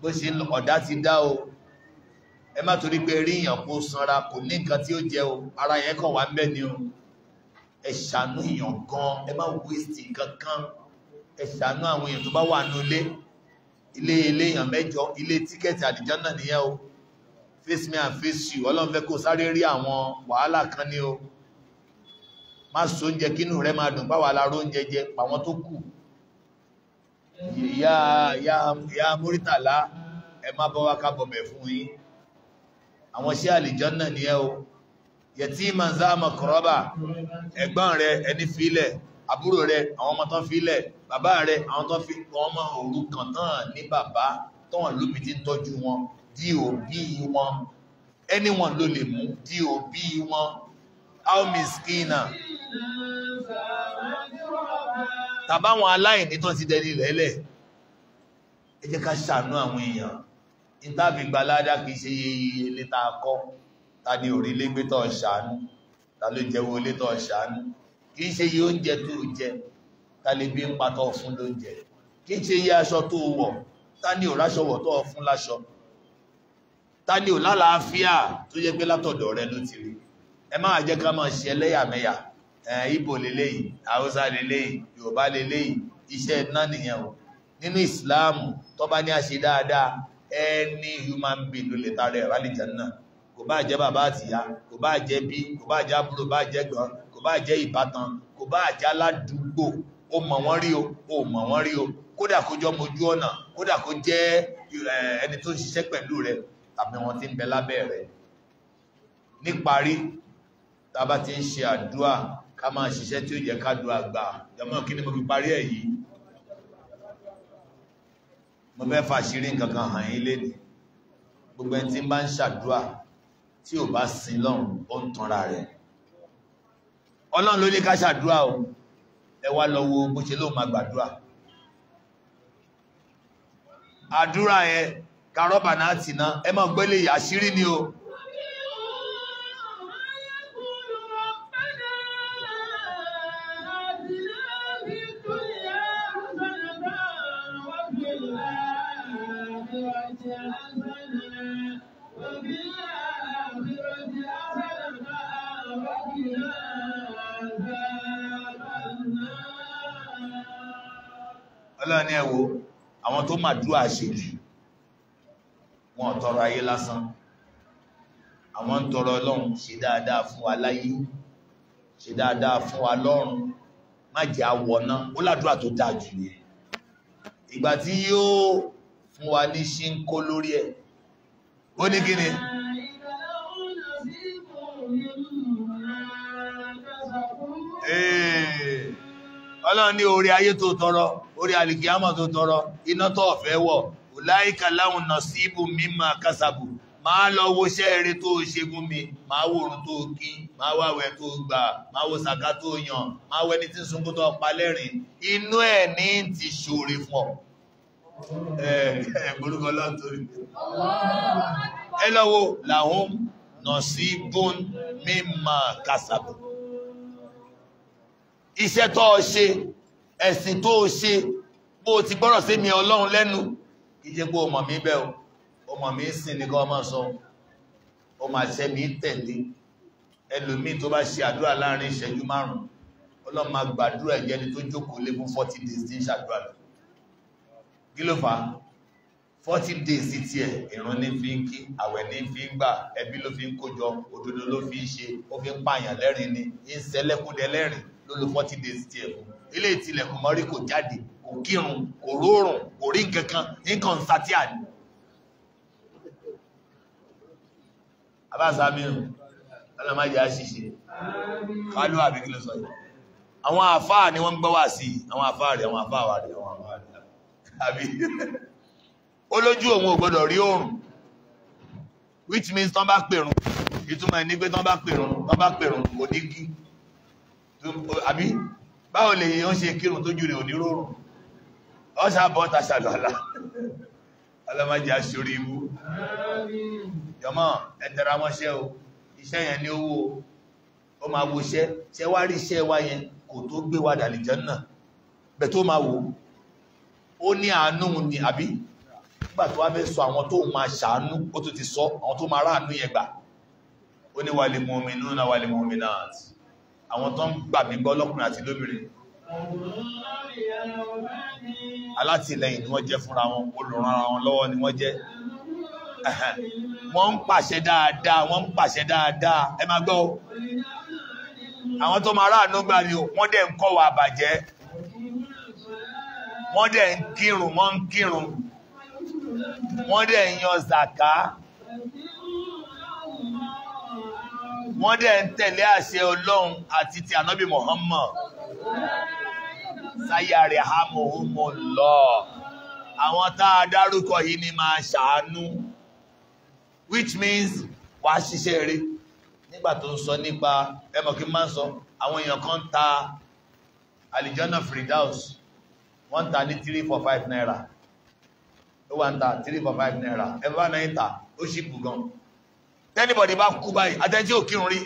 bó ṣe ọ̀dá ti dá o ẹ má torí pé rí èèyàn kó sanra kò ní nǹkan tí ó jẹ o ara yẹn kàn wá ń bẹ ni o ẹ ṣàánú èèyàn gan ẹ má waste nǹkan kan ẹ ṣàánú àwọn èèyàn tó bá wà nílé ilé eléyàn mẹ́jọ ilé tíkẹ́ẹ̀tì àlìjánà nìyẹn o face me and face you ọlọ́run fẹ́ kó sáré rí àwọn wàhálà kan ní o má so oúnjẹ kínú rẹ máa dùn báwa la ró oúnjẹ jẹ pàwọn tó kù ìyá ìyá ìyá múrítàlá ẹ má bọ́ wá ká bọ̀bẹ̀ fún yín àwọn iṣẹ́ àlìjánà nìyẹn o yẹtí màzáàmà kọ̀rọ́bà ẹ̀gbọ́n rẹ ẹni fílẹ̀ àbúrò rẹ àwọn ọmọ tán filẹ̀ bàbá rẹ àwọn tán fi ọmọ òrukàn tán ní bàbá tán lómi ti ń tọ́jú wọn DOB wọn anyone ló lè mú DOB wọn how miskina tàbáwọn aláìní tán ti dẹni lẹ́lẹ̀ ẹ jẹ́ ká ṣàánú àwọn èèyàn ìtàbí gbalada kìí ṣe ilé tá a kọ́ ta ni òrí lé gbé tọ́ ṣàánú ta ló jẹ́wọ́ ilé tọ́ ṣàánú kì í ṣe iye oúnjẹ tó jẹ tàlébí ń patọ́ fún lóúnjẹ kì í ṣe iye aṣọ tó wọ̀ ta ni ò ráṣọ wọ̀ tó fún láṣọ ta ni ò lálàáfíà tó yẹ pé látọ̀dọ̀ rẹ ló ti rí ẹ máa jẹ́ ká máa ṣe ẹlẹ́yàmẹ̀yà Ìgbò lélẹ́yìí Haúsá lélẹ́yìí Yorùbá lélẹ́yìí iṣẹ́ náà nìyẹn o nínú Ìsìláàmù tó bá ní àṣe dáadáa ẹni human being ló lè tààrẹ ìrànlẹ̀jẹ̀ náà kò bá jẹ́ bàbá àtìyá kò bá jẹ́ bí kò bá jẹ́ àbúrò bá jẹ́ gan kò bá jẹ́ ìbátan kò bá jẹ́ aládùúgbò ó mọ̀ wọ́n rí o ó mọ̀ wọ́n rí o kódà kó jọ mojú ọ̀nà kódà kó jẹ́ ẹni tó ń ṣiṣẹ́ pẹ̀lú rẹ tàbí wọn ti ń bẹ lábẹ́ rẹ níparí tá a bá ti ń ṣe àdúrà ká máa ṣiṣẹ́ tí ó yẹ ká dúà gbà jọmọ́ kí ni mo fi parí ẹ̀ yìí mo fẹ́ fàṣírí nǹkan kan hàn yín lénìí gbogbo ẹni tí ń bá ń ṣàdúrà tí ò bá sin lọ́run ó ń tanra rẹ̀ ọlọ́run ló ní ká ṣàdúrà o ẹ wá lọ wo bó ṣe lóun máa gbàdúrà àdúrà yẹn karọ́bà náà tì náà ẹ máa gbẹ́lẹ̀ àṣírí ni o. náà ní ẹ̀wò àwọn tó mà dúà ṣe jù wọn tọrọ ayé lásán àwọn ń tọrọ ọlọ́run ṣe dáadáa fún wa láyé ṣe dáadáa fún wa lọ́run má jẹ́ àwọ̀ná ó ládùúrà tó dáa jù yẹn ìgbà tí yóò fún wa ní ṣí ń kó lórí ẹ̀ ó ní kí ni. ọlọ́run ní orí ayé tó tọrọ orí alìkíyàmọ̀ tó tọrọ iná tó ọ̀fẹ́ wọ̀ ọláìkà láhùn nà sí ibù mímọ̀ kásábù máa lọ wo iṣẹ́ eré tó ṣegun mi máa wòrùn tó kí máa wàwẹ̀ tó gbà máa wo sàká tó yàn máa wẹni tí sunkún tó pa lẹ́rìn inú ẹ̀ ní ti ṣòre fún ẹ lọ́wọ́ làhùn nà sí ibùn mímọ̀ kásábù iṣẹ́ tó ṣe ẹ̀sìn tó o ṣe bó o ti gbọ́rọ̀ sí mi ọlọ́run lẹ́nu kì í ṣe pé o mọ̀ mí bẹ́ẹ̀ o o mọ̀ mí sìn ní kọ́ ọmọ sọ o mà ṣe mí tẹ̀lé ẹlòmíì tó bá ṣe àdúrà láàrin ìṣẹ́jú márùn-ún ọlọ́run máa gbàdúrà ẹ̀jẹ̀ ni tó jókòó lé fún forty days tí ń ṣàdúrà lọ kí ló fà á forty days ti tiẹ̀ ìrun ní fi ń kí àwẹ̀ ní fi ń gbà ẹbí ló fi ń kójọ òdodo ló fi ń ṣe ó fi ń pààyàn lẹ́rìn ni ń sẹ́lẹ̀kúndẹ̀ lẹ́rìn ló lo forty days tiẹ̀ fún ilé ìtìlẹ̀kùn mọ́rí kò jáde kò kírun kò róòrùn kò rí nkankan nǹkan ń sátíà ni. abáàsá mìíràn lọ́nà má jẹ́ àṣìṣe kálù àbí kí ló sọ yìí àwọn àfáà ni wọ́n ń gbọ́ wá sí àwọn àfáà rẹ̀ àwọn àfáà wà rẹ̀ àwọn àfáà rẹ̀ àbí olójú òun ò gbọ́dọ̀ rí oòrùn which means tán bá pèrún ìtumọ̀ ẹni pé tán bá pèrún tán bá pèrún kò ní gí báwo lè yíò ṣe kírùn tó jùlẹ̀ onírórùn ọ́sà bọ́ta ṣàlọ́lá alámájá ṣorí ibú jọmọ́ ẹ̀tẹ̀ra mọ́ṣẹ́ o iṣẹ́ yẹn ní owó o ma wo iṣẹ́ ṣẹ́ wá rí iṣẹ́ wá yẹn kò tó gbé wa dàlìjọ́ náà bẹ̀ tó ma wo ó ní àánú ni àbí nígbà tó wá fẹ́ sọ àwọn tó ma ṣàánú ó tó ti sọ àwọn tó ma ráàánú yẹn gbà ó ní wàlẹ̀ mọ́mí náà wàlẹ̀ mọ́mí náà àwọn tó ń gbàmí gbọ́ lọ́kùnrin àti lóbìnrin alátìlẹyìn ni wọ́n jẹ́ fúnra wọn olùran ara wọn lọ́wọ́ ni wọ́n jẹ́ wọ́n ń pàṣẹ dáadáa wọ́n ń pàṣẹ dáadáa ẹ máa gbọ́ àwọn tó máa ráàánú gbà ni wọ́n dẹ̀ ń kọ́wà àbàjẹ́ wọ́n dẹ̀ ń kírun wọ́n ń kírun wọ́n dẹ̀ ń yan zàká wọ́n dẹ̀ ń tẹ̀lé àṣẹ ọlọ́run àti ti ànábì Muhammad sáyà rẹ̀ hàmù hùmù lọ àwọn tá a dárúkọ yìí ni máa ṣàánú which means wà á ṣiṣẹ́ rẹ̀ nígbà tó ń sọ nípa ẹmọ kí n máa ń sọ àwọn èèyàn kan ta alijana Firdaus wọ́n ta ní three four five naira ó wà ń ta three four five naira ẹ bá náà ń ta ó ṣì bù gan-an tẹ́nibọ̀dì bá kú báyìí àtẹ́tí ò kírun rí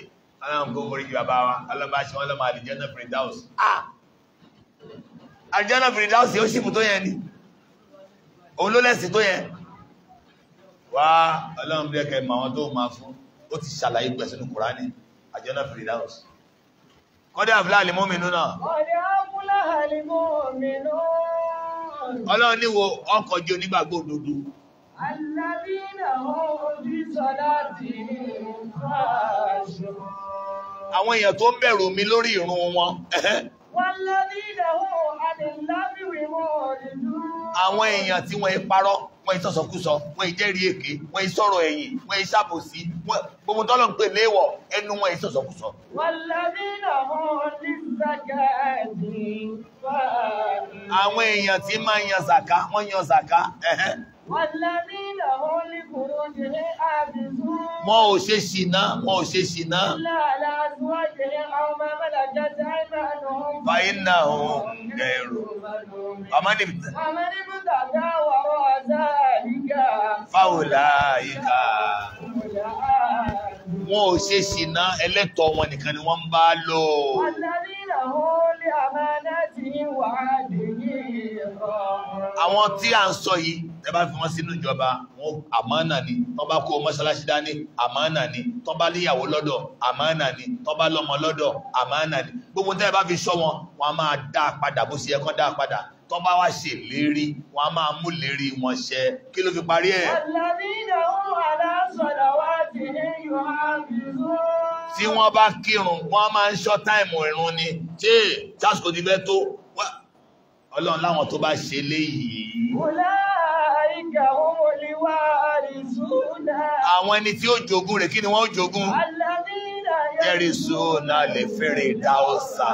aláàmùkó forí jù bàbá wa alábàáṣe wọn lọ́mọ àlìjẹ́nà fìrìdáùs àlìjẹ́nà fìrìdáùs yóò ṣìpù tó yẹn ni òun ló lẹ́sìn tó yẹn wá ọlọ́run bí ẹkẹ màwọn tó máa fún ó ti ṣàlàyé pẹ̀ sínú kùránì àlìjẹ́nà fìrìdáùs kọ́dé àfúlà àlìmọ́mìnú náà kọ́dé àfúlà àlìmọ́mìnú ọkọ̀ jẹ́ onígbàgbọ́ òdodo Àwọn èèyàn tó ń bẹ̀rù mi lórí ìrun wọn. Àwọn èèyàn tí wọ́n parọ́, wọ́n ìsọ̀sọ̀kúsọ, wọ́n ìjẹ́rìí èké, wọ́n ìsọ̀rọ̀ ẹ̀yìn, wọ́n ìsàbòsí, gbogbo tọ́lọ̀ ń pè léèwọ̀ ẹnu wọn ìsọ̀sọ̀kúsọ. Àwọn èèyàn tí máa ń yan zàká, wọ́n yan zàká. Wọ́n ò ṣe ṣìná, wọ́n ò ṣe ṣìná. Fàyín náà ò gẹ̀rù. Àmọ́débìtà. Àmọ́débìtà dáwọ̀rọ̀ àzáàríkà. Fáwọlá ìkà. Wọ́n ò ṣe ṣìná, ẹlẹ́tọ̀ wọn nìkan ni wọ́n ń bá lò. Àwọn tí à ń sọ yìí tẹ́bá fi wọ́n sínú ìjọba wọn àmánà ni tọ́ bá kó mọ́ṣáláṣí dání àmánà ni tọ́ bá léyàwó lọ́dọ̀ àmánà ni tọ́ bá lọ́mọ lọ́dọ̀ àmánà ni gbogbo tẹ́bá fi sọ wọn wọn a máa dá padà bó ṣe yẹ kán dá padà tọ́ bá wá ṣe lérí wọn a máa mú lérí wọn ṣẹ kí ló fi parí ẹ̀. tí wọ́n bá kírun wọ́n máa ń ṣọ́ táìmù ìrun ni tí jásùkò ti fẹ́ tó ọlọ́run láwọn tó bá ṣe léyìí. Àwọn ẹni tí ó jogún rẹ̀ kí ni wọ́n ó jogún? Yẹ́rìsó náà lè fẹ́rẹ̀ dá ọ̀sà.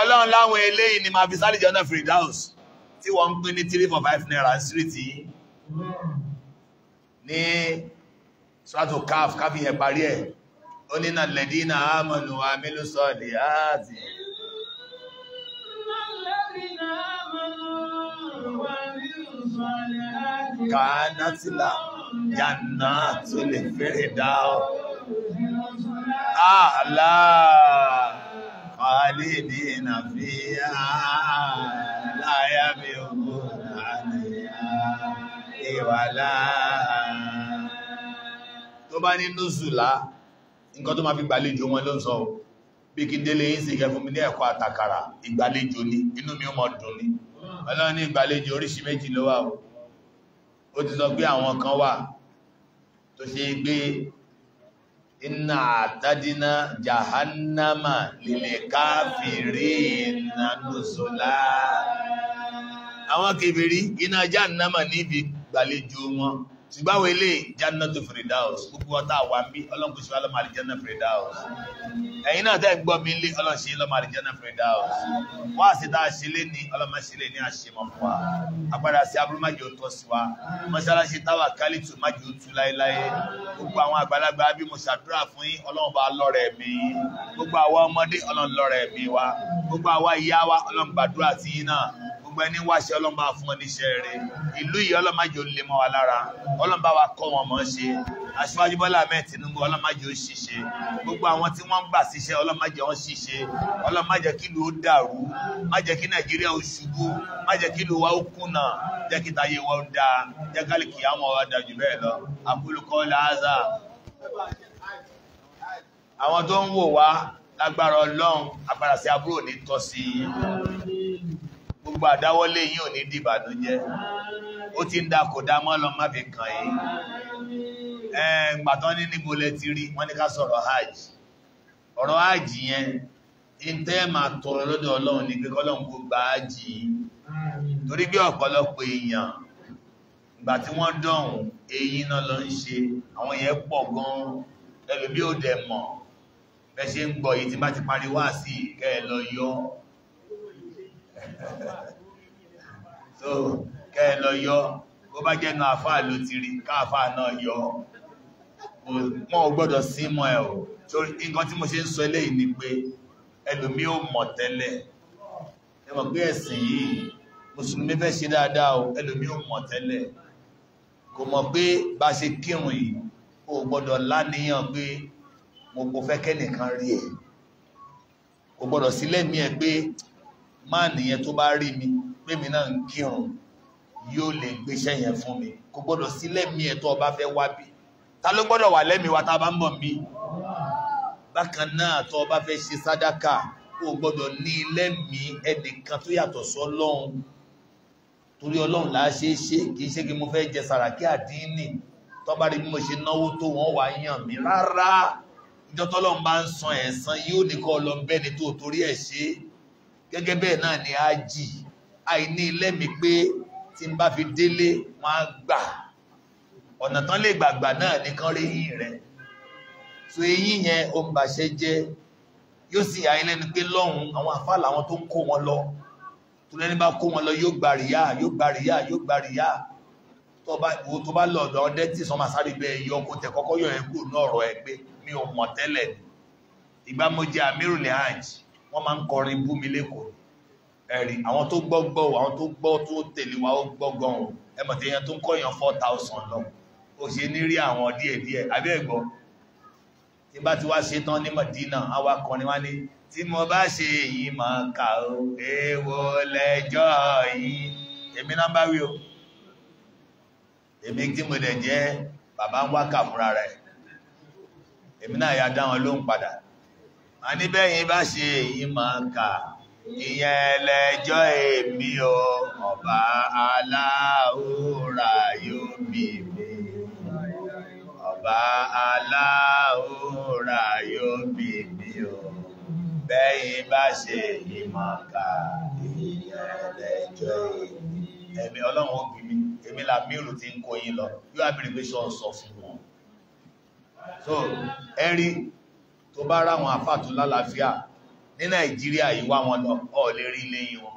Ọlọ́run láwọn eléyìí ni máa fi sáré jẹ́ ọ̀nà Firdaus tí wọ́n ń pín ní 3 for 5 naira street yìí. Ní Suratul Kaf, káfíyẹ̀ parí ẹ̀, ó ní nà lẹ́dínà àmọ̀nù àmìlúsọ̀lẹ̀ àti ìlú. kánátìlà yànnà tó lè fẹ́rẹ̀ dá ọ. Àlá kọ́lé ní ìnàfíà láyá mi ògbó àníyà ìwàlá. Tó bá ní Nùsùlá, nǹkan tó máa fi gbàlejò wọn ló ń sọ bí kí délé yìí sì kẹ fún mi ní ẹ̀kọ́ àtàkàrà ìgbàlejò ni inú mi ó mọ̀ dùn ni ọlọ́run ní ìgbàlejò oríṣi méjì ló wà o ó ti sọ pé àwọn kan wà tó ṣe gbé iná àtàdínà jahannama lílẹ̀ káfìrí ìnànúsọ́lá àwọn kèbèrí iná jahannama níbi gbàlejò wọn ṣùgbáwọ̀ ilé Jannatu Firdaus gbogbo ọ̀tá wà ń bí ọlọ́nkù sí ọlọ́mọ àlìjẹ́nà Firdaus ẹ̀yin náà tẹ́ gbọ́ mi lé ọlọ́ṣe ọlọ́mọ àlìjẹ́nà Firdaus wá sí tá a ṣe lé ní ọlọ́mọ ṣe lé ní àṣemọ̀ fún wa agbára sí aburú májò tọ́ sí wa mọ́ṣáláṣí táwa kálítù májò tú láéláé gbogbo àwọn àgbàlagbà bí mo ṣàdúrà fún yín ọlọ́run bá lọ́rẹ̀ mi gbogbo gbogbo ẹni wáṣẹ́ ọlọ́run bá fún ọ níṣẹ́ rẹ̀ ìlú yìí ọlọ́run má mọ́ wa lára ọlọ́run bá wa kọ́ wọn mọ́ ṣe aṣíwájú bọ́lá ahmed tinubu ọlọ́run má jẹ́ ó ṣiṣẹ́ gbogbo àwọn tí wọ́n ń gbà ṣiṣẹ́ ọlọ́run má jẹ́ wọ́n ṣiṣẹ́ ọlọ́run má jẹ́ kí ìlú ó dàrú má jẹ́ kí nàìjíríà ó ṣubú má jẹ́ kí ìlú wa ó kùnà jẹ́ kí tayé wa ó jẹ́ kálíkì àwọn ọ̀rọ̀ dàjú bẹ́ẹ̀ lọ àpolùkọ́ làázà àwọn tó ń wò wá lágbára ọlọ́run àgbàràsí àbúrò ní tọ́sí gbogbo àdáwọ́lé yìí ò ní di ìbànújẹ́ ó ti ń dákò dámọ́ lọ má fi kàn yí ẹgbàtán ní níbo lẹ ti rí wọ́n ní ká sọ̀rọ̀ hajj ọ̀rọ̀ hajj yẹn in tẹ́ máa tọrọ lọ́dọ̀ ọlọ́run ní pé kọ́lọ́run kó gba hajj torí bí ọ̀pọ̀lọpọ̀ èèyàn ìgbà tí wọ́n dọ̀hùn eyín náà lọ ń ṣe àwọn yẹn pọ̀ gan ẹlòmí ò dẹ̀ mọ̀ bẹ́ ṣe ń gbọ́ yìí tí bá ti parí wá sí ìkẹ́ ẹ̀ lọ yọ́ so kẹ́ ẹ lọ yọ bó bá jẹ́ náà àfáà ló ti rí káàfáà náà yọ wọn ò gbọ́dọ̀ sí mọ́ ẹ̀ o torí nǹkan tí mo ṣe ń sọ eléyìí ni pé ẹlòmí ò mọ̀ tẹ́lẹ̀ ẹ mọ̀ pé ẹ̀sìn yìí mùsùlùmí fẹ́ ṣe dáadáa o ẹlòmí ò mọ̀ tẹ́lẹ̀ kò mọ̀ pé bá ṣe kírun yìí o gbọ́dọ̀ láníyàn pé mo kò fẹ́ kẹ́nìkan rí ẹ̀ kò gbọ́dọ̀ sílẹ̀ mi ẹ̀ pé máa nìyẹn tó bá rí mi pé mi náà ń kírun yóò lè gbéṣẹ́ yẹn fún mi kò gbọ́dọ̀ sí lẹ́mí ẹ̀ tó ọba fẹ́ wá bí ta ló gbọ́dọ̀ wà lẹ́mí wa tá a bá ń bọ̀ bí bákan náà tó ọba fẹ́ ṣe sádákà kò gbọ́dọ̀ ní lẹ́mí ẹnìkan tó yàtọ̀ sọ́lọ́run torí ọlọ́run là á ṣe é ṣe kì í ṣe kí mo fẹ́ jẹ sàràkí àdínì tó rí bí mo ṣe náwó tó wọ́n wá yàn mí rárá ìjọ tọ́lọ́run bá ń san ẹ̀san yóò ní kọ́ ọlọ́run bẹ́ni tó torí ẹ̀ ṣe é gẹ́gẹ́ bẹ́ẹ̀ náà ni ájì àìní ilẹ́mi pé tí n bá fi délé wọn á gbà ọ̀nà tán lè gbàgbà náà ní kán rí yìn rẹ̀ so eyín yẹn ó ń bàṣẹ jẹ́ yóò sì àyín lẹ́nu pé lọ́hùn àwọn àfáà làwọn tó ń kó wọn lọ tó lẹ́ni bá kó wọn lọ yóò gba rìyá yóò gba rìyá yóò gba rìyá tó bá lọ̀dọ̀ ọdẹ tí sọmọ sáré bẹ yọ kó tẹ kọ́kọ́ yọ ẹ kúrò náà ọ̀rọ̀ ẹ pé mi ò mọ̀ tẹ́lẹ̀ ìgbà mo jẹ àmírùlẹ̀ hajj wọ́n máa ń kọrin bú mi lẹ́kọ̀ọ́ ẹ̀rí àwọn tó gbọ́ gbọ́ àwọn tó gbọ́ tó tẹ̀lé wa ó gbọ́ gan o ẹ tó ń kọ́yàn four thousand lọ ó ṣe ní rí àwọn díẹ̀díẹ̀ àbí ẹ gbọ́ tí bá ti wá ṣe tán ní Madina àwa kọrin wá ní tí mo bá ṣe èyí máa kà ó èèwọ̀ lẹ́jọ́ yìí èmi náà wí o èmi tí mo dẹ̀ jẹ́ bàbá ń wákà fúnra rẹ̀ èmi náà yà dá wọn lóhùn padà a níbẹ̀yìn bá ṣe èyí máa kà ìyẹn ẹlẹ́jọ́ èmi o ọba aláhùrà yóò bí mi ọba aláhùrà yóò bí mi o bẹ́yìn bá ṣe èyí máa kà ìyẹn ẹlẹ́jọ́ èmi ọlọ́run ó bí mi èmi là mírù ti ń kó yín lọ yóò abìrì pé ṣọ́ sọ fún wọn so ẹ̀rí tó bá ráwọn àfàtún lálàáfíà ní nàìjíríà yìí wá wọn lọ ọ̀ lè rí lẹ́yìn wọn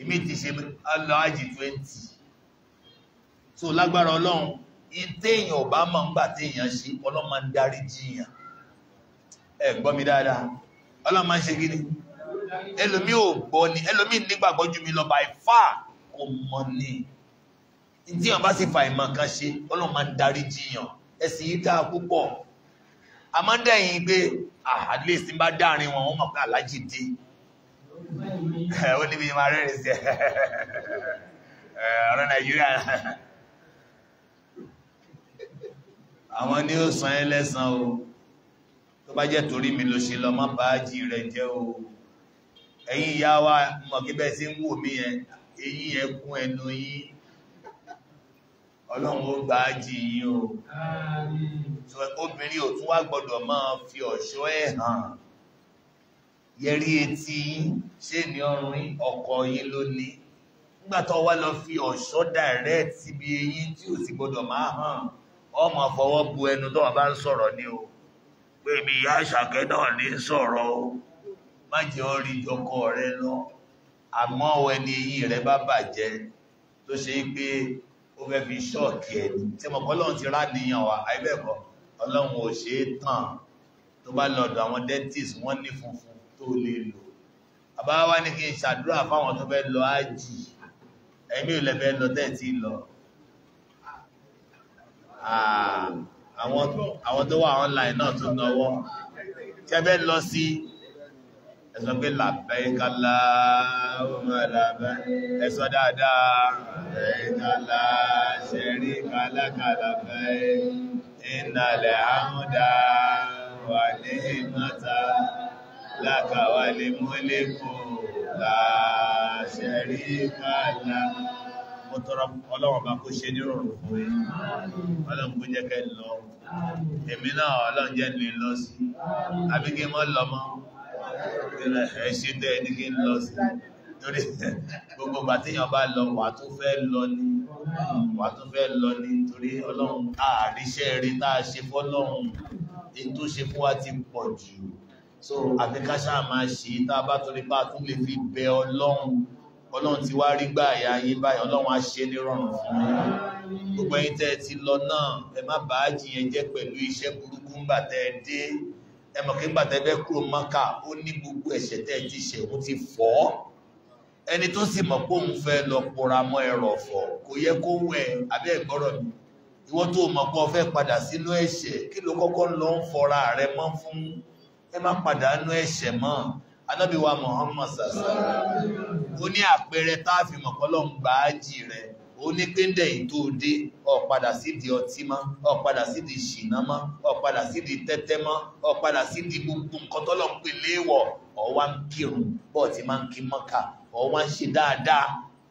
èmi ti ṣe aláàjì 20 so lágbára ọlọ́run ìtẹ́yìn ọba máa ń gbà téèyàn ṣe ọlọ́run máa ń darí jiyàn ẹ gbọ́ mi dáadáa ọlọ́run máa ń ṣe gíní ẹlòmí ò gbọ́ ni ẹlòmí nígbàgbọ́ jù mí lọ by far kò mọ̀ ni tí wọn bá sì fa ìmọ̀ kan ṣe ọlọ́run ń darí jiyàn ẹ̀sìn yìí dáa púpọ̀ amọ́ndẹ̀yìn pé at least bá dáàrin wọn wọ́n mọ̀ pé alájì dé ó níbi ìmọ̀ rẹ̀ sí ọ̀rọ̀ Nàìjíríà àwọn ni ó san ẹlẹ́san o tó bá jẹ́ torí mi ló ṣe lọ má bá jí rẹ̀ jẹ́ o ẹ̀yin ìyá wa mọ̀ kí bẹ́ẹ̀ sí ń wò mí yẹn eyín ẹkún ẹnu yín ọlọ́run ó gbà ájì yìí o obìnrin ò tún wá gbọ́dọ̀ máa fi ọ̀ṣọ́ ẹ̀ hàn yẹrí etí yín ṣé ní ọrùn ọkọ yín ló nígbàtọ̀ wá lọ fi ọ̀ṣọ́ direct síbi eyín tí ò sì gbọ́dọ̀ máa hàn ọmọ fọwọ́ bu ẹnu tó wà bá ń sọ̀rọ̀ ní o pé mi ìyá àṣàkẹ́ náà ní sọ̀rọ̀ o má jẹ́ ọ rí jọkọ rẹ lọ àmọ́ ẹni eyín rẹ bá bàjẹ́ tó ṣe pé ó fẹ́ fi ṣọ́ọ̀kì ẹ̀ tí mọ̀ pọ́lọ́n ti rá níyàn wà àìbẹ̀kọ́ ọlọ́run ò ṣe é tàn tó bá lọ́dọ̀ àwọn dentist wọ́n ní funfun tó lè lò àbá wá ní kí n ṣàdúrà fáwọn tó fẹ́ lọ ájì ẹ̀mí ò lẹ́fẹ́ lọ tẹ́ẹ̀tì lọ àwọn tó wà online náà tó náwó tí ẹ fẹ́ lọ sí ẹ̀sọ́ pé làbẹ́ẹ̀ká láàmà làbẹ́ ẹ̀sọ́ dáadáa làbẹ́ẹ̀ká láṣẹ̀rí kálákàlà bẹ́ẹ̀ ìnàlẹ̀ àmúdá wà ní ìmọ́ta lákàwà lè múlẹ́kù láṣẹ̀rí kálá mo tọrọ ọlọ́wọ̀n bá kó ṣe nírọ̀rùn fún ẹ ọlọ́run kó ẹ̀ṣẹ́ tẹ́ ẹni kí ń lọ sí torí gbogbo ìgbà téèyàn bá lọ wà tó fẹ́ lọ ní wà tó fẹ́ lọ ní torí ọlọ́run àríṣẹ́ rí tá a ṣe fọ́lọ́run èyí tó ṣe fún wa ti pọ̀ jù so àfikáṣà máa ṣe tá a bá torí bá tún lè fi bẹ ọlọ́run ọlọ́run ti wá rí gbà àyà yín báyìí ọlọ́run á ṣe ní rọrùn fún yín gbogbo ẹ̀yin tẹ́ ti lọ náà ẹ má bàá jiyàn jẹ́ pẹ̀lú iṣẹ́ burúkú ńgbà tẹ́ ẹ dé ẹmọ̀ kí gbàtẹ́ fẹ́ kúrò mọ́ká ó ní gbogbo ẹ̀ṣẹ̀ tẹ́ ti ṣẹ̀ ó ti fọ́ ẹni tó sì mọ̀ pé òun fẹ́ lọ pora mọ́ ẹ̀rọ ọ̀fọ̀ kò yẹ kó wẹ̀ abẹ́ ìgbọ́rọ̀ mi ìwọ tó mọ̀ pé o fẹ́ padà sínú ẹ̀ṣẹ̀ kí ló kọ́kọ́ lọ ń fọra rẹ mọ́ fún ẹ má padà nú ẹ̀ṣẹ̀ mọ́ anábìwá Muhammad sàṣà ó ní àpẹẹrẹ tá a fi gbà á jì rẹ̀ ó ní pé ń dẹ̀yìn tó dé ọ̀padà sídìí ọtí mọ́ ọ̀padà sídìí ṣìnà mọ́ ọ̀padà sídìí tẹ́tẹ́ mọ́ ọ̀padà sídìí gbogbo nǹkan tọ́lọ̀ ń pè léèwọ̀ ọ̀wá ń kírun bọ́ ti máa ń kí mọ́kà ọ̀wá ń ṣe dáadáa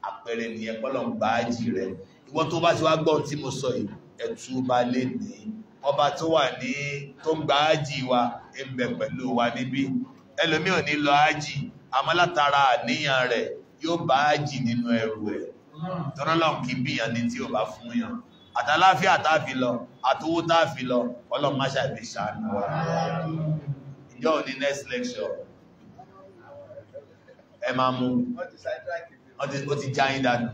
àpẹẹrẹ nìyẹn pọ́lọ̀ ń bá ájì rẹ̀ ìwọ tó bá ti wá gbọ́n tí mo sọ yìí ẹ̀tú bá lè ní ọba tó wà ní tó ń gba ájì wa ń bẹ pẹ̀lú wa níbí ẹlòmíì ò ní lọ ájì àmọ́ tọ́rọlọ́ kì bí yà ní tí ó bá fún yàn àtàláfíà tààfi lọ àtowó tààfi lọ ọlọ́máṣà ìbí ṣàánú wa ìjọ ní next lecture ẹ máa mú ó ti já yín dànù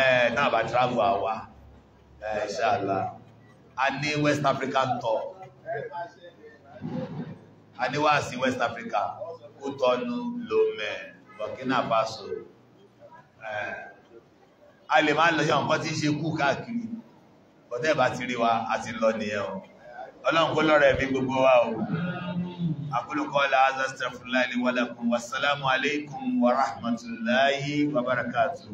ẹ̀ náà bá travel àwà inshallah a ní West Africa tour a ní wá sí West Africa Kútọ́nù Lomé Burkina Faso eh, a lè máa lọ yọ̀n kan tí ń ṣe kú káàkiri bọ́tẹ́ bá ti rí wa a ti lọ nìyẹn o ọlọ́run kó lọ́rọ̀ ẹ̀mí gbogbo wa o akólùkọ́ la azastafurlahi walakum wassalamu alaikum wa rahmatullahi